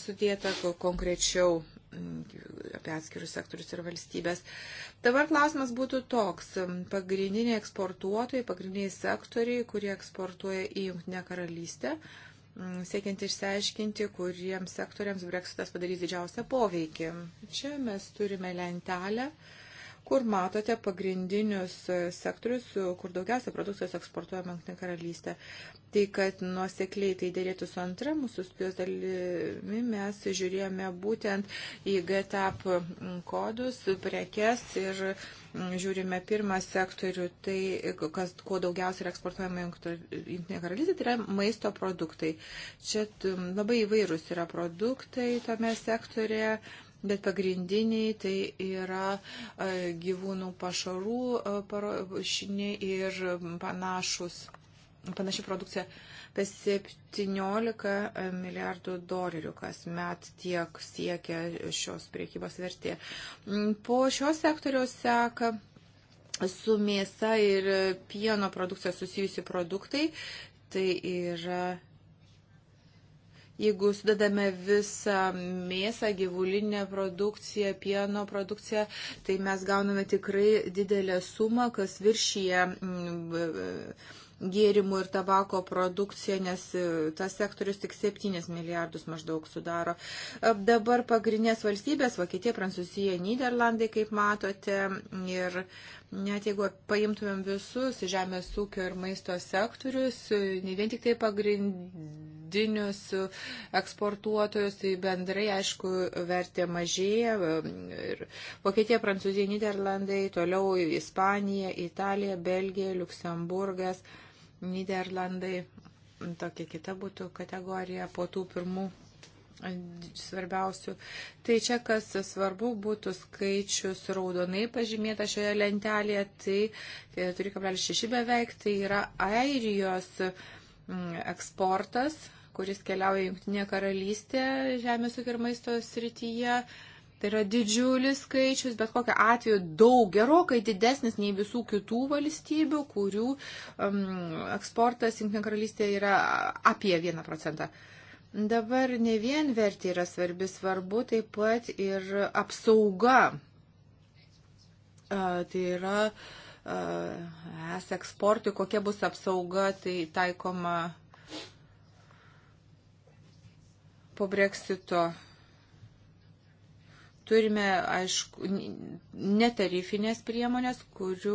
sudėta konkrečiau mm, apie atskirius sektorius ir valstybės. Dabar klausimas būtų toks. Pagrindiniai eksportuotojai, pagrindiniai sektoriai, kurie eksportuoja į Junktinę karalystę, mm, siekiant išsiaiškinti, kuriems sektoriams breksitas padarys didžiausią poveikį. Čia mes turime lentelę. Uh, kur matote pagrindinius e, sektorius, e, kur daugiausia produkcijos eksportuojama Junktinė karalystė. Tai, kad nuosekliai tai dėlėtų su antra mūsų studijos dalimi, mes žiūrėjome būtent į GTAP kodus, prekes ir žiūrime pirmą sektorių, tai e, kas, kuo daugiausia yra eksportuojama Junktinė karalystė, tai yra maisto produktai. Čia labai įvairūs yra produktai tame sektorėje Bet pagrindiniai tai yra e, gyvūnų pašarų e, parašiniai ir panašus, panaši produkcija apie 17 milijardų dolerių kasmet tiek siekia šios priekybos vertė. Po šios sektoriaus seka su mėsa ir pieno produkcija susijusi produktai. Tai yra Jeigu sudedame visą mėsą, gyvulinę produkciją, pieno produkciją, tai mes gauname tikrai didelę sumą, kas viršyje mm, gėrimų ir tabako produkciją, nes e, tas sektorius tik 7 milijardus maždaug sudaro. E, dabar pagrindinės valstybės - Vokietija, Prancūzija, Niderlandai, kaip matote. Ir, uh, Net jeigu paimtumėm visus žemės ūkio ir maisto sektorius, ne vien tik tai pagrindinius eksportuotojus, tai bendrai, aišku, vertė mažėja. Ir Vokietija, Prancūzija, Niderlandai, toliau Ispanija, Italija, Belgija, Luksemburgas, Niderlandai. Tokia kita būtų kategorija po tų pirmų svarbiausių. Tai čia, kas svarbu, būtų skaičius raudonai pažymėta šioje lentelėje, tai 4,6 tai beveik, tai yra Airijos mm, eksportas, kuris keliauja Junktinė karalystė žemės ūkio ir maisto srityje. Tai yra didžiulis skaičius, bet kokiu atveju daug, gerokai didesnis nei visų kitų valstybių, kurių um, eksportas Junktinė karalystė yra apie 1 procentą. Uh, Dabar ne vien vertė yra svarbi, svarbu taip pat ir apsauga. Tai yra es eksportui, kokia bus apsauga, tai taikoma po breksito Turime, aišku, netarifinės priemonės, kurių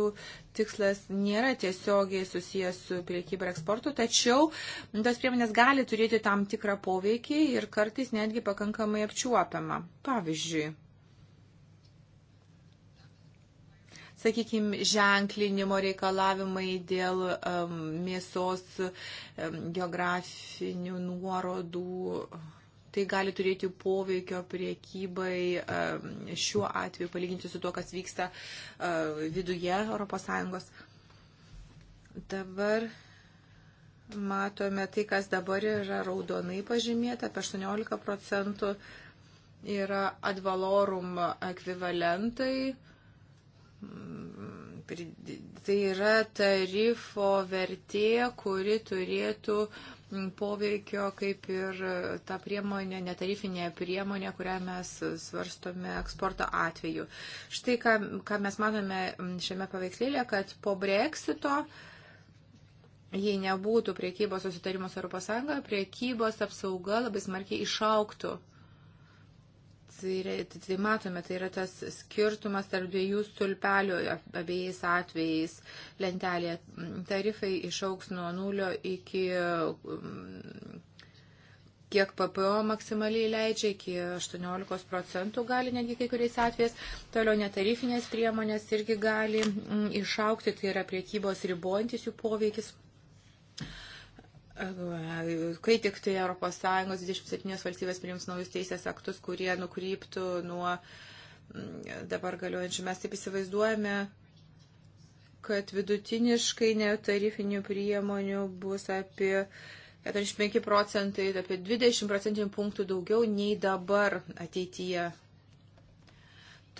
tikslas nėra tiesiogiai susijęs su priekyba ir eksportu, tačiau tos priemonės gali turėti tam tikrą poveikį ir kartais netgi pakankamai apčiuopiamą. Pavyzdžiui, sakykime, ženklinimo reikalavimai dėl um, mėsos um, geografinių nuorodų. Um, tai gali turėti poveikio priekybai šiuo atveju palyginti su tuo, kas vyksta viduje ES. Dabar matome tai, kas dabar yra raudonai pažymėta, apie 18 procentų yra advalorum ekvivalentai. Tai yra tarifo vertė, kuri turėtų uh, poveikio, kaip ir ta priemonė, netarifinė priemonė, kurią mes svarstome eksporto atveju. Štai ką, ką mes matome šiame paveikslėlė, kad po Brexito jei nebūtų priekybos susitarimas Europos Sąjungoje, priekybos apsauga labai smarkiai išauktų. Tai, tai, tai matome, tai yra tas skirtumas tarp dviejų stulpelių abiejais atvejais lentelėje. Tarifai išauks nuo nulio iki kiek PPO maksimaliai leidžia, iki 18 procentų gali netgi kai kuriais atvejais. Toliau netarifinės priemonės irgi gali išaukti, tai yra priekybos ribojantis jų poveikis kai tik tai ES 27 valstybės priims naujus teisės aktus, kurie nukryptų nuo mm, dabar galiojančių. Mes taip įsivaizduojame, kad vidutiniškai netarifinių priemonių bus apie 45 procentai, tai apie 20 procentinių punktų daugiau nei dabar ateityje.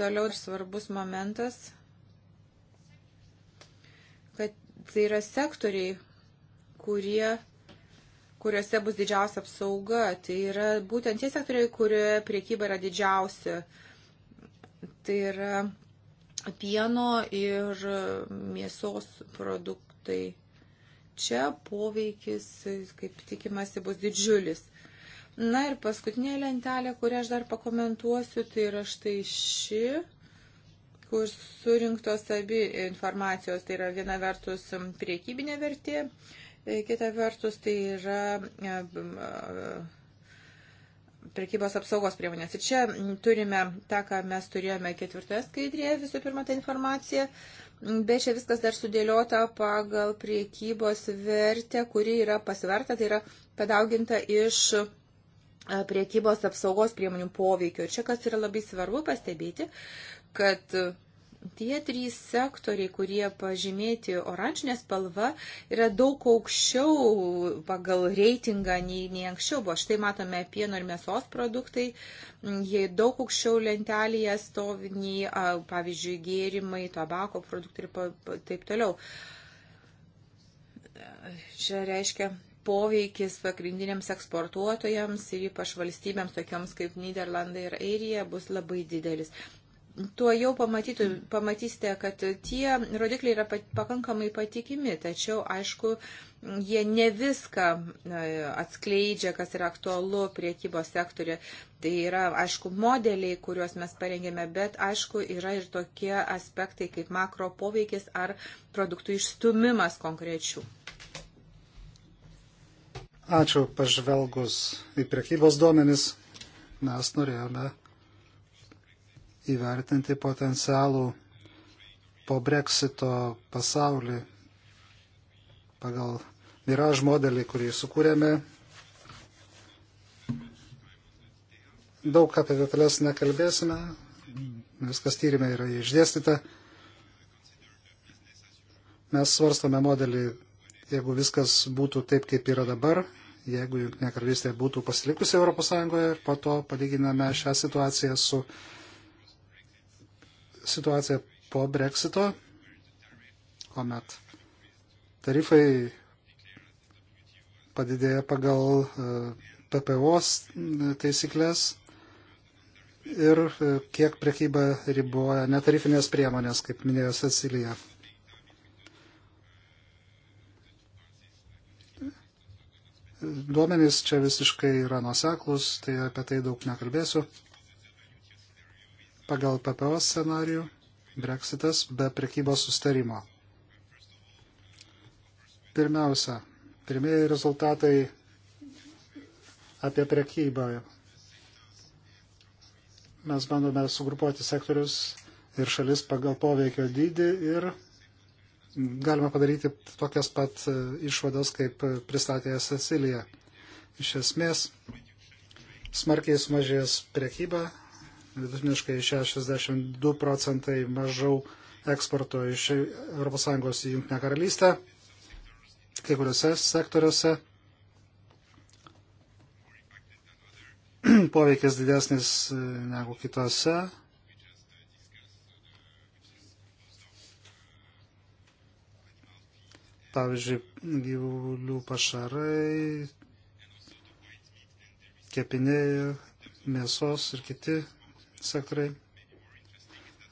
Toliau svarbus momentas, kad tai yra sektoriai, kurie kuriuose bus didžiausia apsauga. Tai yra būtent tie sektoriai, kurioje priekyba yra didžiausia. Tai yra pieno ir mėsos produktai. Čia poveikis, kaip tikimasi, bus didžiulis. Na ir paskutinė lentelė, kurią aš dar pakomentuosiu, tai yra štai ši kur surinktos abi informacijos, tai yra viena vertus priekybinė vertė, E, kita vertus tai yra e, e, prekybos apsaugos priemonės. Ir čia turime tą, ką mes turėjome ketvirtoje skaidrėje, visų pirma, tą informaciją, bet čia viskas dar sudėliota pagal priekybos vertę, kuri yra pasverta, tai yra padauginta iš priekybos apsaugos priemonių poveikio. Ir čia kas yra labai svarbu pastebėti, kad tie trys sektoriai, kurie pažymėti oranžinė spalva, yra daug aukščiau pagal reitingą nei, nei anksčiau buvo. Štai matome pieno ir mėsos produktai, jie daug aukščiau lentelėje stovi nei, pavyzdžiui, gėrimai, tabako produktai ir taip toliau. Čia reiškia poveikis pagrindiniams eksportuotojams ir ypač valstybėms tokioms kaip Niderlandai ir Airija bus labai didelis tuo jau pamatytų, pamatysite, kad tie rodikliai yra pakankamai patikimi, tačiau, aišku, jie ne viską e, atskleidžia, kas yra aktualu priekybos sektoriu. Tai yra, aišku, modeliai, kuriuos mes parengėme, bet, aišku, yra ir tokie aspektai kaip makro poveikis ar produktų išstumimas konkrečių. Ačiū pažvelgus į priekybos duomenis. Mes norėjome įvertinti potencialų po breksito pasaulį pagal miraž modelį, kurį sukūrėme. Daug apie detalės nekalbėsime, viskas tyrimai yra išdėstyta. Mes svarstome modelį, jeigu viskas būtų taip, kaip yra dabar, jeigu Junktinė karalystė būtų pasilikusi ES ir po to palyginame šią situaciją su situacija po breksito, kuomet tarifai padidėja pagal e, PPO e, taisyklės ir e, kiek prekyba riboja netarifinės priemonės, kaip minėjo Cecilija. Duomenys čia visiškai yra nuseklus, tai apie tai daug nekalbėsiu pagal PPO scenarių Brexitas be prekybos sustarimo. Pirmiausia, pirmieji rezultatai apie prekybą. Mes bandome sugrupuoti sektorius ir šalis pagal poveikio dydį ir galima padaryti tokias pat e, išvadas, kaip pristatė Cecilija. Iš esmės, smarkiai sumažės priekyba vidutiniškai 62 procentai mažiau eksporto iš ES į Junktinę karalystę, kai kuriuose sektoriuose poveikis didesnis negu kitose. Pavyzdžiui, gyvulių pašarai, kepiniai, mėsos ir kiti sektoriai.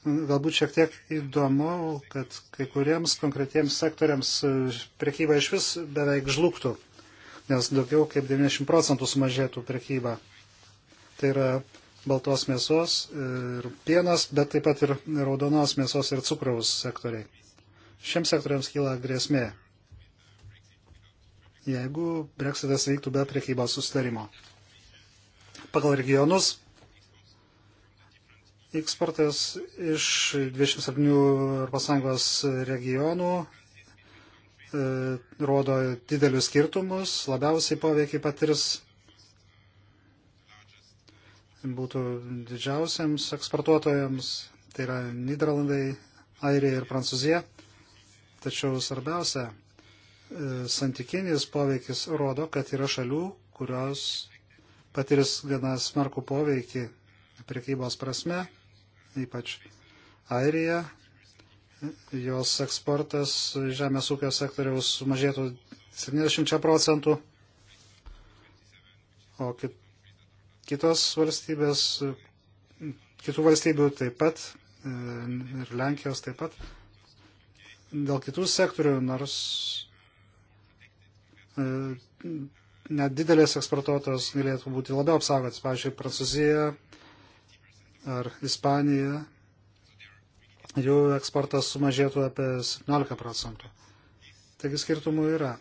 Galbūt šiek tiek įdomu, kad kai kuriems konkretiems sektoriams e, prekyba iš vis beveik žlugtų, nes daugiau kaip 90 procentų sumažėtų prekyba. Tai yra baltos mėsos ir pienas, bet taip pat ir raudonos mėsos ir cukraus sektoriai. Šiems sektoriams kyla grėsmė, jeigu Brexitas vyktų be priekybos sustarimo. Pagal regionus Eksportas iš 27 ES regionų e, rodo didelius skirtumus, labiausiai poveikiai patirs būtų didžiausiams eksportuotojams, tai yra Niderlandai, Airija ir Prancūzija. Tačiau svarbiausia, e, santykinis poveikis rodo, kad yra šalių, kurios patirs gana smarkų poveikį prekybos prasme ypač Airija. Jos eksportas žemės ūkio sektoriaus sumažėtų 70 procentų, o kitos valstybės, kitų valstybių taip pat ir Lenkijos taip pat. Dėl kitų sektorių, nors e, net didelės eksportuotos galėtų būti labiau apsaugotas, pavyzdžiui, Prancūzija, ar Ispanija, jų eksportas sumažėtų apie 17 procentų. Taigi skirtumų yra.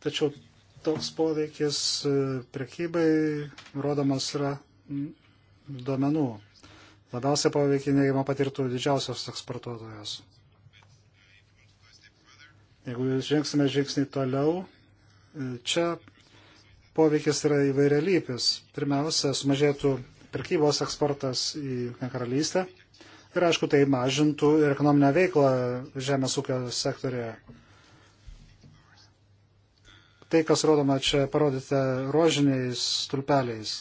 Tačiau toks poveikis e, prekybai rodomas yra duomenų. Labiausiai poveikį neigiamą patirtų didžiausios eksportuotojos. Jeigu žingsime žingsnį toliau, e, čia poveikis yra įvairialypis. Pirmiausia, sumažėtų prekybos eksportas į Junktinę karalystę. Ir aišku, tai mažintų ir ekonominę veiklą žemės ūkio sektorėje. Tai, kas rodoma čia parodyta rožiniais stulpeliais.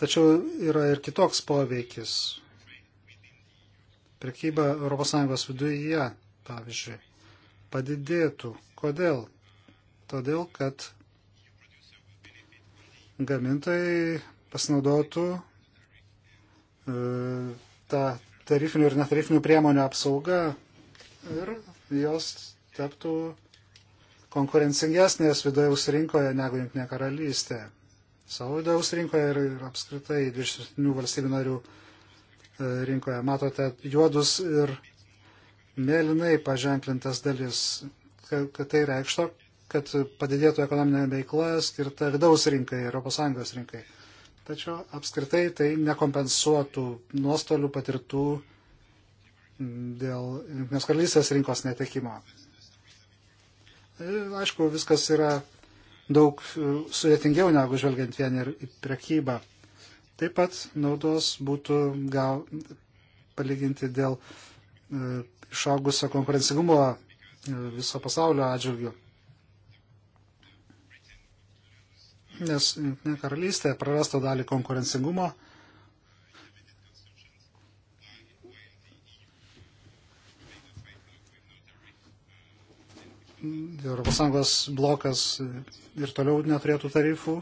Tačiau yra ir kitoks poveikis. Prekyba ES viduje, pavyzdžiui, padidėtų. Kodėl? Todėl, kad gamintojai pasinaudotų e, tą tarifinių ir netarifinių priemonių apsauga ir jos taptų konkurencingesnės vidaus rinkoje negu Junktinė karalystė. Savo vidaus rinkoje ir, ir apskritai 20 valstybių narių e, rinkoje. Matote juodus ir mėlynai paženklintas dalis, kad tai reikšto, kad padidėtų ekonominė veikla skirta vidaus rinkai, ES rinkai. Tačiau apskritai tai nekompensuotų nuostolių patirtų dėl Junktinės karalystės rinkos netekimo. Aišku, viskas yra daug e, sudėtingiau negu žvelgiant vien ir į prekybą. Taip pat naudos būtų gal palyginti dėl e, išaugusio konkurencingumo e, viso pasaulio atžvilgių. nes Junktinė karalystė prarasto dalį konkurencingumo. ES blokas ir toliau neturėtų tarifų,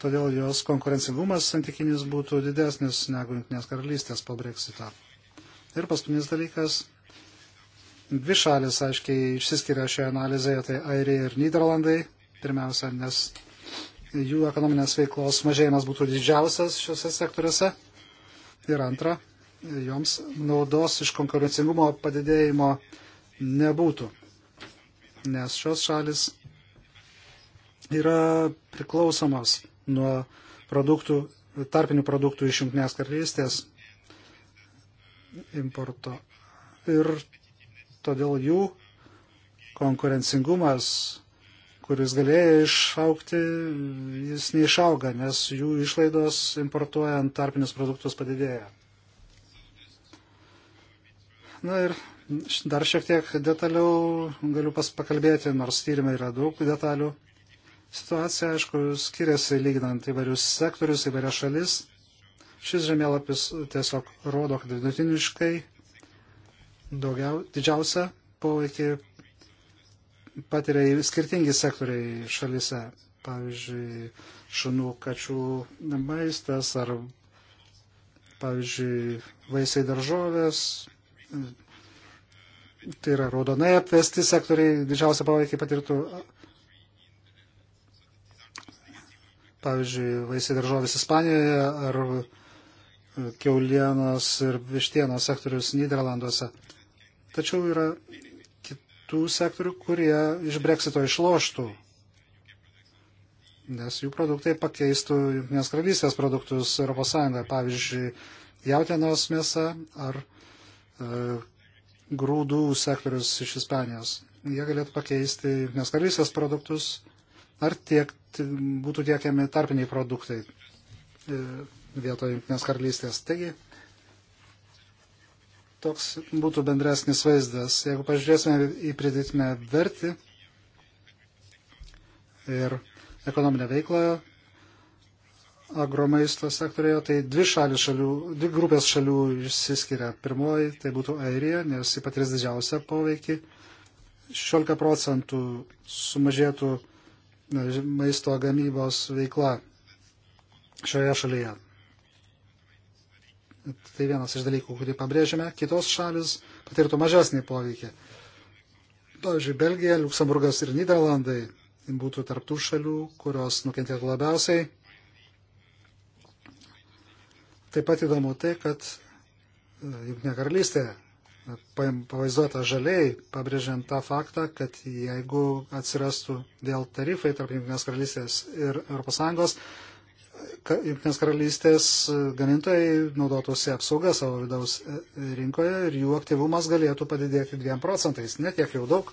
todėl jos konkurencingumas santykinis būtų didesnis negu Junktinės karalystės po breksito. Ir paskutinis dalykas dvi šalis aiškiai išsiskiria šioje analizėje, tai Airija ir Niderlandai pirmiausia, nes jų ekonominės veiklos mažėjimas būtų didžiausias šiuose sektoriuose. Ir antra, joms naudos iš konkurencingumo padidėjimo nebūtų, nes šios šalis yra priklausomos nuo produktų, tarpinių produktų iš Junktinės karalystės importo. Ir todėl jų konkurencingumas kuris galėjo išaukti, jis neišauga, nes jų išlaidos importuojant tarpinius produktus padidėja. Na ir dar šiek tiek detaliau galiu pakalbėti, nors tyrimai yra daug detalių. Situacija, aišku, skiriasi lyginant įvairius sektorius, įvairias šalis. Šis žemėlapis tiesiog rodo, kad vidutiniškai daugiau, didžiausia poveikį patiria skirtingi sektoriai šalise. Pavyzdžiui, šunų, kačių maistas ar, pavyzdžiui, vaisiai daržovės. Tai yra raudonai apvesti sektoriai, didžiausią poveikį patirtų pavyzdžiui, vaisiai daržovės Ispanijoje ar keulienos ir vištienos sektorius Niderlanduose. Tačiau yra tų sektorių, kurie iš breksito išloštų, nes jų produktai pakeistų Junktinės karalystės produktus ES, pavyzdžiui, jautienos mėsa ar e, grūdų sektorius iš Ispanijos. Jie galėtų pakeisti Junktinės karalystės produktus ar tiek būtų tiekiami tarpiniai produktai e, vietoje Junktinės karalystės. Taigi, Toks būtų bendresnis vaizdas. Jeigu pažiūrėsime į pridėtinę vertį ir ekonominę veiklą agromaisto sektorėje, tai dvi, šalis šalių, dvi grupės šalių išsiskiria. Pirmoji tai būtų Airija, nes ji patirs didžiausią poveikį. 16 procentų sumažėtų maisto gamybos veikla šioje šalyje. Tai vienas iš dalykų, kurį pabrėžiame. Kitos šalis patirtų mažesnį poveikį. Pavyzdžiui, Belgija, Luksemburgas ir Niderlandai būtų tarptų šalių, kurios nukentėtų labiausiai. Taip pat įdomu tai, kad e, Junktinė karalystė e, pavaizduota žaliai, pabrėžiant tą faktą, kad jeigu atsirastų vėl tarifai tarp Junktinės karalystės ir ES, Junktinės karalystės e, gamintojai naudotųsi apsaugą savo vidaus e, rinkoje ir jų aktyvumas galėtų padidėti 2 procentais, netiek jau daug.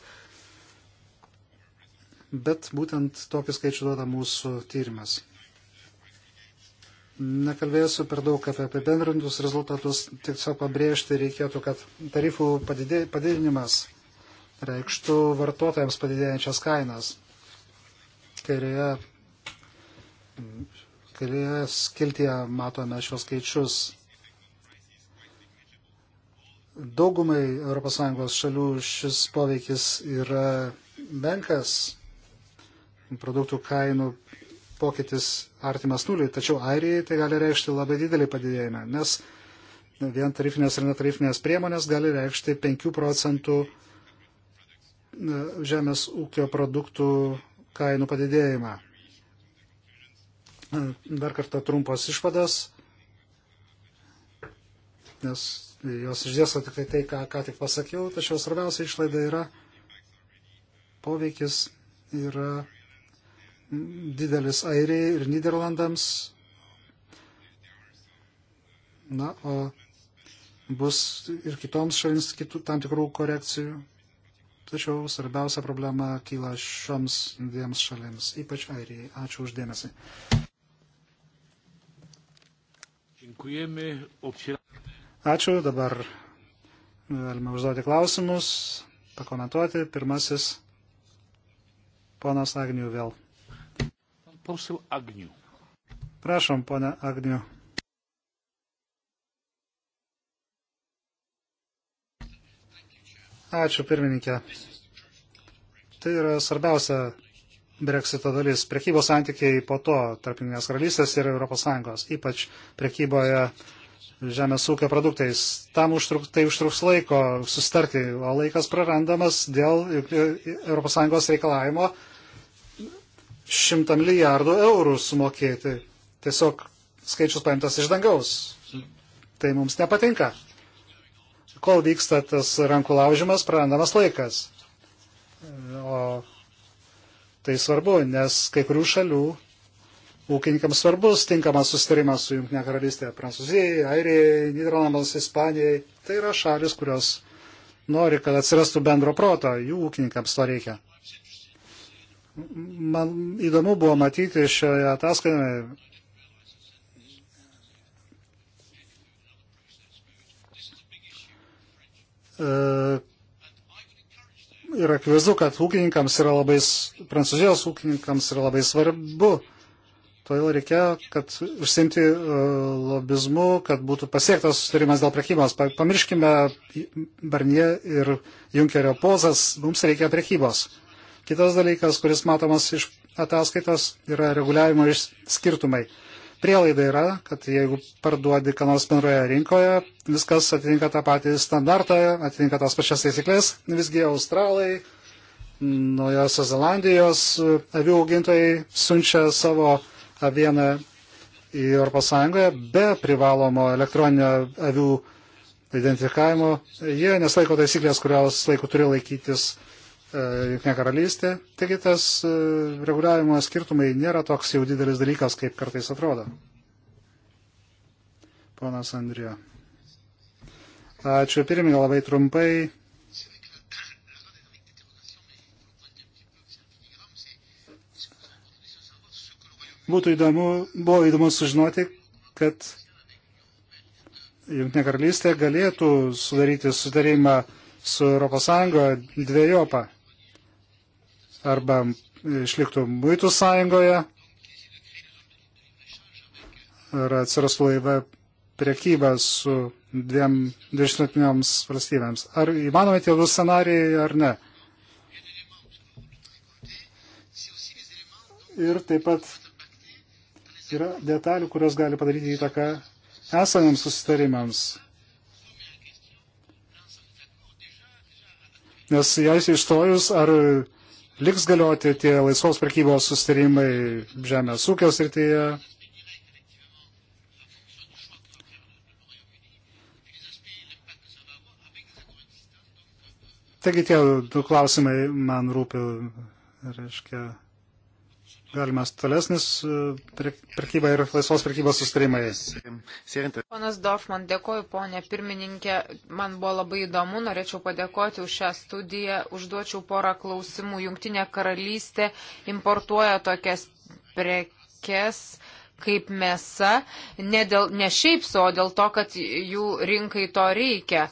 Bet būtent tokį skaičių duoda mūsų tyrimas. Nekalbėsiu per daug apie apibendrintus rezultatus, tiesiog pabrėžti reikėtų, kad tarifų padidė, padidinimas reikštų vartotojams padidėjančias kainas. Kairėje kairėje skiltyje matome šios skaičius. Daugumai ES šalių šis poveikis yra menkas, produktų kainų pokytis artimas nuliui, tačiau Airijai tai gali reikšti labai didelį padidėjimą, nes vien tarifinės ir netarifinės priemonės gali reikšti 5 procentų e, žemės ūkio produktų kainų padidėjimą. Dar kartą trumpos išvadas, nes jos išdėsto tik tai tai, ką, ką tik pasakiau, tačiau svarbiausia išlaida yra poveikis yra didelis Airijai ir Niderlandams. Na, o bus ir kitoms šalims kitų tam tikrų korekcijų. Tačiau svarbiausia problema kyla šioms dviems šalims, ypač Airijai. Ačiū uždėmesi. Ačiū, dabar e, galime užduoti klausimus, pakomentuoti. Pirmasis, ponas Agnių vėl. Pausiau Agnių. Prašom, ponė Agnių. Ačiū, pirmininkė. Tai yra svarbiausia Brexito dalis - prekybos santykiai po to tarp Junktinės karalystės ir ES, ypač prekyboje žemės ūkio produktais. Tam užtruk, tai užtruks laiko sustarti, o laikas prarandamas dėl ES reikalavimo šimtą milijardų eurų sumokėti. Tiesiog skaičius paimtas iš dangaus. Tai mums nepatinka. Kol vyksta tas rankų laužimas, prarandamas laikas. O tai svarbu, nes kai kurių šalių ūkininkams svarbus tinkamas sustarimas su Junktinė karalystė - Prancūzijai, Airijai, Niderlandams, Ispanijai. Tai yra šalis, kurios nori, kad atsirastų bendro proto, jų ūkininkams to reikia. Man įdomu buvo matyti šioje ataskaitoje. E, ir akivaizdu, kad ūkininkams yra labai, prancūzijos ūkininkams yra labai svarbu. Todėl reikia, kad užsimti e, lobizmu, kad būtų pasiektas sustarimas dėl prekybos. Pamirškime Barnie ir Junkerio pozas, mums reikia prekybos. Kitas dalykas, kuris matomas iš ataskaitos, yra reguliavimo skirtumai prielaida yra, kad jeigu parduodi kanos bendroje rinkoje, viskas atitinka tą patį standartą, atitinka tas pačias taisyklės. Visgi Australai, Naujosios Zelandijos avių augintojai siunčia savo avieną į ES be privalomo elektroninio avių identifikavimo. Jie neslaiko taisyklės, kurios laiku turi laikytis E, Junktinė karalystė. Taigi tas e, reguliavimo skirtumai nėra toks jau didelis dalykas, kaip kartais atrodo. Ponas Andrija. Ačiū pirmininkai labai trumpai. Būtų įdomu, buvo įdomu sužinoti, kad Junktinė karalystė galėtų sudaryti sutarimą su ES dviejopą arba išliktų muitų sąjungoje ar atsirastų laiva priekyba su dviem dešimtinėms valstybėms. Ar įmanomi tie du scenarijai ar ne? Ir taip pat yra detalių, kurios gali padaryti įtaką esamiems susitarimams. Nes jais išstojus ar liks galioti tie laisvos prekybos sustarimai žemės ūkio srityje. Taigi tie du klausimai man rūpi, reiškia, galimas tolesnis e, prekyba ir laisvos prekybos sustarimai. Ponas Dorfman, dėkoju, ponė pirmininkė. Man buvo labai įdomu, norėčiau padėkoti už šią studiją. Užduočiau porą klausimų. Jungtinė karalystė importuoja tokias prekes kaip mėsa, ne, dėl, ne šiaip savo, dėl to, kad jų rinkai to reikia.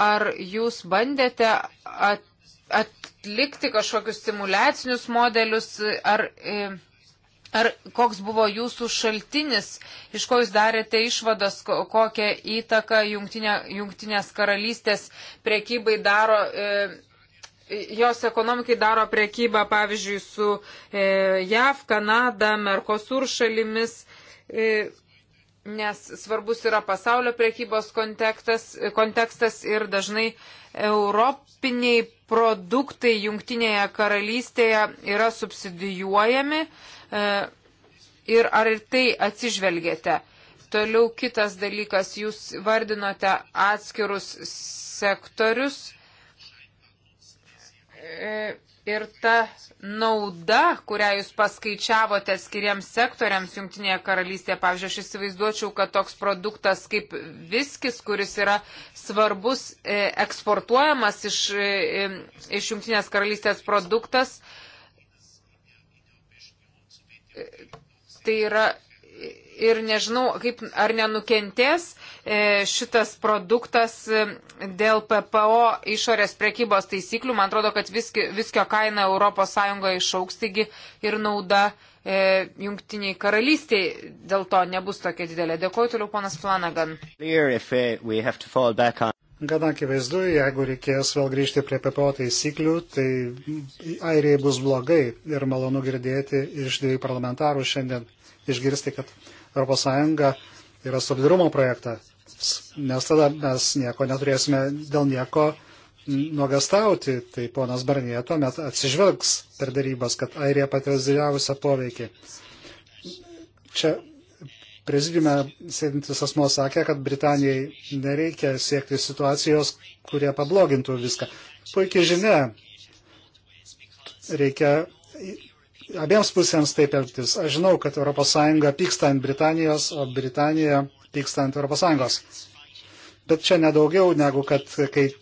Ar jūs bandėte at atlikti kažkokius simulacinius modelius ar. E, Ar koks buvo jūsų šaltinis, iš ko jūs darėte išvadas, kokią įtaką jungtinė, jungtinės karalystės priekybai daro, e, jos ekonomikai daro priekybą, pavyzdžiui, su e, JAV, Kanada, Merkosur šalimis, e, nes svarbus yra pasaulio priekybos kontekstas, kontekstas ir dažnai e, europiniai produktai jungtinėje karalystėje yra subsidijuojami e, ir ar ir tai atsižvelgėte. Toliau kitas dalykas, jūs vardinote atskirus sektorius. E, Ir ta nauda, kurią jūs paskaičiavote skiriams sektoriams Junktinėje karalystėje, pavyzdžiui, aš įsivaizduočiau, kad toks produktas kaip viskis, kuris yra svarbus e, eksportuojamas iš, e, e, iš Junktinės karalystės produktas, tai yra ir nežinau, kaip, ar nenukentės E, šitas produktas e, dėl PPO išorės prekybos taisyklių. Man atrodo, kad viski, viskio kaina ES išauks, taigi ir nauda e, jungtiniai karalystiai dėl to nebus tokia didelė. Dėkuoju toliau, ponas Flanagan. Uh, Gana akivaizdu, jeigu reikės vėl grįžti prie PPO taisyklių, tai Airijai bus blogai ir malonu girdėti iš dviejų parlamentarų šiandien išgirsti, kad ES yra solidarumo projektas nes tada mes nieko neturėsime dėl nieko nuogastauti. Tai ponas Barnie tuomet atsižvelgs per darybas, kad Airija patirs didžiausią poveikį. Čia prezidiume sėdintis asmo sakė, kad Britanijai nereikia siekti situacijos, kurie pablogintų viską. Puikiai žinia, reikia abiems pusėms taip elgtis. Aš žinau, kad ES pyksta ant Britanijos, o Britanija pykstant ES. Bet čia nedaugiau negu kad kai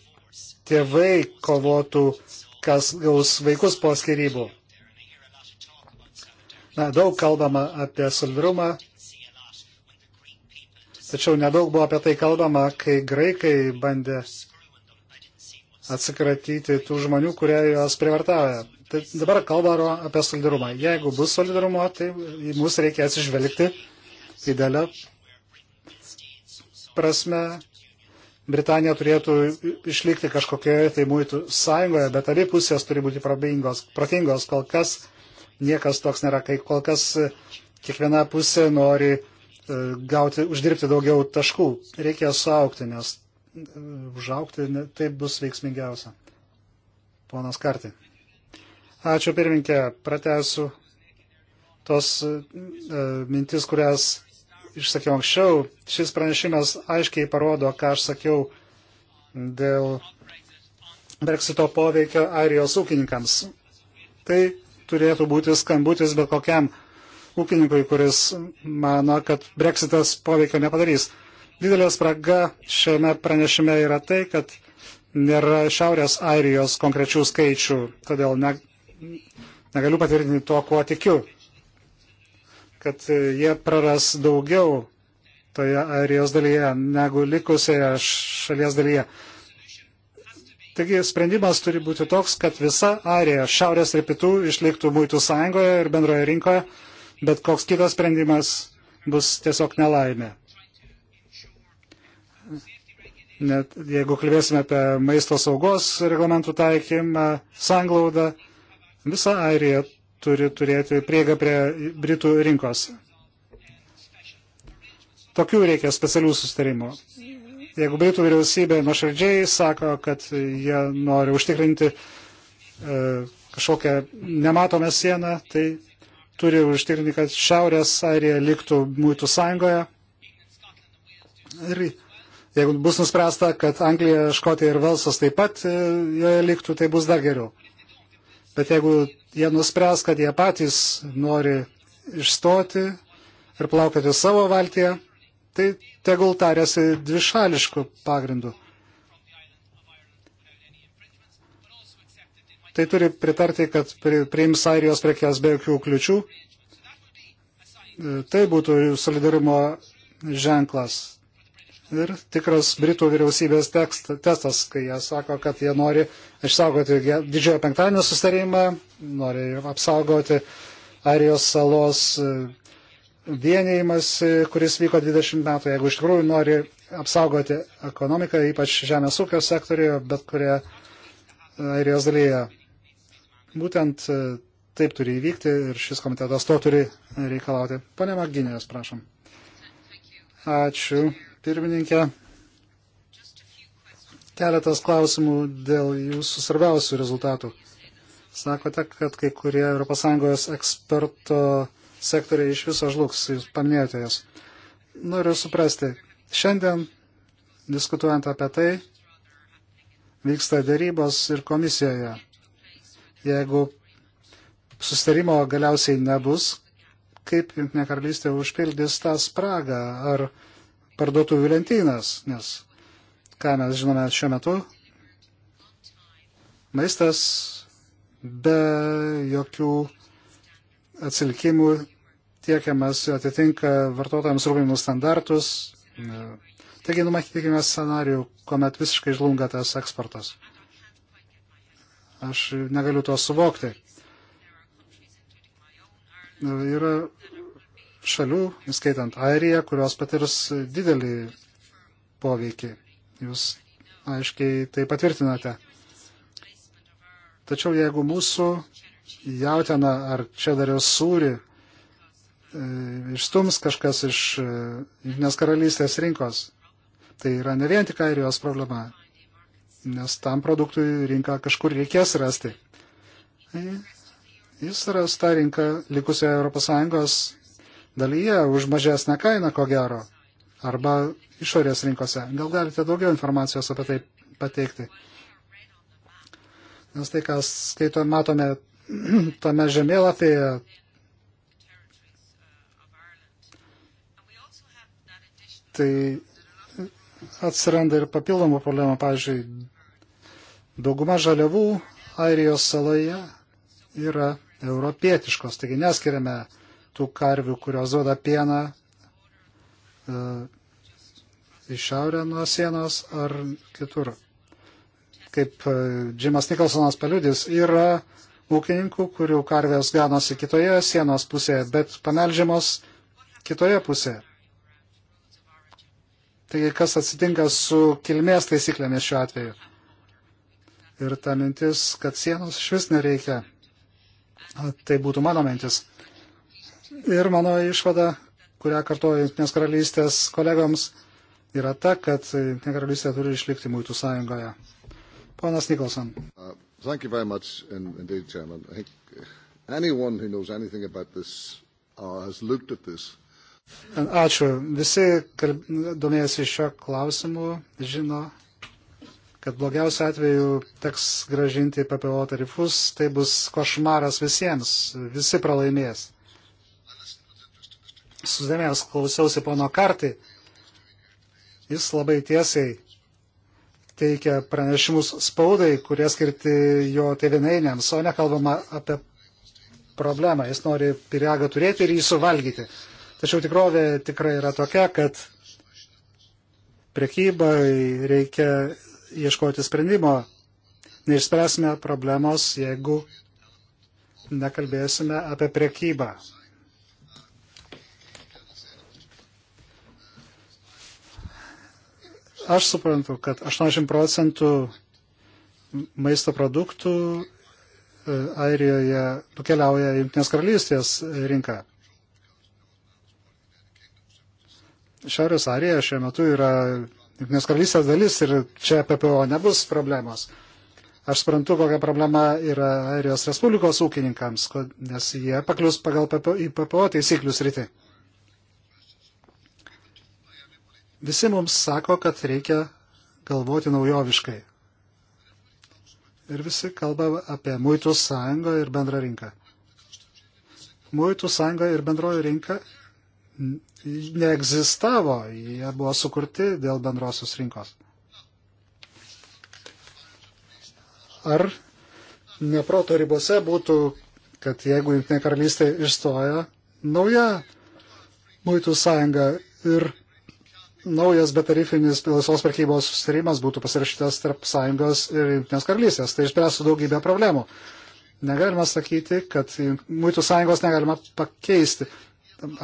tėvai kovotų, kas gaus vaikus po skirybų. Na, daug kalbama apie solidarumą, tačiau nedaug buvo apie tai kalbama, kai graikai bandė atsikratyti tų žmonių, kurie juos privartavo. Tai dabar kalbama apie solidarumą. Jeigu bus solidarumo, tai mums reikia atsižvelgti didelę prasme Britanija turėtų išlikti kažkokioje tai muitų sąjungoje, bet abi pusės turi būti protingos. Kol kas niekas toks nėra, kai kol kas e, kiekviena pusė nori e, gauti, uždirbti daugiau taškų. Reikia suaukti, nes e, užaukti taip bus veiksmingiausia. Ponas Karti. Ačiū pirminkė, pratęsiu tos e, mintis, kurias išsakiau anksčiau, šis pranešimas aiškiai parodo, ką aš sakiau dėl Brexito poveikio airijos ūkininkams. Tai turėtų būti skambutis bet kokiam ūkininkui, kuris mano, kad Brexitas poveikio nepadarys. Didelė spraga šiame pranešime yra tai, kad nėra Šiaurės Airijos konkrečių skaičių, todėl ne, negaliu patvirtinti to, kuo tikiu kad jie praras daugiau toje arijos dalyje negu likusioje šalies dalyje. Taigi sprendimas turi būti toks, kad visa arija šiaurės ir pietų išliktų muitų sąjungoje ir bendroje rinkoje, bet koks kitas sprendimas bus tiesiog nelaimė. Net jeigu kalbėsime apie maisto saugos reglamentų taikymą, sanglaudą, visa arija turi turėti prieigą prie Britų rinkos. Tokių reikia specialių sustarimų. Jeigu Britų vyriausybė nuoširdžiai sako, kad jie nori užtikrinti e, kažkokią nematomą sieną, tai turi užtikrinti, kad Šiaurės Airija liktų Mūtų sąjungoje. Ir jeigu bus nuspręsta, kad Anglija, Škotija ir Velsas taip pat e, joje liktų, tai bus dar geriau. Bet jeigu jie nuspręs, kad jie patys nori išstoti ir plaukėti savo valtyje, tai tegul tarėsi dvišališkų pagrindų. Tai turi pritarti, kad priims Airijos prekes be jokių kliučių. Tai būtų solidarumo ženklas. Ir tikras Britų vyriausybės tekstas, testas, kai jie sako, kad jie nori išsaugoti didžiojo penktadienio sustarimą, nori apsaugoti Arijos salos e, vienėjimas, kuris vyko 20 metų. Jeigu iš tikrųjų nori apsaugoti ekonomiką, ypač žemės ūkio sektoriuje, bet kurie e, Airijos dalyje. Būtent e, taip turi įvykti ir šis komitetas to turi reikalauti. Pane Maginės, prašom. Ačiū, pirmininkė keletas klausimų dėl jūsų svarbiausių rezultatų. Sakote, kad kai kurie ES eksperto sektoriai iš viso žlugs, jūs paminėjote jas. Noriu suprasti, šiandien diskutuojant apie tai, vyksta dėrybos ir komisijoje. Jeigu sustarimo galiausiai nebus, kaip Junktinė karalystė užpildys tą spragą ar parduotuvių lentynas, nes ką mes žinome šiuo metu, maistas be jokių atsilikimų tiekiamas atitinka vartotojams rūpimus standartus. Taigi numatykime scenarių, kuomet visiškai žlunga tas eksportas. Aš negaliu to suvokti. Yra šalių, įskaitant Airiją, kurios patirs didelį poveikį. Jūs aiškiai tai patvirtinate. Tačiau jeigu mūsų jautiena ar čederio sūri e, išstums kažkas iš e, Junktinės karalystės rinkos, tai yra ne vien tik airijos problema, nes tam produktui rinką kažkur reikės rasti. E, jis ras tą rinką likusioje ES dalyje už mažesnę kainą, ko gero arba išorės rinkose. Gal galite daugiau informacijos apie tai pateikti? Nes tai, kas skaito, matome [clears throat] tame žemėlapyje, tai atsiranda ir papildomų problemų. Pavyzdžiui, dauguma žaliavų Airijos saloje yra europietiškos, taigi neskiriame tų karvių, kurios duoda pieną E, į šiaurę nuo sienos ar kitur. Kaip e, Džimas Nikolsonas paliudys, yra ūkininkų, kurių karvės ganosi kitoje sienos pusėje, bet pamelžiamos kitoje pusėje. Taigi, kas atsitinka su kilmės taisyklėmis šiuo atveju? Ir ta mintis, kad sienos iš vis nereikia. Tai būtų mano mintis. Ir mano išvada, kurią kartuoju Junktinės karalystės kolegoms, yra ta, kad Junktinė karalystė turi išlikti Mūtų sąjungoje. Ponas Nikolson. Uh, thank you very much indeed, Chairman. I think anyone who knows anything about this or uh, has looked at this Ačiū. Visi kalb... domėjasi šio klausimu, žino, kad blogiausiu atveju teks gražinti PPO tarifus, tai bus košmaras visiems, visi pralaimės susidomėjęs klausiausi pono Kartai. Jis labai tiesiai teikia pranešimus spaudai, kurie skirti jo tėvinainiams, o nekalbama apie problemą. Jis nori piriagą turėti ir jį suvalgyti. Tačiau tikrovė tikrai yra tokia, kad prekybai reikia ieškoti sprendimo. Neišspręsime problemos, jeigu nekalbėsime apie prekybą. Aš suprantu, kad 80 procentų maisto produktų e, Airijoje nukeliauja Junktinės karalystės rinką. Šiaurės Airija šiuo metu yra Junktinės karalystės dalis ir čia PPO nebus problemos. Aš suprantu, kokia problema yra Airijos Respublikos ūkininkams, nes jie paklius pagal PPO, į PPO taisyklius rytį. Visi mums sako, kad reikia galvoti naujoviškai. Ir visi kalba apie muitų sąjungą ir bendrą rinką. Muitų sąjunga ir bendroji rinka neegzistavo, jie buvo sukurti dėl bendrosios rinkos. Ar neproto ribose būtų, kad jeigu Junktinė karalystė išstoja, nauja muitų sąjunga ir naujas betarifinis laisvos prekybos sustarimas būtų pasirašytas tarp sąjungos ir Junktinės karalystės. Tai išspręstų daugybę problemų. Negalima sakyti, kad muitų sąjungos negalima pakeisti.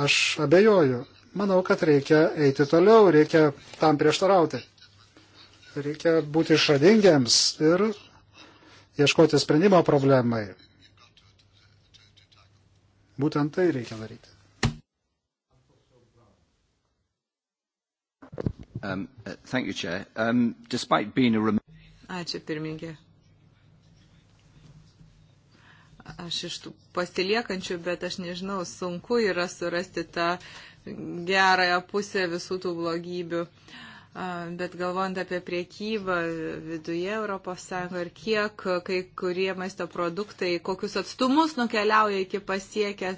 Aš abejoju. Manau, kad reikia eiti toliau, reikia tam prieštarauti. Reikia būti išradingiams ir ieškoti sprendimo problemai. Būtent tai reikia daryti. Um, uh, thank you, Chair. Um, despite being a rem... Ačiū, pirmininkė. Aš iš tų pasiliekančių, bet aš nežinau, sunku yra surasti tą gerąją pusę visų tų blogybių. Uh, Bet galvojant apie priekybą viduje ES ir kiek kai kurie maisto produktai, kokius atstumus nukeliauja iki pasiekę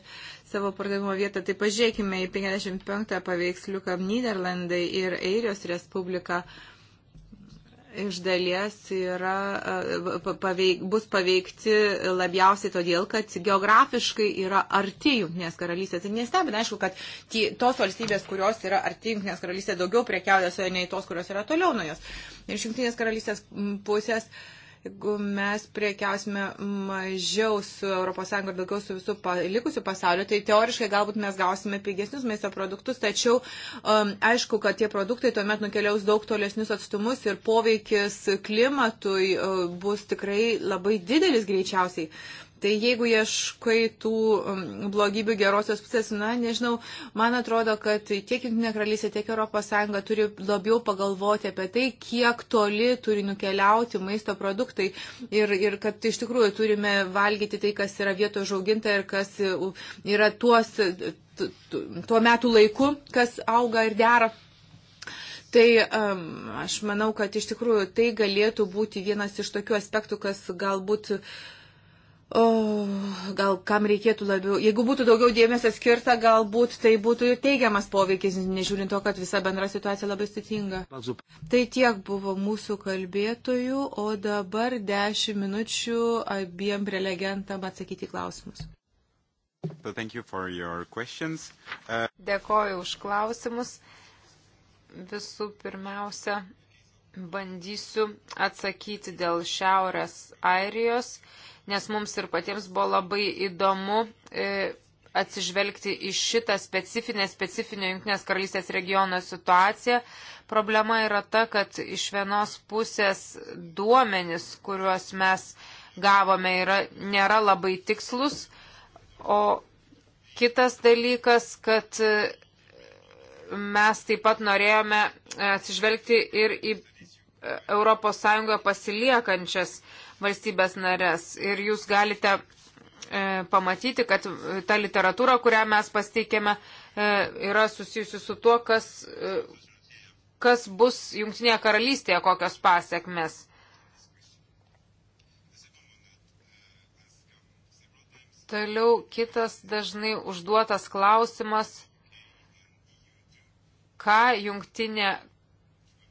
savo pardavimo vietą, tai pažiūrėkime į 55 paveiksliuką Niderlandai ir Eirijos Respublika. Uh, iš dalies yra, e, paveik, bus paveikti labiausiai todėl, kad geografiškai yra arti Junktinės karalystės. Ir nestebina, aišku, kad tie, tos valstybės, kurios yra arti Junktinės karalystės, daugiau prekiauja su ja nei tos, kurios yra toliau nuo jos. Ir iš Junktinės karalystės pusės. Uh, Jeigu mes priekiausime mažiau su ES ir daugiau su visų likusiu pasauliu, tai teoriškai galbūt mes gausime pigesnius maisto produktus, tačiau um, aišku, kad tie produktai tuomet nukeliaus daug tolesnius atstumus ir poveikis klimatui uh, bus tikrai labai didelis greičiausiai. Uh, Tai jeigu ieškai tų um, blogybių gerosios pusės, na, nežinau, man atrodo, kad tiek Junktinė karalystė, tiek ES turi labiau pagalvoti apie tai, kiek toli turi nukeliauti maisto produktai ir, ir kad iš tikrųjų turime valgyti tai, kas yra vietoje žauginta ir kas yra tuos, tuo metu laiku, kas auga ir dera. Tai um, aš manau, kad iš tikrųjų tai galėtų būti vienas iš tokių aspektų, kas galbūt uh, O, gal kam reikėtų labiau, jeigu būtų daugiau dėmesio skirta, galbūt tai būtų ir teigiamas poveikis, nežiūrint to, kad visa bendra situacija labai sudėtinga. Tai tiek buvo mūsų kalbėtojų, o dabar dešimt minučių abiem prelegentam atsakyti klausimus. So you uh... Dėkoju už klausimus. Visų pirmiausia, bandysiu atsakyti dėl Šiaurės Airijos nes mums ir patiems buvo labai įdomu e, atsižvelgti į šitą specifinę, specifinę Junktinės karalystės regiono situaciją. Problema yra ta, kad iš vienos pusės duomenis, kuriuos mes gavome, yra, nėra labai tikslus, o kitas dalykas, kad e, mes taip pat norėjome atsižvelgti ir į ES pasiliekančias uh, valstybės narės. Ir jūs galite e, pamatyti, kad e, ta literatūra, kurią mes pasteikėme, e, yra susijusi su tuo, kas, e, kas bus Junktinėje karalystėje, kokios pasiekmes. Toliau kitas dažnai užduotas klausimas, ką jungtinė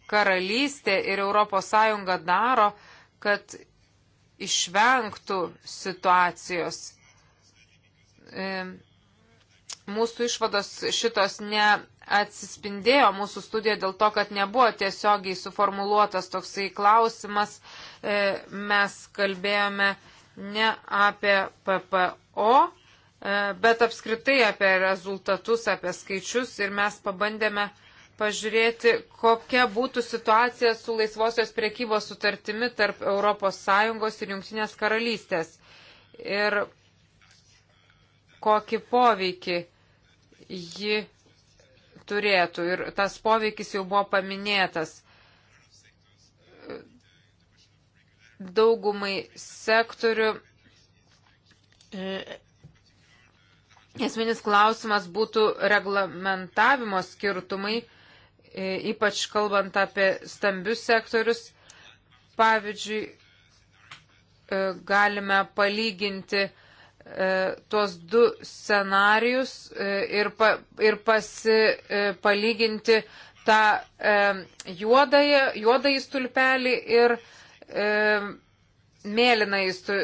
karalystė ir ES daro, kad išvengtų situacijos. E, mūsų išvados šitos neatsispindėjo mūsų studijoje dėl to, kad nebuvo tiesiogiai suformuluotas toksai klausimas. E, mes kalbėjome ne apie PPO, e, bet apskritai apie rezultatus, apie skaičius ir mes pabandėme uh, pažiūrėti, kokia būtų situacija su laisvosios priekybos sutartimi tarp ES ir Junktinės karalystės ir kokį poveikį ji turėtų. Ir tas poveikis jau buvo paminėtas. Daugumai sektorių e, esminis klausimas būtų reglamentavimo skirtumai E, ypač kalbant apie stambius sektorius. Pavyzdžiui, e, galime palyginti e, tuos du scenarius ir, pa, ir pasi, palyginti tą juodąjį stulpelį ir mėlyną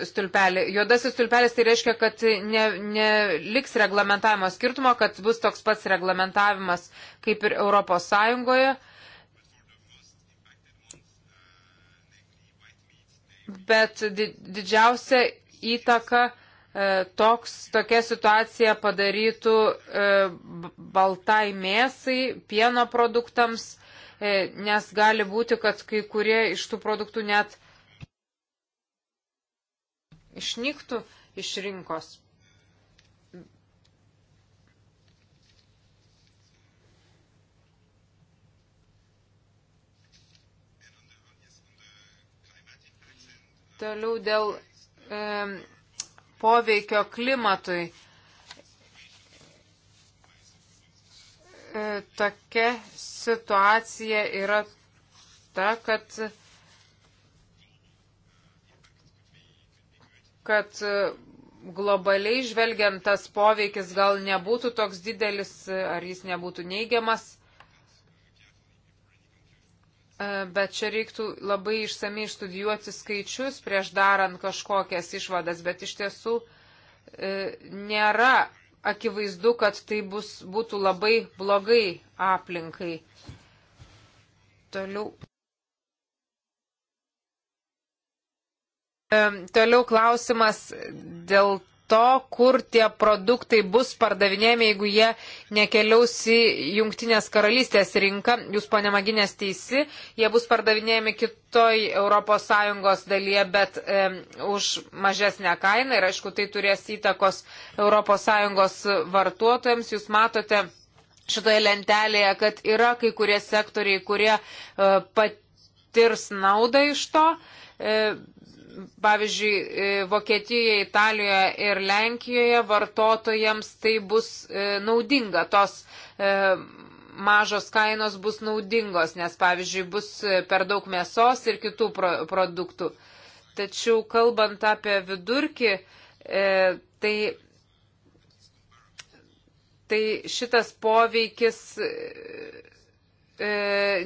stulpelį. Juodasis stulpelis tai reiškia, kad neliks ne, ne reglamentavimo skirtumo, kad bus toks pats reglamentavimas kaip ir Europos Sąjungoje. Bet didžiausia įtaka e, toks, tokia situacija padarytų e, baltai mėsai, pieno produktams, e, nes gali būti, kad kai kurie iš tų produktų net išnyktų iš rinkos. Toliau dėl e, poveikio klimatui. E, tokia situacija yra ta, kad e, kad e, globaliai žvelgiant tas poveikis gal nebūtų toks didelis, e, ar jis nebūtų neigiamas. E, bet čia reiktų labai išsamei studijuoti skaičius prieš darant kažkokias išvadas, bet iš tiesų nėra akivaizdu, kad tai bus, būtų labai blogai aplinkai. Toliau Toliau klausimas dėl to, kur tie produktai bus pardavinėjami, jeigu jie nekeliaus į Junktinės karalystės rinką. Jūs, ponė Maginės, teisi, jie bus pardavinėjami kitoj ES dalyje, bet e, už mažesnę kainą ir, aišku, tai turės įtakos ES vartotojams. Jūs matote šitoje lentelėje, kad yra kai kurie sektoriai, kurie e, patirs naudą iš to. E, pavyzdžiui, e, Vokietijoje, Italijoje ir Lenkijoje vartotojams tai bus e, naudinga. Tos e, mažos kainos bus naudingos, nes, pavyzdžiui, bus per daug mėsos ir kitų produktų. Tačiau, kalbant apie vidurkį, tai, tai šitas poveikis E,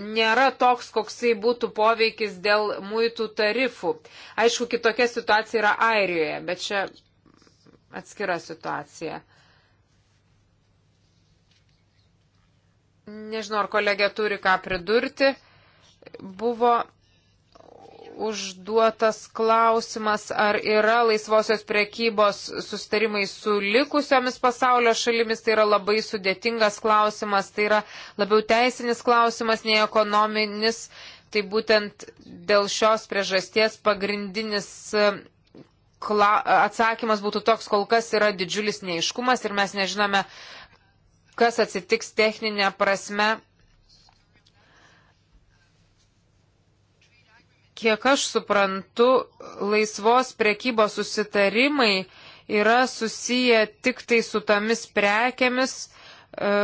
nėra toks, koksai būtų poveikis dėl muitų tarifų. Aišku, kitokia situacija yra Airijoje, bet čia atskira situacija. Nežinau, ar kolegė turi ką pridurti. Buvo užduotas klausimas, ar yra laisvosios priekybos sustarimai su likusiomis pasaulio šalimis. Tai yra labai sudėtingas klausimas, tai yra labiau teisinis klausimas nei ekonominis. Tai būtent dėl šios priežasties pagrindinis e, kla... atsakymas būtų toks, kol kas yra didžiulis neiškumas ir mes nežinome, kas atsitiks techninė prasme Kiek aš suprantu, laisvos prekybos susitarimai yra susiję tik tai su tomis prekiamis, e,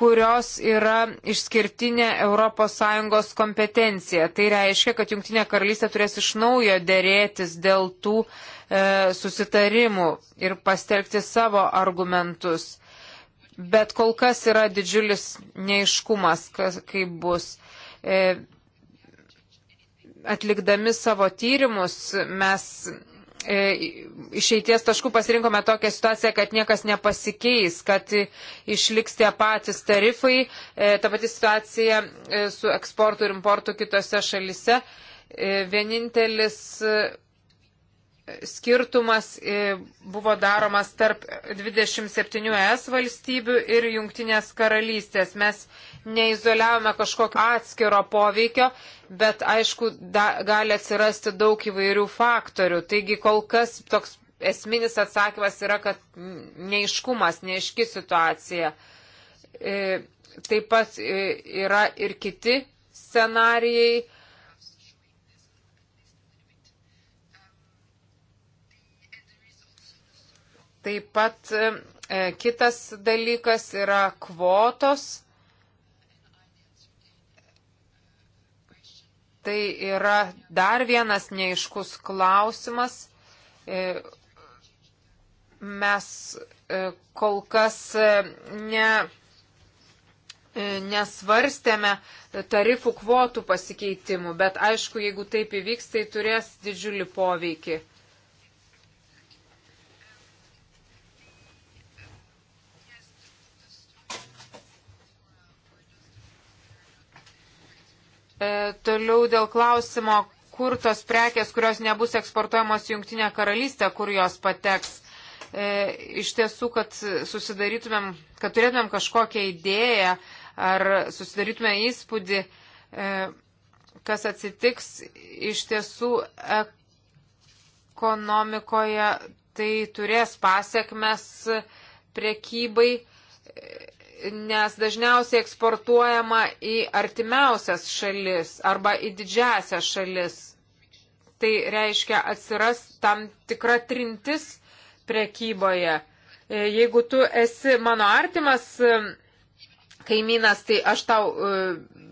kurios yra išskirtinė ES kompetencija. Tai reiškia, kad Junktinė karalystė turės iš naujo dėrėtis dėl tų e, susitarimų ir pastelgti savo argumentus. Bet kol kas yra didžiulis neiškumas, kas, kaip bus. E, atlikdami savo tyrimus mes e, išeities taškų pasirinkome tokią situaciją, kad niekas nepasikeis, kad išliks tie patys tarifai, e, ta pati situacija e, su eksportu ir importu kitose šalise. Vienintelis skirtumas e, buvo daromas tarp 27 ES valstybių ir Jungtinės karalystės. Mes neizoliavome kažkokio atskiro poveikio, bet aišku, da, gali atsirasti daug įvairių faktorių. Taigi kol kas toks esminis atsakymas yra, kad neiškumas, neiški situacija. E, taip pat e, yra ir kiti scenarijai Taip pat e, e, kitas dalykas yra kvotos. Tai yra dar vienas neiškus klausimas. E, mes kol kas ne, nesvarstėme tarifų kvotų pasikeitimų, bet aišku, jeigu taip įvyks, tai turės didžiulį poveikį. E, toliau dėl klausimo, kur tos prekės, kurios nebus eksportuojamos Junktinė karalystė, kur jos pateks. E, iš tiesų, kad susidarytumėm, kad turėtumėm kažkokią idėją ar susidarytume įspūdį, e, kas atsitiks iš tiesų ekonomikoje, tai turės pasiekmes priekybai. E, nes dažniausiai eksportuojama į artimiausias šalis arba į didžiasias šalis. Tai reiškia atsiras tam tikra trintis prekyboje. E, jeigu tu esi mano artimas e, kaimynas, tai aš tau e,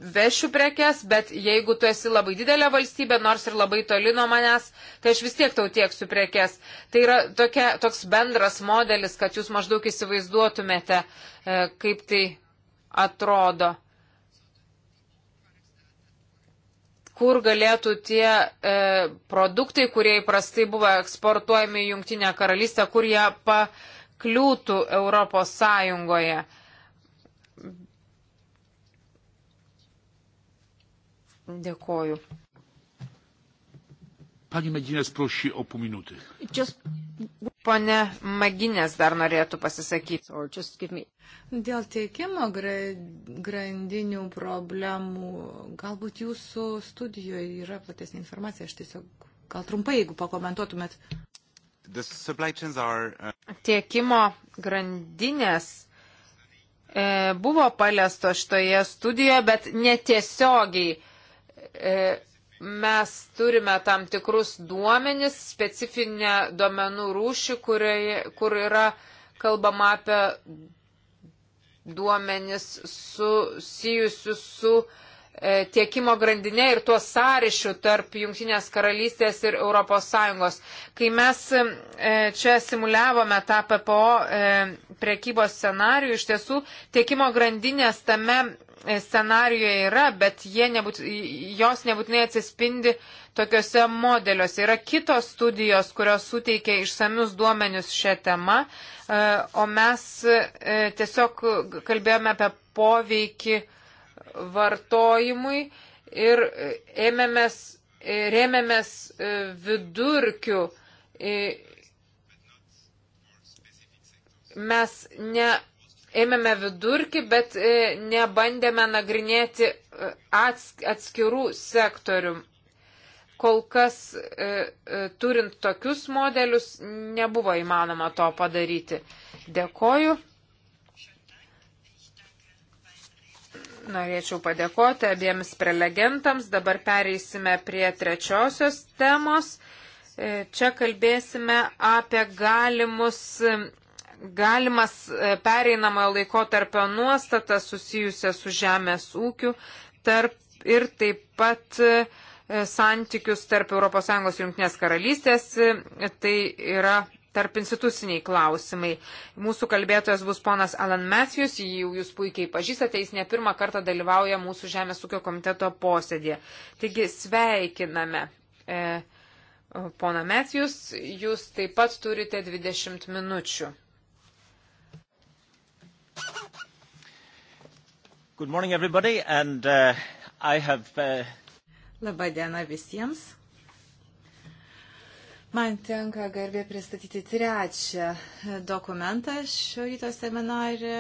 vešiu prekes, bet jeigu tu esi labai didelė valstybė, nors ir labai toli nuo manęs, tai aš vis tiek tau tieksiu prekes. Tai yra tokia, toks bendras modelis, kad jūs maždaug įsivaizduotumėte, e, kaip tai atrodo. Kur galėtų tie e, produktai, kurie įprastai buvo eksportuojami į Junktinę karalystę, kur jie pakliūtų Europos Sąjungoje. E, Dėkoju. Pani Medinės prašy o po minutį. Just... Pane Maginės dar norėtų pasisakyti. Me... Dėl tiekimo gra... grandinių problemų, galbūt jūsų studijoje yra platesnė informacija, aš tiesiog gal trumpai, jeigu pakomentuotumėt. Are... Uh, tiekimo grandinės e, buvo paliesto šitoje studijoje, bet netiesiogiai E, mes turime tam tikrus duomenis, specifinę duomenų rūšį, kurioje, kur yra kalbama apie duomenis susijusius su e, tiekimo grandinė ir tuo sąryšiu tarp Junktinės karalystės ir ES. Kai mes e, čia simuliavome tą PPO e, prekybos scenarių, iš tiesų tiekimo grandinės tame scenarijoje yra, bet nebūt, jos nebūtinai atsispindi tokiuose modeliuose. Yra kitos studijos, kurios suteikia išsamius duomenius šią temą, e, o mes e, tiesiog kalbėjome apie poveikį vartojimui ir ėmėmės, e, rėmėmės vidurkių. Mes ne ėmėme vidurkį, bet e, nebandėme nagrinėti e, atskirų sektorių. Kol kas e, turint tokius modelius nebuvo įmanoma to padaryti. Dėkoju. Norėčiau padėkoti abiems prelegentams. Dabar pereisime prie trečiosios temos. Čia kalbėsime apie galimus galimas e, pereinamojo laiko tarpio nuostata susijusia su žemės ūkiu tarp, ir taip pat e, santykius tarp ES ir Junktinės karalystės. E, tai yra tarp instituciniai klausimai. Mūsų kalbėtojas bus ponas Alan Matthews, jį jau jūs puikiai pažįstate, jis ne pirmą kartą dalyvauja mūsų Žemės ūkio komiteto posėdėje. Taigi sveikiname. E, Pona Matthews, jūs taip pat turite 20 minučių. Good morning, everybody, and uh, I have. Uh... Labą dieną visiems. Man tenka garbė pristatyti trečią dokumentą šio ryto seminarė.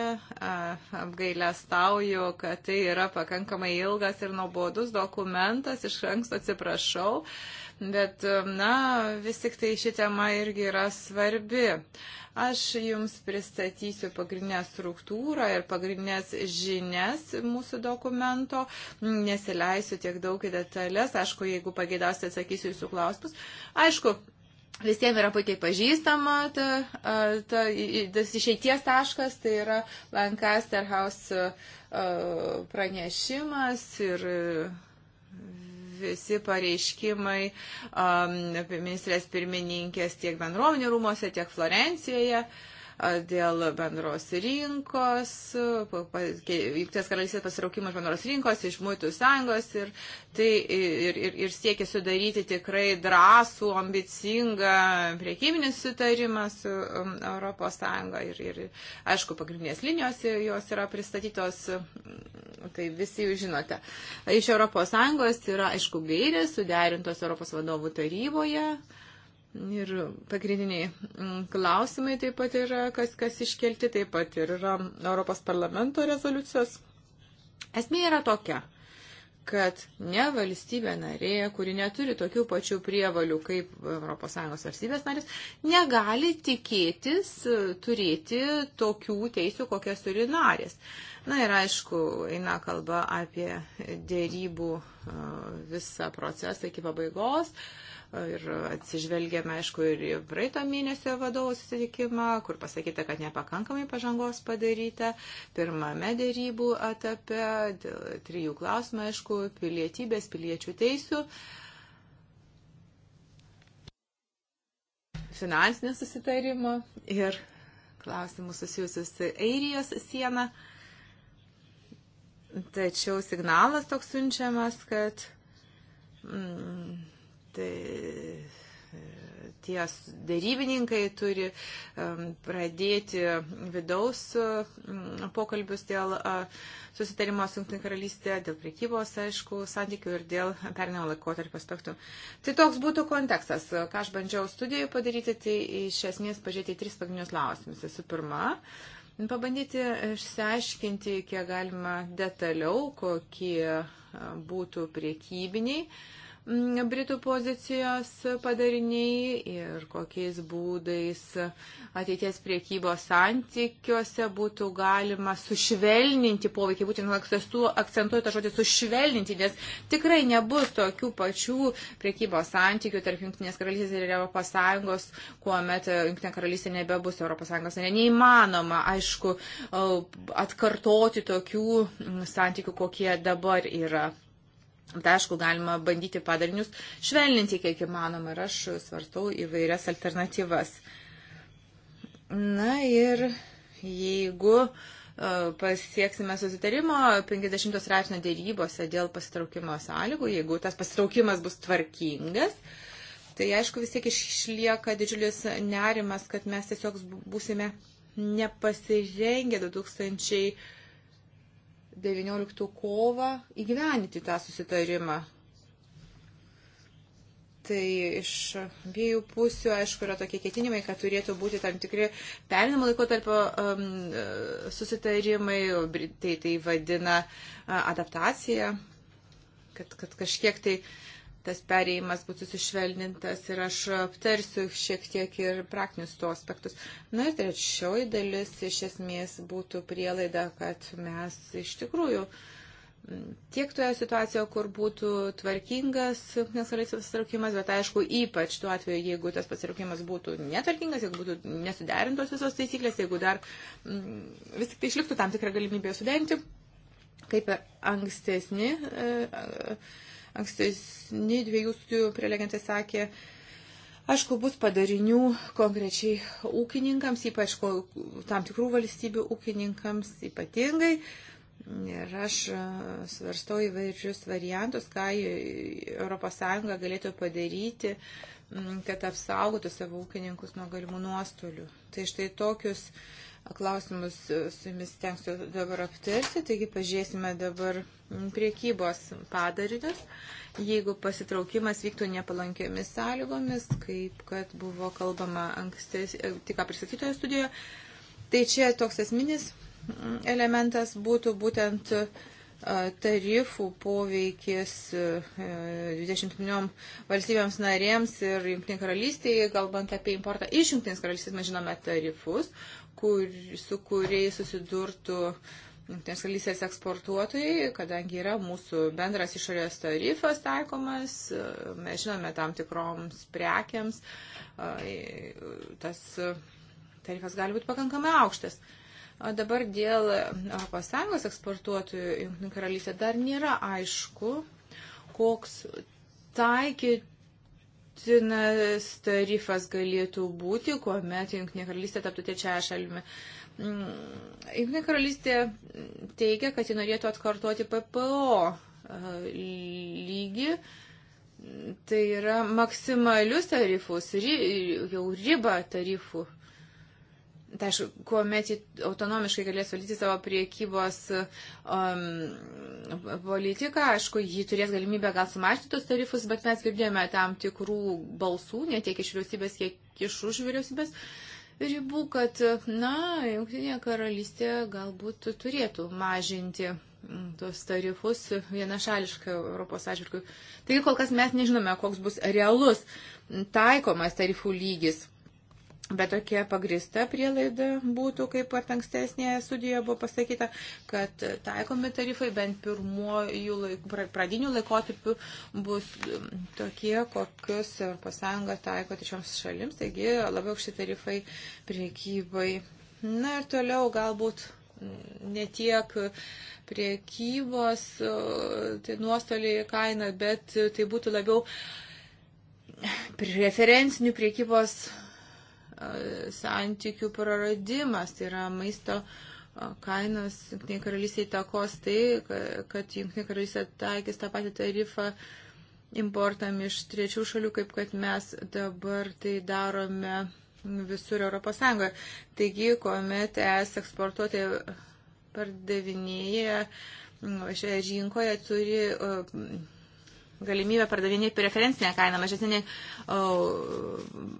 Apgailę stauju, kad tai yra pakankamai ilgas ir nuobodus dokumentas. Iš anksto atsiprašau. Bet, na, vis tik tai ši tema irgi yra svarbi. Aš jums pristatysiu pagrindinę struktūrą ir pagrindinės žinias mūsų dokumento. Nesileisiu tiek daug į detalės. Aišku, jeigu pageidausite, atsakysiu jūsų klausimus. Aišku, visiems yra puikiai pažįstama, ta, ta, tas išeities taškas tai yra Lancaster House pranešimas ir visi pareiškimai um, ministrės pirmininkės tiek bendruomenių rūmose, tiek Florencijoje. Uh, dėl bendros rinkos, Junktinės karalystės pasiraukimo iš bendros rinkos, iš muitų sąjungos ir, tai, ir, ir, ir siekia sudaryti tikrai drąsų, ambicingą priekybinį sutarimą su um, Europos sąjunga. Ir, ir aišku, pagrindinės linijos jos yra pristatytos, mm, tai visi jūs žinote. Iš Europos sąjungos yra, aišku, gairės suderintos Europos vadovų taryboje. Ir pagrindiniai mm, klausimai taip pat yra, kas, kas iškelti, taip pat ir yra Europos parlamento rezoliucijos. Esmė yra tokia, kad ne valstybė narė, kuri neturi tokių pačių prievalių kaip ES valstybės narės, negali tikėtis e, turėti tokių teisių, kokias turi narės. Na ir aišku, eina kalba apie dėrybų e, visą procesą iki pabaigos. Uh, Ir atsižvelgėme, aišku, ir į praeito mėnesio vadovų susitikimą, kur pasakyta, kad nepakankamai pažangos padaryta. Pirmame dėrybų etape dėl trijų klausimų, aišku, pilietybės, piliečių teisų. Finansinio susitarimo ir klausimų susijusius su Airijos siena. Tačiau signalas toks siunčiamas, kad. Mm, tai e, ties dėrybininkai turi pradėti vidaus pokalbius dėl susitarimo su Junktinė karalystė, dėl priekybos, aišku, santykių ir dėl pernio laikotarpio aspektų. Tai toks būtų kontekstas. Ką aš bandžiau studijoje padaryti, tai iš esmės pažiūrėti į tris pagrindinius klausimus. Visų pirma, Pabandyti išsiaiškinti, kiek galima detaliau, kokie būtų priekybiniai uh, Mm, Britų pozicijos padariniai ir kokiais būdais ateities priekybos santykiuose būtų galima sušvelninti poveikį, būtent nu, akcentuoju tą žodį sušvelninti, nes tikrai nebus tokių pačių priekybos santykių tarp Junktinės karalystės ir Europos Sąjungos, kuomet e, Junktinė karalystė nebebus Europos Sąjungos. Neįmanoma, aišku, e, atkartoti tokių santykių, kokie dabar yra. Bet tai aišku, galima bandyti padarinius švelninti kiek įmanoma ir aš svartau įvairias alternatyvas. Na ir jeigu e, pasieksime susitarimo 50 straipsnio dėrybose dėl pasitraukimo sąlygų, jeigu tas pasitraukimas bus tvarkingas, tai aišku vis tiek išlieka didžiulis nerimas, kad mes tiesiog būsime nepasirengę 2000. 19 kovą įgyveninti tą susitarimą. Tai iš abiejų pusių, aišku, yra tokie ketinimai, kad turėtų būti tam tikri perinimo laikotarpio um, susitarimai, tai tai vadina adaptacija, kad, kad kažkiek tai uh, tas perėjimas būtų sušvelnintas ir aš aptarsiu šiek tiek ir praktinius to aspektus. Na ir trečioji dalis iš esmės būtų prielaida, kad mes iš tikrųjų tiek toje situacijoje, kur būtų tvarkingas jungtinės karalystės pasitraukimas, bet aišku, ypač tuo atveju, jeigu tas pasitraukimas būtų netvarkingas, jeigu būtų nesuderintos visos taisyklės, jeigu dar vis tik tai išliktų tam tikrą galimybę suderinti, kaip ankstesni. E, e, ankstesni dviejų studijų prelegentai sakė, aišku, bus padarinių konkrečiai ūkininkams, ypač tam tikrų valstybių ūkininkams ypatingai. Ir aš e, svarstau įvairius variantus, ką ES galėtų padaryti, kad apsaugotų savo ūkininkus nuo galimų nuostolių. Tai štai tokius uh, klausimus e, su jumis tenksiu dabar aptarti, taigi pažiūrėsime dabar priekybos padarinius. Jeigu pasitraukimas vyktų nepalankiamis sąlygomis, kaip kad buvo kalbama ankstes, tik ką pristatytoje studijoje, tai čia toks esminis mm, elementas būtų būtent e, tarifų poveikis 27 e, valstybėms narėms ir Junktinė karalystėje, kalbant apie importą iš Junktinės karalystės, mes žinome tarifus, kur, su kuriais susidurtų Junktinės karalystės eksportuotojai, kadangi yra mūsų bendras išorės tarifas taikomas, mes žinome tam tikroms prekiams, tas tarifas gali būti pakankamai aukštas. O dabar dėl ES eksportuotojų Junktinė karalystė dar nėra aišku, koks taikyti priimtinas tarifas galėtų būti, kuomet Junktinė karalystė taptų trečiaja šalimi. Mm, Junktinė karalystė teigia, kad ji norėtų atkartoti PPO e, lygį. Tai yra maksimalius tarifus, ry, jau ribą tarifų. Tai aišku, kuomet jį autonomiškai galės valdyti savo priekybos um, politiką, aišku, jį turės galimybę gal sumažinti tos tarifus, bet mes girdėjome tam tikrų balsų, ne tiek iš vyriausybės, kiek iš už vyriausybės ribų, kad, na, Junktinė karalystė galbūt turėtų mažinti mm, tuos tarifus vienašališkai Europos atžvilgių. Taigi kol kas mes nežinome, koks bus realus taikomas tarifų lygis Bet tokia pagrista prielaida būtų, kaip ar ankstesnėje studijoje buvo pasakyta, kad taikomi tarifai bent pirmojų laik, pradinių laikotarpių bus um, tokie, kokius ES taiko trečioms šalims, taigi labiau aukšti tarifai priekybai. Na ir toliau galbūt ne tiek priekybos tai nuostoliai kaina, bet tai būtų labiau referencinių priekybos santykių praradimas, tai yra maisto kainos Junktinė karalystė įtakos tai, kad Junktinė karalystė taikys tą patį tarifą importam iš trečių šalių, kaip kad mes dabar tai darome visur Europos Sąjungoje. Taigi, kuomet es eksportuotojai pardavinėja šioje žinkoje turi galimybę pardavinėti preferencinę kainą mažesnė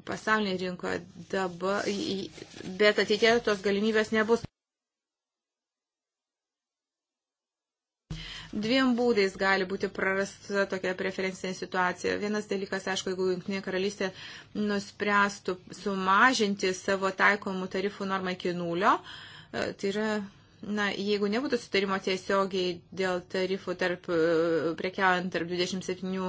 pasaulinė rinkoje dabar, bet ateitie tos galimybės nebus. Dviem būdais gali būti prarasta tokia preferencinė situacija. Vienas dalykas, aišku, jeigu Junktinė karalystė nuspręstų sumažinti savo taikomų tarifų normą iki nulio, e, tai yra na, jeigu nebūtų sutarimo tiesiogiai dėl tarifų tarp, e, prekiaujant tarp 27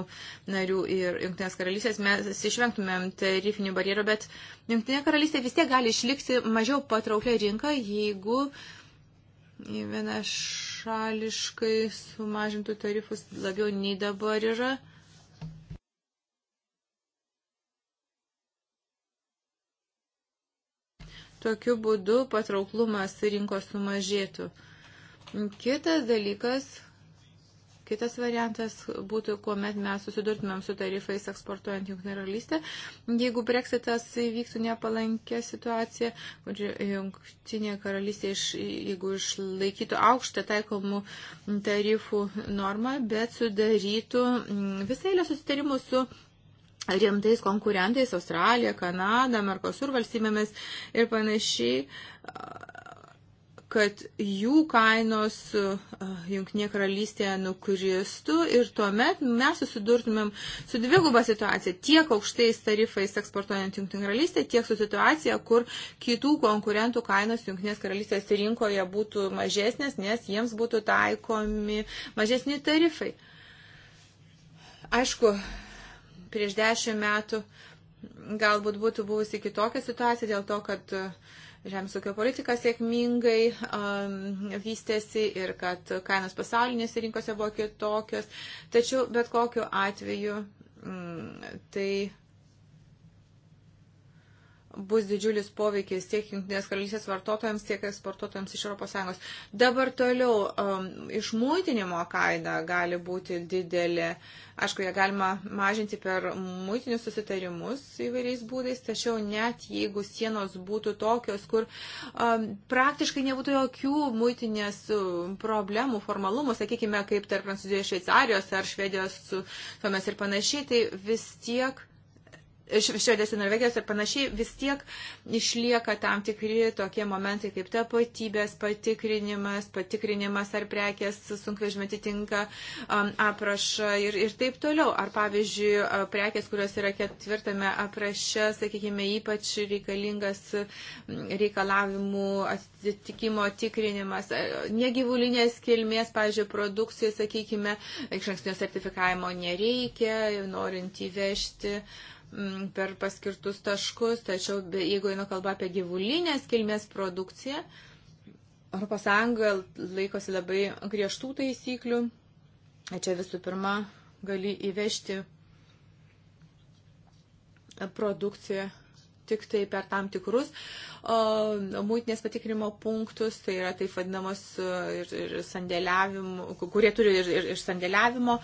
narių ir Junktinės karalystės, mes išvengtumėm tarifinių barjerų, bet Junktinė karalystė vis tiek gali išlikti mažiau patrauklią rinką, jeigu vienašališkai sumažintų tarifus labiau nei dabar yra. Tokiu būdu patrauklumas rinkos sumažėtų. Kitas dalykas, kitas variantas būtų, kuomet mes susidurtumėm su tarifais eksportuojant Junktinę karalystę. Jeigu Brexitas įvyktų nepalankę situaciją, Junktinė karalystė iš, jeigu išlaikytų aukštą taikomų tarifų normą, bet sudarytų visą eilę susitarimų su rimtais konkurentais - Australija, Kanada, Merkosur valstybėmis ir panašiai kad jų kainos eh, Junktinė karalystėje nukristų ir tuomet mes susidurtumėm su dviguba situacija - tiek aukštais tarifais eksportuojant Junktinė karalystė, tiek su situacija, kur kitų konkurentų kainos Junktinės karalystės rinkoje būtų mažesnės, nes jiems būtų taikomi mažesni tarifai. Aišku, prieš dešimt metų galbūt būtų buvusi kitokia situacija dėl to, kad e, žemės ūkio politika sėkmingai um, vystėsi ir kad kainos pasaulinėse rinkose buvo kitokios. Tačiau bet kokiu atveju mm, tai bus didžiulis poveikis tiek Junktinės karalystės vartotojams, tiek eksportuotojams iš ES. Dabar toliau um, išmūtinimo kaina gali būti didelė. Aišku, ją galima mažinti per mūtinius susitarimus įvairiais būdais, tačiau net jeigu sienos būtų tokios, kur um, praktiškai nebūtų jokių mūtinės um, problemų, formalumų, sakykime, kaip tarp Prancūzijos, Šveicarijos ar Švedijos su tomis ir panašiai, tai vis tiek švedės ir Norvegijos ir panašiai, vis tiek išlieka tam tikri tokie momentai kaip tapatybės patikrinimas, patikrinimas ar prekės sunkvežimė atitinka um, aprašą ir, ir taip toliau. Ar pavyzdžiui, uh, prekės, kurios yra ketvirtame apraše, sakykime, ypač reikalingas mm, reikalavimų atitikimo tikrinimas, e, negyvulinės kilmės, pavyzdžiui, produkcija, sakykime, iš ankstinio sertifikavimo nereikia, norint įvežti. Uh, Mm, per paskirtus taškus, tačiau jeigu eina kalba apie gyvulinės kilmės produkciją, ES laikosi labai griežtų taisyklių. Čia visų pirma gali įvežti produkciją tik tai per tam tikrus mūtinės patikrinimo punktus, tai yra taip vadinamos e, ir, ir sandėliavimo, kurie turi ir, ir, ir sandėliavimo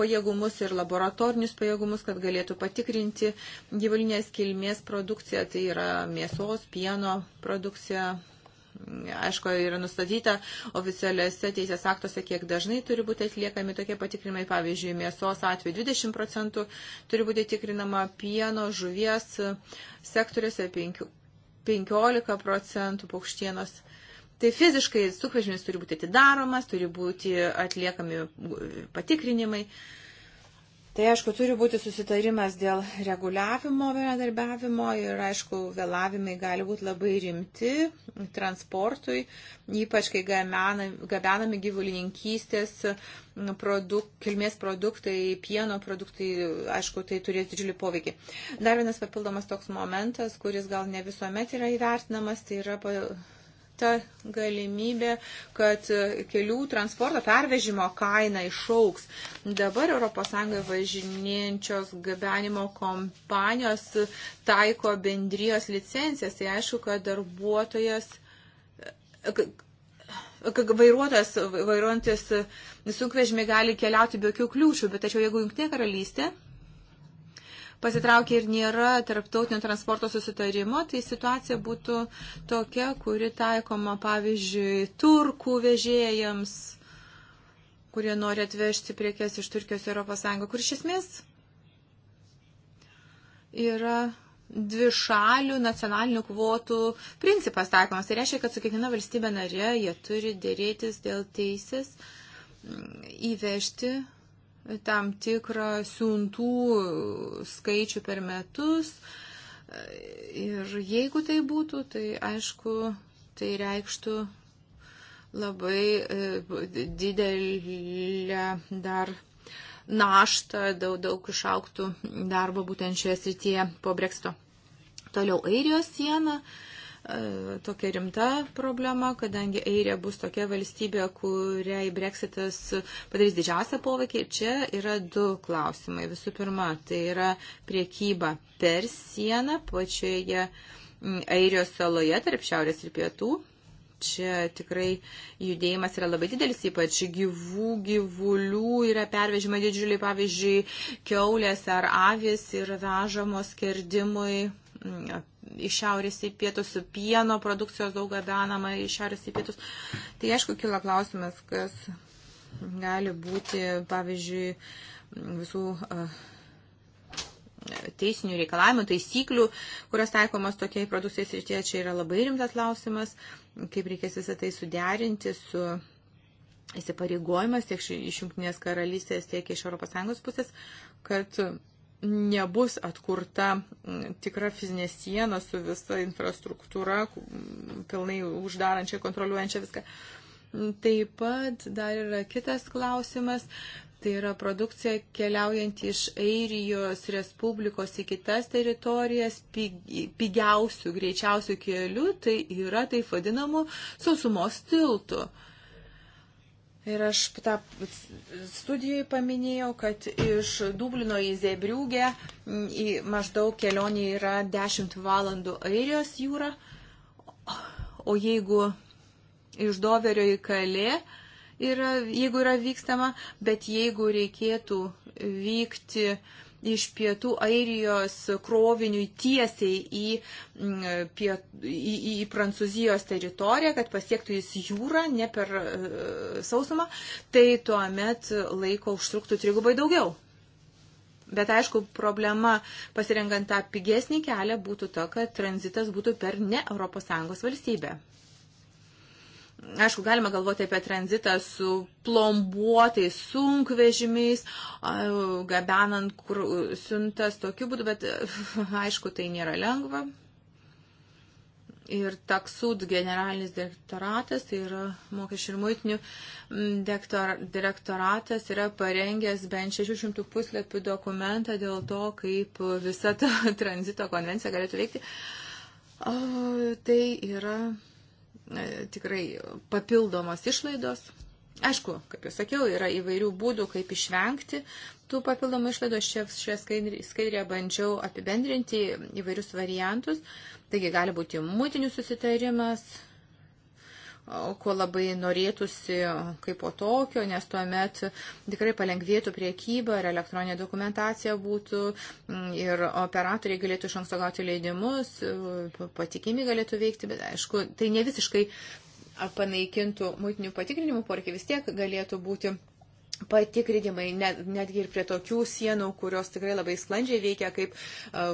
pajėgumus, ir laboratorinius pajėgumus, kad galėtų patikrinti gyvulinės kilmės produkciją, tai yra mėsos, pieno produkcija, aišku, yra nustatyta oficialiuose teisės aktuose, kiek dažnai turi būti atliekami tokie patikrinimai. Pavyzdžiui, mėsos atveju 20 procentų turi būti tikrinama pieno, žuvies sektoriuose 15 procentų paukštienos. Tai fiziškai sunkvežimis turi būti atidaromas, turi būti atliekami patikrinimai. Uh, Tai aišku, turi būti susitarimas dėl reguliavimo, bendradarbiavimo ir aišku, vėlavimai gali būti labai rimti transportui, ypač kai gabenami gyvulininkystės produk, kilmės produktai, pieno produktai, aišku, tai turės didžiulį poveikį. Dar vienas papildomas toks momentas, kuris gal ne visuomet yra įvertinamas, tai yra ta galimybė, kad e, kelių transporto pervežimo kaina išauks. Dabar ES važinėjančios gabenimo kompanijos taiko bendrijos licencijas. Tai aišku, kad darbuotojas, e, vairuotojas, vairuojantis sunkvežimį gali keliauti be jokių kliūčių, bet tačiau jeigu Junktinė karalystė pasitraukė ir nėra tarptautinio transporto susitarimo, tai situacija būtų tokia, kuri taikoma, pavyzdžiui, turkų vežėjams, kurie nori atvežti priekes iš Turkijos Europos Sąjungą, kur iš esmės yra dvišalių nacionalinių kvotų principas taikomas. Tai reiškia, kad su kiekviena valstybė narė jie turi dėrėtis dėl teisės mm, įvežti tam tikrą siuntų skaičių per metus. Ir jeigu tai būtų, tai aišku, tai reikštų labai e, didelę dar naštą, daug, daug išauktų darbo būtent šioje srityje po breksto. Toliau Airijos siena. Uh, E, tokia rimta problema, kadangi Airija bus tokia valstybė, kuriai breksitas padarys didžiausią poveikį. Čia yra du klausimai. Visų pirma, tai yra priekyba per sieną pačioje Airijos saloje tarp šiaurės ir pietų. Čia tikrai judėjimas yra labai didelis, ypač gyvų gyvulių yra pervežima didžiuliai, pavyzdžiui, keulės ar avės yra vežamos skerdimui iš šiaurės į pietus, pieno produkcijos daug gabenama iš šiaurės į pietus. Tai aišku, kila klausimas, kas gali būti, pavyzdžiui, visų e, teisinių reikalavimų, taisyklių, kurios taikomas tokiai produkcijai srityje, čia yra labai rimtas klausimas, kaip reikės visą tai suderinti su įsipareigojimas tiek iš Junktinės karalystės, tiek iš ES pusės, kad nebus atkurta mm, tikra fizinė siena su visa infrastruktūra, mm, pilnai uždarančia, kontroliuojančia viską. Mm, taip pat dar yra kitas klausimas. Tai yra produkcija keliaujant iš Airijos Respublikos į kitas teritorijas pigiausių, greičiausių kelių, tai yra taip vadinamų sausumos tiltų. Uh, Ir aš tą studijai paminėjau, kad iš Dublino į Zebriūgę maždaug kelionė yra 10 valandų Airijos jūra, o jeigu iš Doverio į Kalė, yra, jeigu yra vykstama, bet jeigu reikėtų vykti uh, iš pietų Airijos kroviniui tiesiai į, mm, piet, į, į, į Prancūzijos teritoriją, kad pasiektų jis jūrą, ne per e, sausumą, tai tuo met laiko užtruktų trigubai daugiau. Bet aišku, problema pasirinkant tą pigesnį kelią būtų ta, kad tranzitas būtų per ne ES valstybę. Aišku, galima galvoti apie tranzitą su plombuotais sunkvežimiais, gabenant kur siuntas tokiu būdu, bet [laughs] aišku, tai nėra lengva. Ir taksud generalinis direktoratas, tai yra mokesčių ir muitinių direktoratas, yra parengęs bent 600 puslapių dokumentą dėl to, kaip visa ta [laughs] tranzito konvencija galėtų veikti. O, tai yra E, tikrai papildomos išlaidos. Aišku, kaip jau sakiau, yra įvairių būdų, kaip išvengti tų papildomų išlaidų. Aš čia šioje skaidrėje bandžiau apibendrinti įvairius variantus. Taigi gali būti mūtinių susitarimas, ko labai norėtųsi kaip po tokio, nes tuomet tikrai palengvėtų priekyba ir elektroninė dokumentacija būtų mm, ir operatoriai galėtų iš anksto gauti leidimus, patikimi galėtų veikti, bet aišku, tai ne visiškai panaikintų mūtinių patikrinimų poreikį, vis tiek galėtų būti patikrinimai, net, netgi ir prie tokių sienų, kurios tikrai labai sklandžiai veikia, kaip e,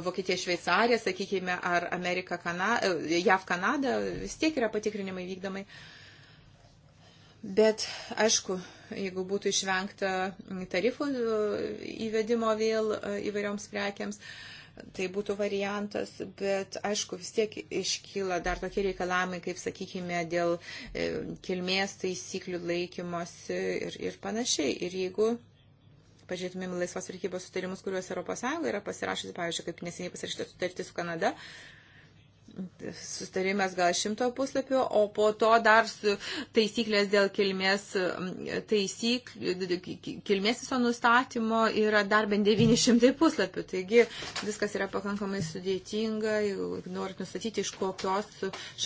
Vokietija, Šveicarija, sakykime, ar Amerika, Kana, e, JAV, Kanada, vis tiek yra patikrinimai vykdomai. Bet, aišku, jeigu būtų išvengta tarifų e, įvedimo vėl įvairioms prekiams, uh, tai būtų variantas, bet aišku vis tiek iškyla dar tokie reikalavimai, kaip sakykime, dėl e, kilmės taisyklių laikymosi ir, ir panašiai. Ir jeigu pažiūrėtumėm laisvos prekybos sutarimus, kuriuos ES yra pasirašysi, pavyzdžiui, kaip neseniai pasirašyta sutartis su Kanada, uh, sustarimas gal šimto puslapio, o po to dar su taisyklės dėl kilmės, taisyk, kilmės viso nustatymo yra dar bent 900 puslapių. Taigi viskas yra pakankamai sudėtinga, norint nustatyti, iš kokios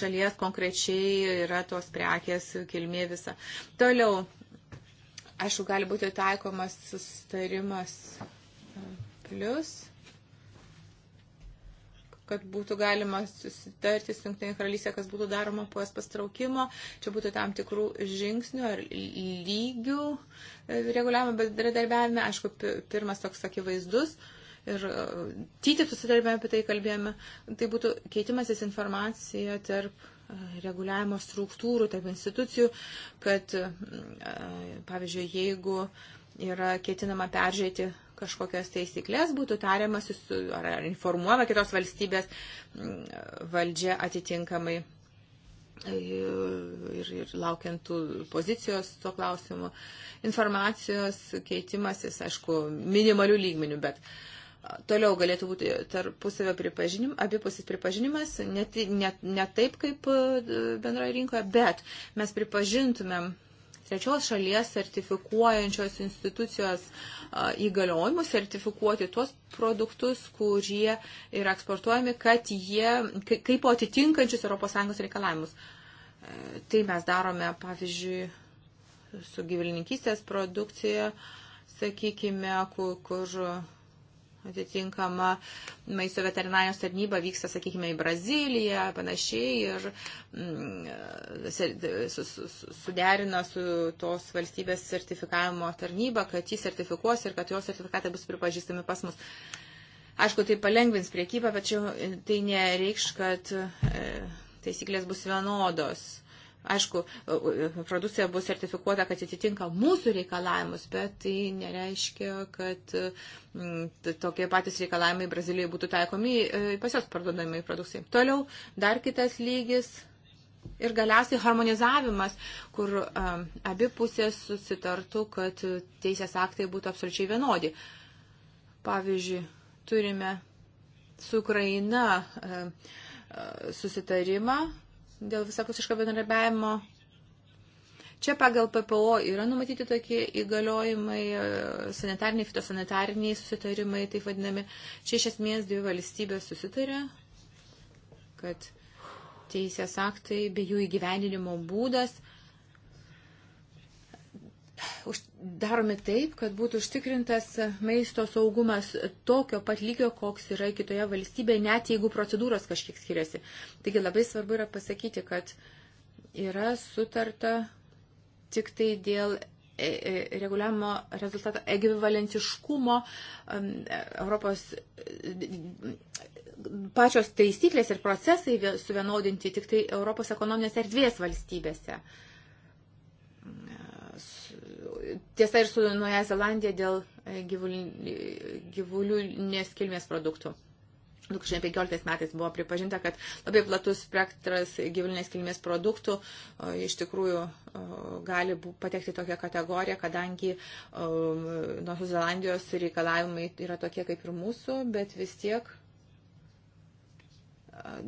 šalies konkrečiai yra tos prekės kilmė visa. Toliau, aišku, gali būti taikomas sustarimas plus kad būtų galima susitarti su Junktinė karalystė, kas būtų daroma po jos pastraukimo. Čia būtų tam tikrų žingsnių ar lygių e, reguliavimo bendradarbiavime. Aišku, pirmas toks akivaizdus. Ir e, tyti susidarbėjome apie tai kalbėjome. Tai būtų keitimasis informacija tarp e, reguliavimo struktūrų, tarp institucijų, kad, pavyzdžiui, jeigu yra ketinama peržiūrėti kažkokias taisyklės būtų tariamasi su, ar informuojama kitos valstybės mm, valdžia atitinkamai ir, ir laukiant tų pozicijos tuo klausimu, informacijos keitimasis, aišku, minimalių lygmenių, bet toliau galėtų būti tarpusavio pripažinim, abipusis pripažinimas, ne, ne, ne taip kaip e, bendroje rinkoje, bet mes pripažintumėm trečios šalies sertifikuojančios institucijos įgaliojimus sertifikuoti tuos produktus, kurie yra eksportuojami, kad jie kaip atitinkančius ES reikalavimus. E, tai mes darome, pavyzdžiui, su gyvulininkystės produkcija, sakykime, kur, kur atitinkama maisto veterinarijos tarnyba vyksta, sakykime, į Braziliją, panašiai, ir mm, su, su, suderina su tos valstybės sertifikavimo tarnyba, kad jį sertifikuos ir kad jo sertifikatai bus pripažįstami pas mus. Aišku, tai palengvins priekybą, tačiau e, tai nereikš, kad e, taisyklės bus vienodos Aišku, e, produkcija bus sertifikuota, kad atitinka mūsų reikalavimus, bet tai nereiškia, kad mm, tokie patys reikalavimai Brazilijai būtų taikomi e, pas jos parduodamai produkcijai. Toliau dar kitas lygis ir galiausiai harmonizavimas, kur um, abi pusės susitartų, kad teisės aktai būtų absoliučiai vienodi. Pavyzdžiui, turime su Ukraina um, susitarimą dėl visapusiško bendradarbiavimo. Čia pagal PPO yra numatyti tokie įgaliojimai, sanitariniai, fitosanitariniai susitarimai, taip vadinami. Čia iš esmės dvi valstybės susitarė, kad teisės aktai bei jų įgyvendinimo būdas uh, daromi taip, kad būtų užtikrintas maisto saugumas tokio pat lygio, koks yra kitoje valstybėje, net jeigu procedūros kažkiek skiriasi. Taigi labai svarbu yra pasakyti, kad yra sutarta tik tai dėl e, e, reguliavimo rezultato ekvivalentiškumo e, Europos pačios taisyklės ir procesai suvienodinti tik tai Europos ekonominės erdvės valstybėse. Uh, tiesa ir su Nuoja Zelandija dėl e, gyvulinės kilmės produktų. 2015 metais buvo pripažinta, kad labai platus spektras gyvulinės kilmės produktų iš tikrųjų gali patekti tokią kategoriją, kadangi um, Nuosios Zelandijos reikalavimai yra tokie kaip ir mūsų, bet vis tiek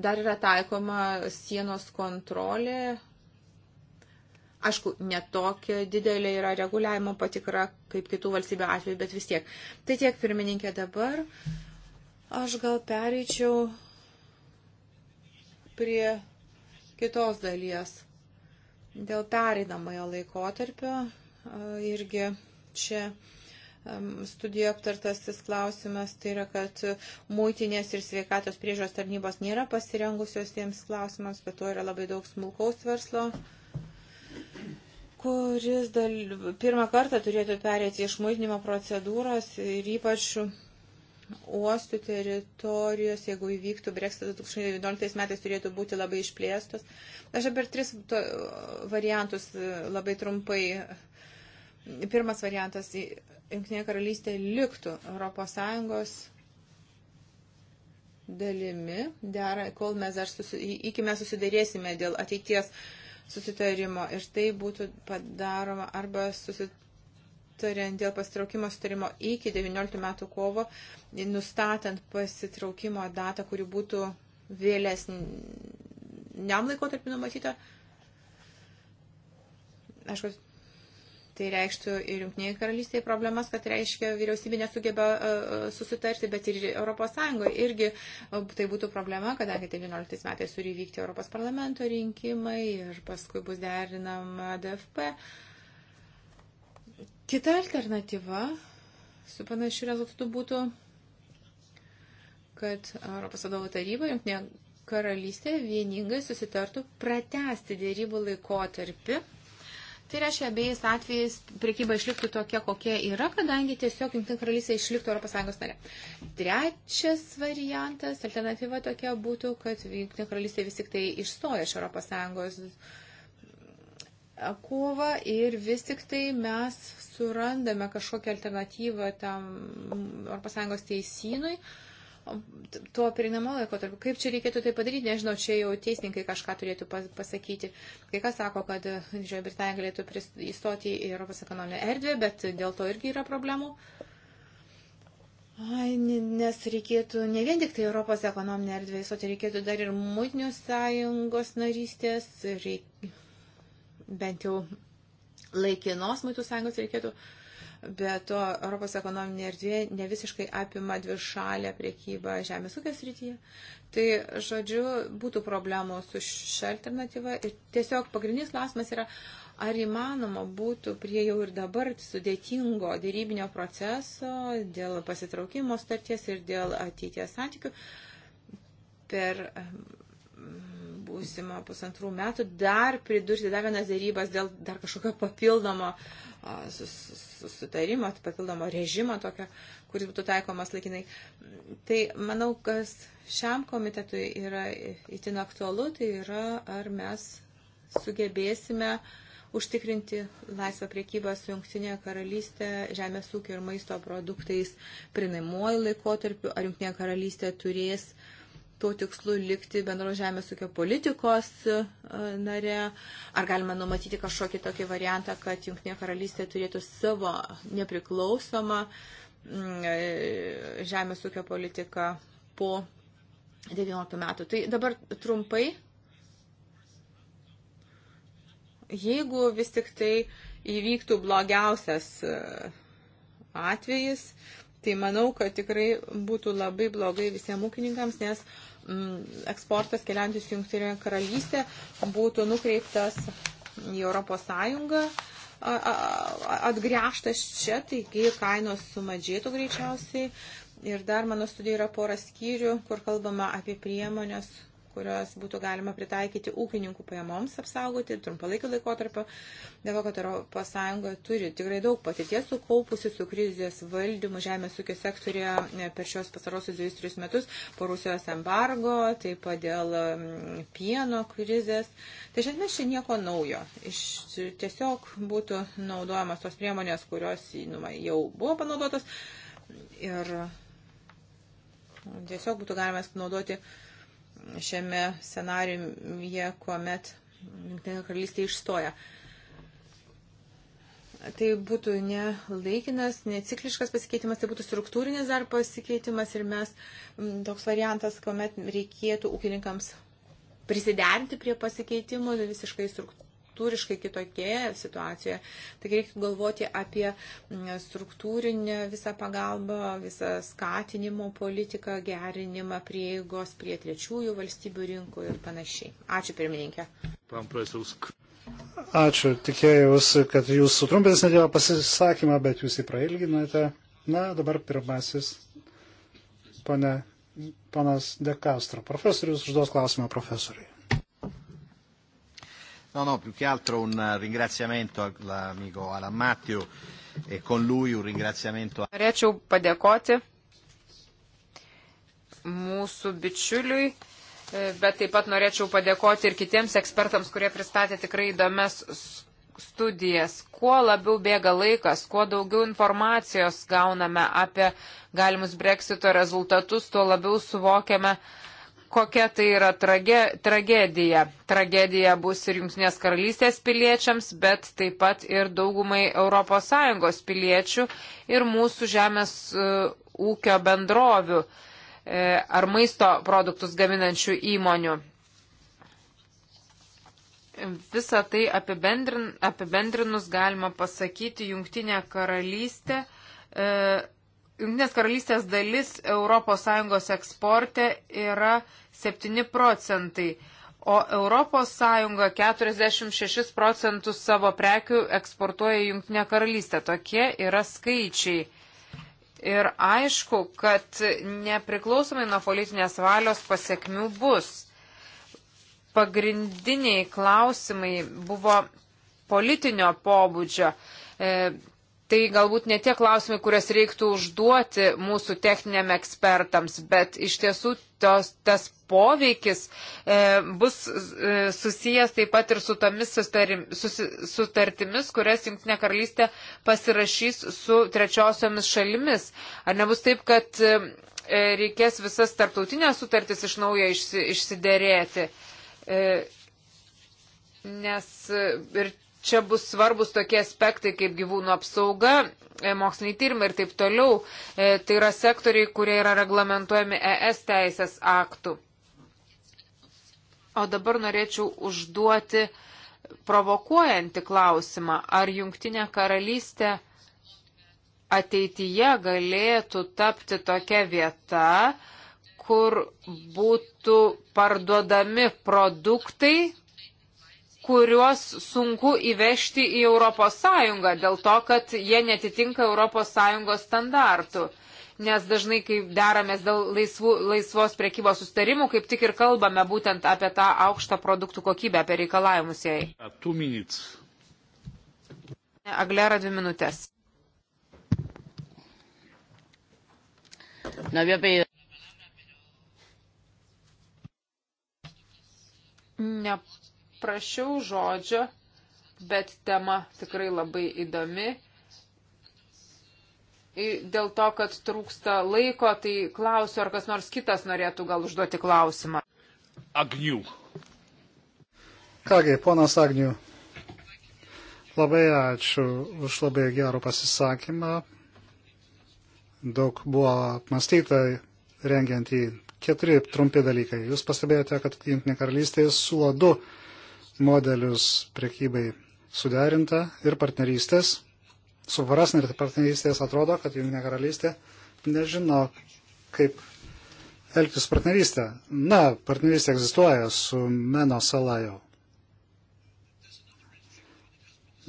dar yra taikoma sienos kontrolė Aišku, netokia didelė yra reguliavimo patikra kaip kitų valstybių atveju, bet vis tiek. Tai tiek, pirmininkė, dabar aš gal pereičiau prie kitos dalies. Dėl perinamojo laikotarpio irgi čia studijoje aptartasis klausimas, tai yra, kad muitinės ir sveikatos priežos tarnybos nėra pasirengusios tiems klausimams, bet to yra labai daug smulkaus verslo kuris dal... pirmą kartą turėtų perėti iš muitinimo procedūros ir ypač uostų teritorijos, jeigu įvyktų Brexit 2019 metais, turėtų būti labai išplėstos. Aš dabar tris to, variantus labai trumpai. Pirmas variantas - Junktinė karalystė liktų ES dalimi, dera, kol mes dar susi, iki mes susidarėsime dėl ateities uh, susitarimo ir tai būtų padaroma arba susitarimo aptariant dėl pasitraukimo sutarimo iki 19 metų kovo, nustatant pasitraukimo datą, kuri būtų vėlesniam laikotarpiu numatyta. Aišku, Tai reikštų ir Junktiniai karalystėje problemas, kad reiškia vyriausybė nesugeba e, e, susitarti, bet ir Europos Sąjungoje irgi e, tai būtų problema, kadangi 19 metais turi vykti Europos parlamento rinkimai ir paskui bus derinama DFP. Kita alternatyva su panašiu rezultatu būtų, kad Europos vadovų taryba Junktinė karalystė vieningai susitartų pratesti dėrybų laikotarpį Tai reiškia, abiejais atvejais priekyba išliktų tokia, kokia yra, kadangi tiesiog Junktinė karalystė išliktų ES narė. Trečias variantas, alternatyva tokia būtų, kad Junktinė karalystė vis tik tai išstoja iš ES kovą ir vis tik tai mes surandame kažkokią alternatyvą tam ES teisynui. Uh, tuo perinamojo laikotarpiu. Kaip čia reikėtų tai padaryti, nežinau, čia jau teisininkai kažką turėtų pasakyti. Kai kas sako, kad Didžioji Britanija galėtų įstoti į Europos ekonominę erdvę, bet dėl to irgi yra problemų. Ai, nes reikėtų ne vien tik tai Europos ekonominė erdvė, o tai reikėtų dar ir muitinių sąjungos narystės, reik... bent jau laikinos muitų sąjungos reikėtų. Uh, bet to Europos ekonominė erdvė ne visiškai apima dvišalę priekybą žemės ūkės rytyje. Tai, žodžiu, būtų problemų su šia alternatyva. Ir tiesiog pagrindinis klausimas yra, ar įmanoma būtų prie jau ir dabar sudėtingo dėrybinio proceso dėl pasitraukimo starties ir dėl ateities santykių per būsimo pusantrų metų dar pridurti dar vienas dėrybas dėl dar kažkokio papildomo susitarimo, papildomo režimo tokio, kuris būtų taikomas laikinai. Tai manau, kas šiam komitetui yra itin aktualu, tai yra ar mes sugebėsime užtikrinti laisvą priekybą su Junktinė karalystė žemės ūkio ir maisto produktais prinamuoju laikotarpiu, ar Junktinė karalystė turės uh, tuo tikslu likti bendro žemės ūkio politikos e, nare? Ar galima numatyti kažkokį tokį variantą, kad Junktinė karalystė turėtų savo nepriklausomą mm, e, žemės ūkio politiką po 19 metų? Tai dabar trumpai. Jeigu vis tik tai įvyktų blogiausias e, atvejis, Tai manau, kad tikrai būtų labai blogai visiems ūkininkams, nes mm, eksportas keliantis Junktinėje karalystė būtų nukreiptas į Europos Sąjungą, atgręžtas čia, taigi kainos sumažėtų greičiausiai. Ir dar mano studija yra pora skyrių, kur kalbama apie priemonės, kurios būtų galima pritaikyti ūkininkų pajamoms apsaugoti trumpalaikio laikotarpio, dėl to, kad Europos Sąjunga turi tikrai daug patirties sukaupusi su krizės valdymu žemės ūkio sektorija e, per šios pasarosius 2-3 metus po Rusijos embargo, taip pat dėl pieno krizės. Tai iš esmės čia nieko naujo. Iš, tiesiog būtų naudojamas tos priemonės, kurios numa, jau buvo panaudotos ir tiesiog būtų galima naudoti uh, šiame scenariuje, kuomet Junktinė karalystė išstoja. Tai būtų ne laikinas, ne cikliškas pasikeitimas, tai būtų struktūrinis dar pasikeitimas ir mes toks variantas, kuomet reikėtų ūkininkams prisiderinti prie pasikeitimų, tai visiškai struktūrinis struktūriškai kitokioje situacijoje. Tai reiktų galvoti apie struktūrinę visą pagalbą, visą skatinimo politiką, gerinimą prieigos prie trečiųjų valstybių rinkų ir panašiai. Ačiū pirmininkė. Ačiū, tikėjausi, kad jūs sutrumpinęs nedėlą pasisakymą, bet jūs jį prailginote. Na, dabar pirmasis, pane, panas De Castro. Profesorius užduos klausimą profesoriui. No, no, più che altro un ringraziamento all'amico Alan Matthew e con lui un ringraziamento. Norėčiau padėkoti mūsų bičiuliui, e, bet taip pat norėčiau padėkoti ir kitiems ekspertams, kurie pristatė tikrai įdomias studijas. Kuo labiau bėga laikas, kuo daugiau informacijos gauname apie galimus breksito rezultatus, tuo labiau suvokiame, uh, kokia tai yra trage, tragedija. Tragedija bus ir Jungtinės karalystės piliečiams, bet taip pat ir daugumai ES piliečių ir mūsų žemės e, ūkio bendrovių e, ar maisto produktus gaminančių įmonių. Visą tai apibendrin, apibendrinus galima pasakyti, Jungtinė karalystė e, Junktinės karalystės dalis ES eksporte yra 7 procentai, o ES 46 procentus savo prekių eksportuoja Junktinė karalystė. Tokie yra skaičiai. Ir aišku, kad nepriklausomai nuo politinės valios pasiekmių bus. Pagrindiniai klausimai buvo politinio pobūdžio. E, tai galbūt ne tie klausimai, kurias reiktų užduoti mūsų techniniam ekspertams, bet iš tiesų tos, tas poveikis e, bus e, susijęs taip pat ir su tomis sustarim, susi, sutartimis, kurias Junktinė karalystė pasirašys su trečiosiomis šalimis. Ar nebus taip, kad e, e reikės visas tarptautinės sutartis iš naujo išsi, išsiderėti? E, nes e, ir Čia bus svarbus tokie aspektai kaip gyvūnų apsauga, e, moksliniai tyrimai ir taip toliau. E, tai yra sektoriai, kurie yra reglamentuojami ES teisės aktų. O dabar norėčiau užduoti provokuojantį klausimą, ar jungtinė karalystė ateityje galėtų tapti tokia vieta, kur būtų parduodami produktai, kuriuos sunku įvežti į ES dėl to, kad jie netitinka ES standartų. Nes dažnai, kai deramės dėl laisvų, laisvos prekybos sustarimų, kaip tik ir kalbame būtent apie tą aukštą produktų kokybę, apie reikalavimus jai. Uh, Aglera dvi minutės. No había pedido. Ne paprašiau žodžio, bet tema tikrai labai įdomi. Ir dėl to, kad trūksta laiko, tai klausiu, ar kas nors kitas norėtų gal užduoti klausimą. Agnių. Kągi, ponas Agnių. Labai ačiū už labai gerų pasisakymą. Daug buvo apmastyta rengiant į keturi trumpi dalykai. Jūs pastebėjote, kad Junktinė karalystė siūlo du modelius prekybai suderinta ir partnerystės. Su Varasner partnerystės atrodo, kad Junginė karalystė nežino, kaip elgtis partnerystę. Na, partnerystė egzistuoja su Meno sala jau.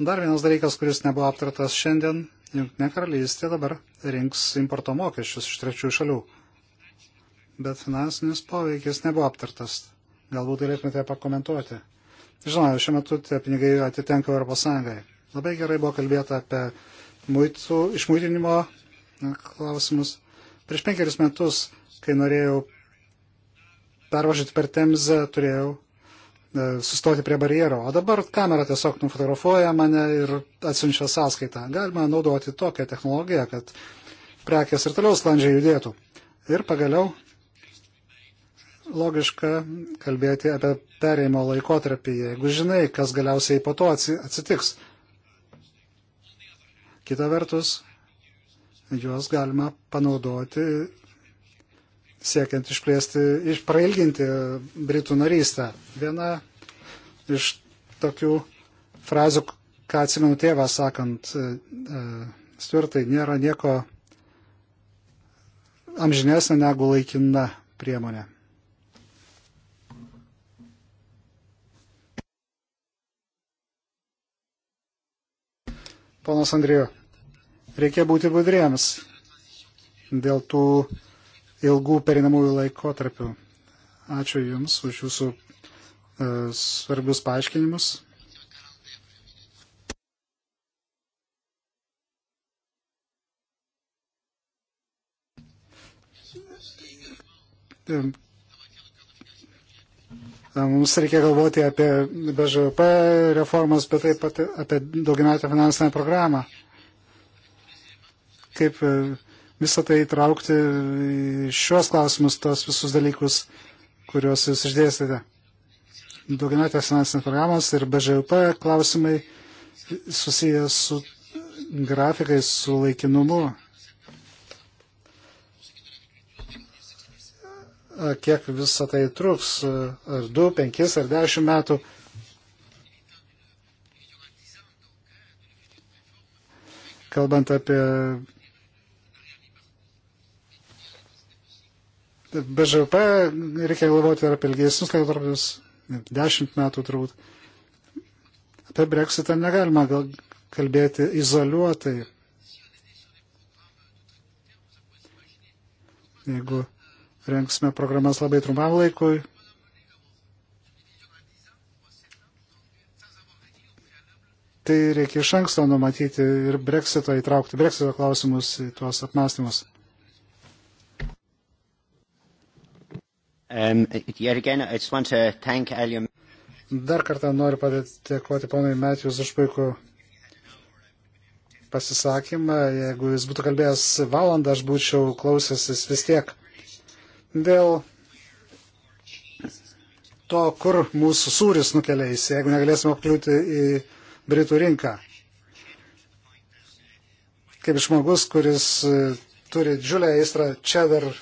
Dar vienas dalykas, kuris nebuvo aptartas šiandien, Junktinė karalystė dabar rinks importo mokesčius iš trečiųjų šalių. Bet finansinis poveikis nebuvo aptartas. Galbūt galėtumėte pakomentuoti. Žinoma, šiuo metu tie pinigai atitenka Europos Sąjungai. Labai gerai buvo kalbėta apie muitų, išmūtinimo klausimus. Prieš penkerius metus, kai norėjau pervažiuoti per Temzę, turėjau e, sustoti prie barjero, o dabar kamera tiesiog nufotografuoja mane ir atsiunčia sąskaitą. Galima naudoti tokią technologiją, kad prekės ir toliau sklandžiai judėtų. Ir pagaliau logiška kalbėti apie pereimo laikotarpį, jeigu žinai, kas galiausiai po to atsitiks. Kita vertus, juos galima panaudoti siekiant išplėsti, išprailginti Britų narystę. Viena iš tokių frazių, ką atsimenu tėvą sakant, e, e, stvirtai nėra nieko amžinesnė negu laikina priemonė. Ponas Andrėjo, reikia būti budriems dėl tų ilgų perinamųjų laikotarpių. Ačiū Jums už Jūsų uh, svarbius paaiškinimus. Mums reikia galvoti apie BŽP reformas, bet taip pat apie daugiametę finansinę programą. Kaip e, visą tai įtraukti į šios klausimus, tos visus dalykus, kuriuos jūs išdėstėte. Daugiametės finansinės programos ir BŽUP klausimai susijęs su grafikais, su laikinumu. kiek visą tai truks, ar 2, 5, ar 10 metų. Kalbant apie BŽP, reikia galvoti ir apie ilgesnius laikotarpius, 10 metų turbūt. Apie Brexitą negalima gal kalbėti izoliuotai. Jeigu Renksime programas labai trumpam laikui. Tai reikia iš anksto numatyti ir breksito įtraukti, breksito klausimus į tuos apmąstymus. Um, again, Dar kartą noriu padėkoti ponui Metijus už puikų pasisakymą. Jeigu jis būtų kalbėjęs valandą, aš būčiau klausęsis vis tiek. Dėl to, kur mūsų sūris nukeliais, jeigu negalėsime pakliūti į Britų rinką. Kaip žmogus, kuris e, turi džiulę aistrą čia dar e,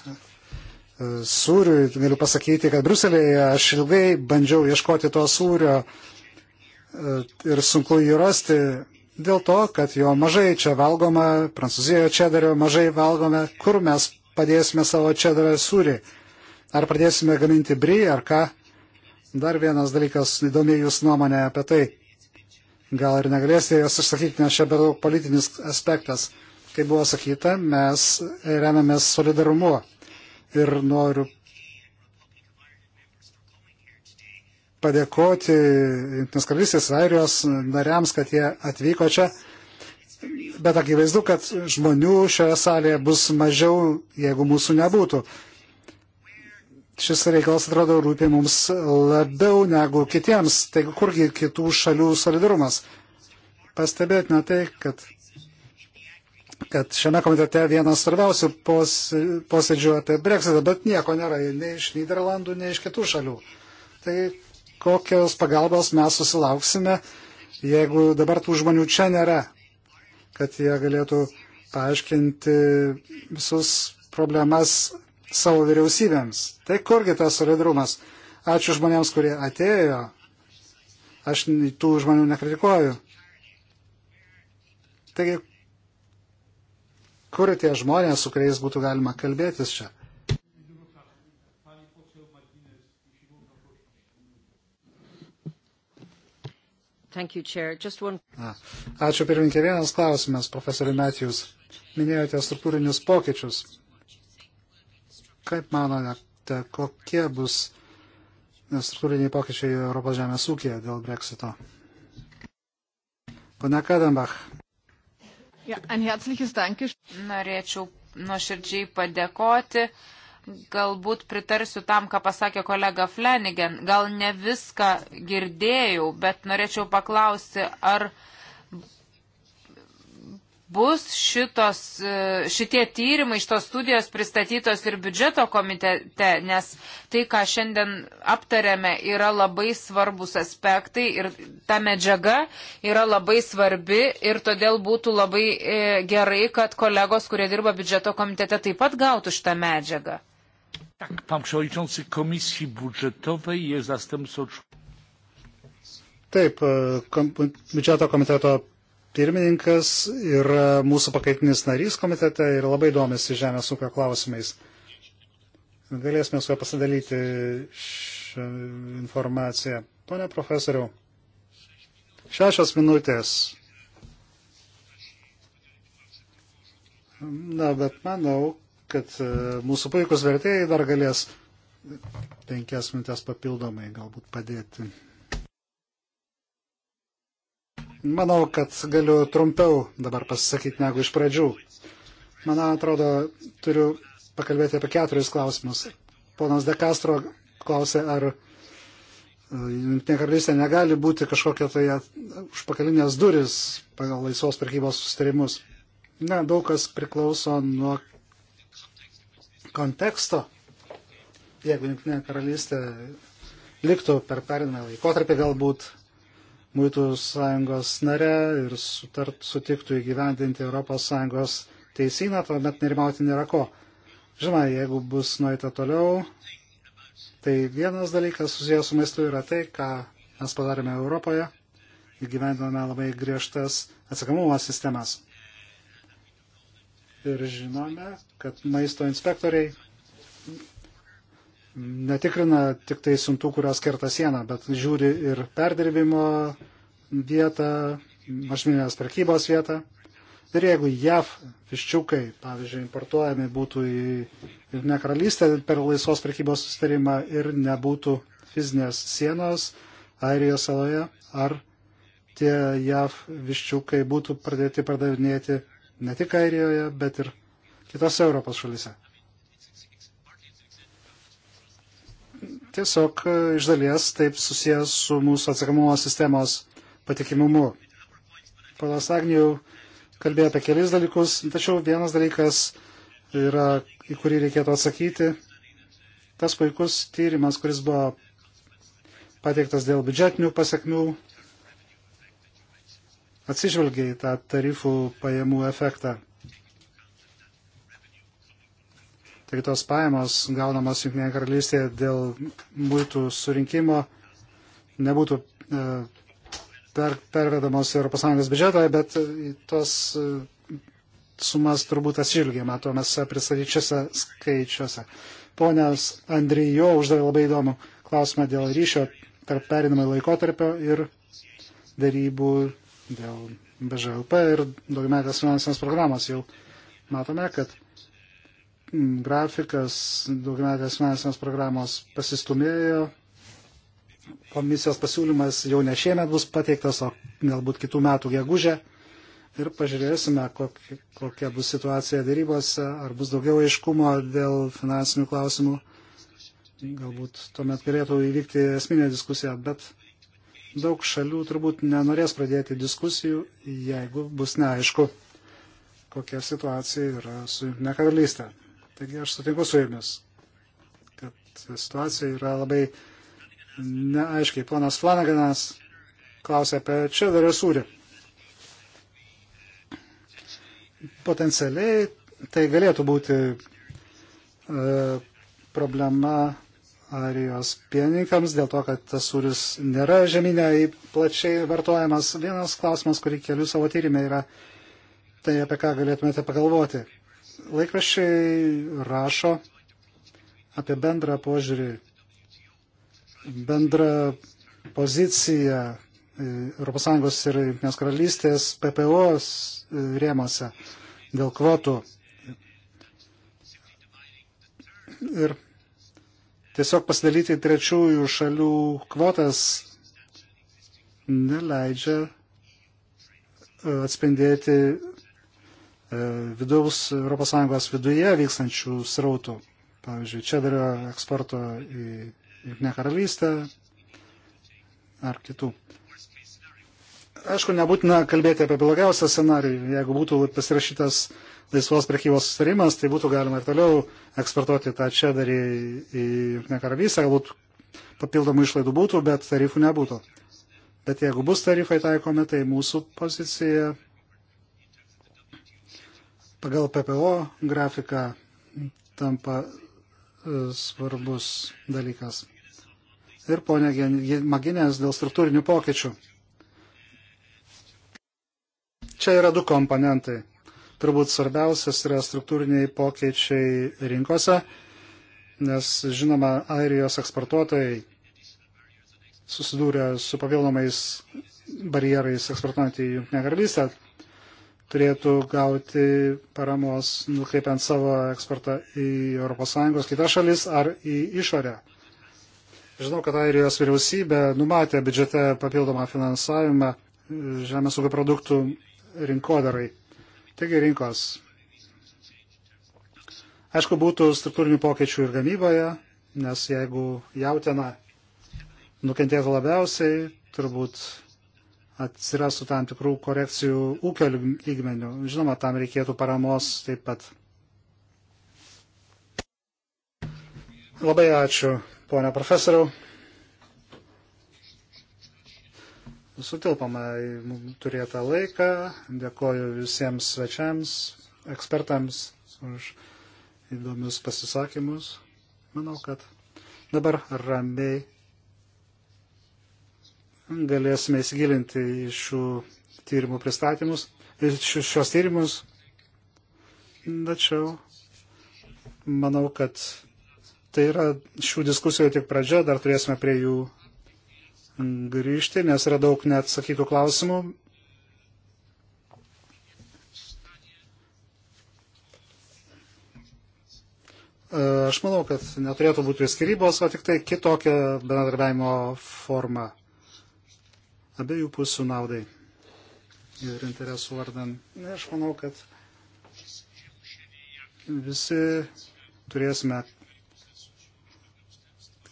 sūriui, galiu pasakyti, kad Bruselėje aš ilgai bandžiau ieškoti to sūrio e, ir sunku jį rasti dėl to, kad jo mažai čia valgoma, Prancūzijoje čia dario mažai valgome, kur mes padėsime savo čedarą sūrį. Ar pradėsime gaminti brį, ar ką? Dar vienas dalykas, įdomi jūs nuomonė apie tai. Gal ir negalėsite jos išsakyti, nes čia per daug politinis aspektas. Kaip buvo sakyta, mes remiamės solidarumu. Ir noriu padėkoti Junktinės karalystės airijos nariams, kad jie atvyko čia bet akivaizdu, kad žmonių šioje salėje bus mažiau, jeigu mūsų nebūtų. Šis reikalas atrodo rūpi mums labiau negu kitiems, tai kurgi kitų šalių solidarumas. Pastebėtina tai, kad, kad šiame komitete vienas svarbiausių pos, posėdžių apie Brexitą, bet nieko nėra nei iš Niderlandų, nei iš kitų šalių. Tai kokios pagalbos mes susilauksime, jeigu dabar tų žmonių čia nėra kad jie galėtų paaiškinti visus problemas savo vyriausybėms. Tai kurgi tas solidarumas? Ačiū žmonėms, kurie atėjo. Aš tų žmonių nekritikuoju. Taigi, kur tie žmonės, su kuriais būtų galima kalbėtis čia? You, one... Ačiū pirmininkė. Vienas klausimas, profesoriu Matthews. Minėjote struktūrinius pokyčius. Kaip manote, kokie bus struktūriniai pokyčiai Europos žemės ūkėje dėl breksito? Pane Kadambach. Ja, Norėčiau nuoširdžiai padėkoti galbūt pritarsiu tam, ką pasakė kolega Flanagan. Gal ne viską girdėjau, bet norėčiau paklausti, ar bus šitos, e, šitie tyrimai, šitos studijos pristatytos ir biudžeto komitete, nes tai, ką šiandien aptarėme, yra labai svarbus aspektai ir ta medžiaga yra labai svarbi ir todėl būtų labai e, gerai, kad kolegos, kurie dirba biudžeto komitete, taip pat gautų šitą medžiagą. Tak, pan przewodniczący komisji budżetowej jest zastępcą. Taip, e, kom, biudžeto komiteto pirmininkas ir mūsų pakaitinis narys komitete ir labai domisi žemės ūkio klausimais. Galėsime su juo pasidalyti šią informaciją. Pone profesoriau, šešios minutės. Na, bet manau, kad e, mūsų puikus vertėjai dar galės penkias minutės papildomai galbūt padėti. Manau, kad galiu trumpiau dabar pasisakyti negu iš pradžių. Man atrodo, turiu pakalbėti apie keturis klausimus. Ponas De Castro klausė, ar e, Junktinė karalystė negali būti kažkokia toje užpakalinės duris pagal laisvos prekybos sustarimus. Ne, daug kas priklauso nuo konteksto, jeigu Junktinė karalystė liktų per perinamą laikotarpį galbūt Muitų sąjungos nare ir sutart, sutiktų įgyvendinti ES teisyną, tuomet nerimauti nėra ko. Žinoma, jeigu bus nueita toliau, tai vienas dalykas susijęs su maistu yra tai, ką mes padarėme Europoje, įgyvendiname labai griežtas atsakomumo sistemas ir žinome, kad maisto inspektoriai netikrina tik tai siuntų, kurios kerta sieną, bet žiūri ir perdirbimo vietą, mažminės prekybos vietą. Ir jeigu JAV viščiukai, pavyzdžiui, importuojami būtų į Junktinę karalystę per laisvos prekybos sustarimą ir nebūtų fizinės sienos Airijos saloje, ar tie JAV viščiukai būtų pradėti pardavinėti ne tik Airijoje, bet ir kitose Europos šalise. Tiesiog e, iš dalies taip susijęs su mūsų atsakomumo sistemos patikimumu. Panas Agnijų kalbėjo apie kelis dalykus, tačiau vienas dalykas yra, į kurį reikėtų atsakyti. Tas puikus tyrimas, kuris buvo pateiktas dėl biudžetinių pasiekmių atsižvelgia į tą tarifų pajamų efektą. Taigi tos pajamos gaunamos Junktinėje karalystėje dėl muitų surinkimo nebūtų e, per, pervedamos ES biudžetą, bet tos e, sumas turbūt atsižvelgiama tuomėse pristatyčiose skaičiuose. Ponas Andrijo uždavė labai įdomų klausimą dėl ryšio tarp perinamą laikotarpio ir darybų dėl BŽLP ir daugiametės finansinės programos. Jau matome, kad grafikas daugiametės finansinės programos pasistumėjo. Komisijos pasiūlymas jau ne šiemet bus pateiktas, o galbūt kitų metų gegužė. Ir pažiūrėsime, kokia, kokia bus situacija dėrybose, ar bus daugiau aiškumo dėl finansinių klausimų. Galbūt tuomet galėtų įvykti esminė diskusija, bet daug šalių turbūt nenorės pradėti diskusijų, jeigu bus neaišku, kokia situacija yra su Junktinė karalystė. Taigi aš sutinku su jumis, kad situacija yra labai neaiškiai. Ponas Flanaganas klausė apie čederio sūrį. Potencialiai tai galėtų būti e, problema Arijos pienininkams dėl to, kad tas sūris nėra žeminiai plačiai vartojamas. Vienas klausimas, kurį keliu savo tyrimė, yra tai, apie ką galėtumėte pagalvoti. Laikraščiai rašo apie bendrą požiūrį, bendrą poziciją ES ir Junktinės karalystės PPO e, rėmose dėl kvotų. Ir Tiesiog pasidalyti trečiųjų šalių kvotas neleidžia e, atspindėti e, vidaus ES viduje vykstančių srautų. Pavyzdžiui, čederio eksporto į Junktinę karalystę ar kitų. Aišku, nebūtina kalbėti apie blogiausią scenarijų. Jeigu būtų pasirašytas laisvos prekybos sustarimas, tai būtų galima ir toliau eksportuoti tą čedarį į Junktinę karalystę, galbūt papildomų išlaidų būtų, bet tarifų nebūtų. Bet jeigu bus tarifai taikomi, tai mūsų pozicija pagal PPO grafiką tampa e, svarbus dalykas. Ir ponia Maginės dėl struktūrinių pokyčių. Čia yra du komponentai. Turbūt svarbiausias yra struktūriniai pokyčiai rinkose, nes žinoma, Airijos eksportuotojai susidūrė su papildomais barjerais eksportuojant į Junktinę karalystę, turėtų gauti paramos nukreipiant savo eksportą į ES kitas šalis ar į išorę. Žinau, kad Airijos vyriausybė numatė biudžete papildomą finansavimą žemės ūkio produktų rinkodarai. Taigi rinkos. Aišku, būtų struktūrinių pokyčių ir gamyboje, nes jeigu jautiena nukentėtų labiausiai, turbūt atsirastų tam tikrų korekcijų ūkio lygmenių. Žinoma, tam reikėtų paramos taip pat. Labai ačiū, ponia profesoriau. sutilpama į turėtą laiką. Dėkoju visiems svečiams, ekspertams už įdomius pasisakymus. Manau, kad dabar ramiai galėsime įsigilinti į šių tyrimų pristatymus, šios tyrimus. Tačiau manau, kad tai yra šių diskusijų tik pradžia, dar turėsime prie jų grįžti, nes yra daug neatsakytų klausimų. E, aš manau, kad neturėtų būti skirybos, o tik tai kitokia bendradarbiavimo forma abiejų pusių naudai ir interesų vardan. Aš manau, kad visi turėsime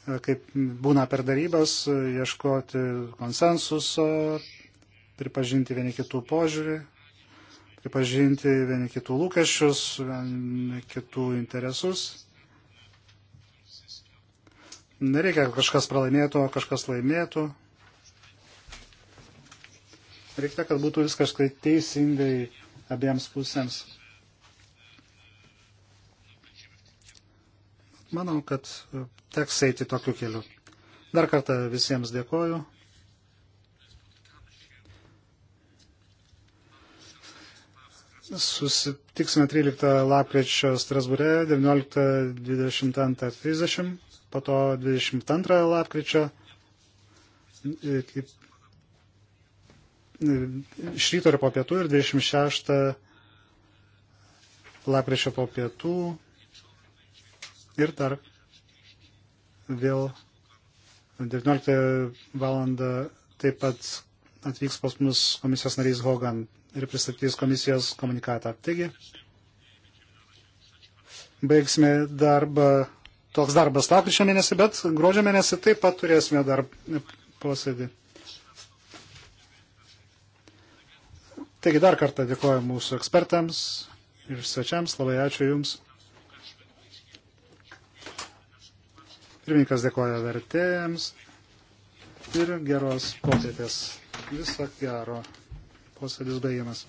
E, kaip būna per darybas, e, ieškoti konsensuso, pripažinti vieni kitų požiūrį, pripažinti vieni kitų lūkesčius, vieni kitų interesus. Nereikia, kad kažkas pralaimėtų, o kažkas laimėtų. Reikia, kad būtų viskas teisingai abiems pusėms. manau, kad e, teks eiti tokiu keliu. Dar kartą visiems dėkoju. Susitiksime 13 lapkričio Strasbūre, 19.22.30, po to 22 lapkričio. Iš ryto ir po pietų ir 26 lapkričio po pietų Ir dar vėl 19 valandą taip pat atvyks pas mus komisijos narys Hogan ir pristatys komisijos komunikatą. Taigi, baigsime darbą, toks darbas lapkričio mėnesį, bet gruodžio mėnesį taip pat turėsime dar posėdį. Taigi dar kartą dėkoju mūsų ekspertams ir svečiams, labai ačiū Jums. Pirmininkas dėkoja vertėjams ir geros popietės. Viso gero. Posėdis baigiamas.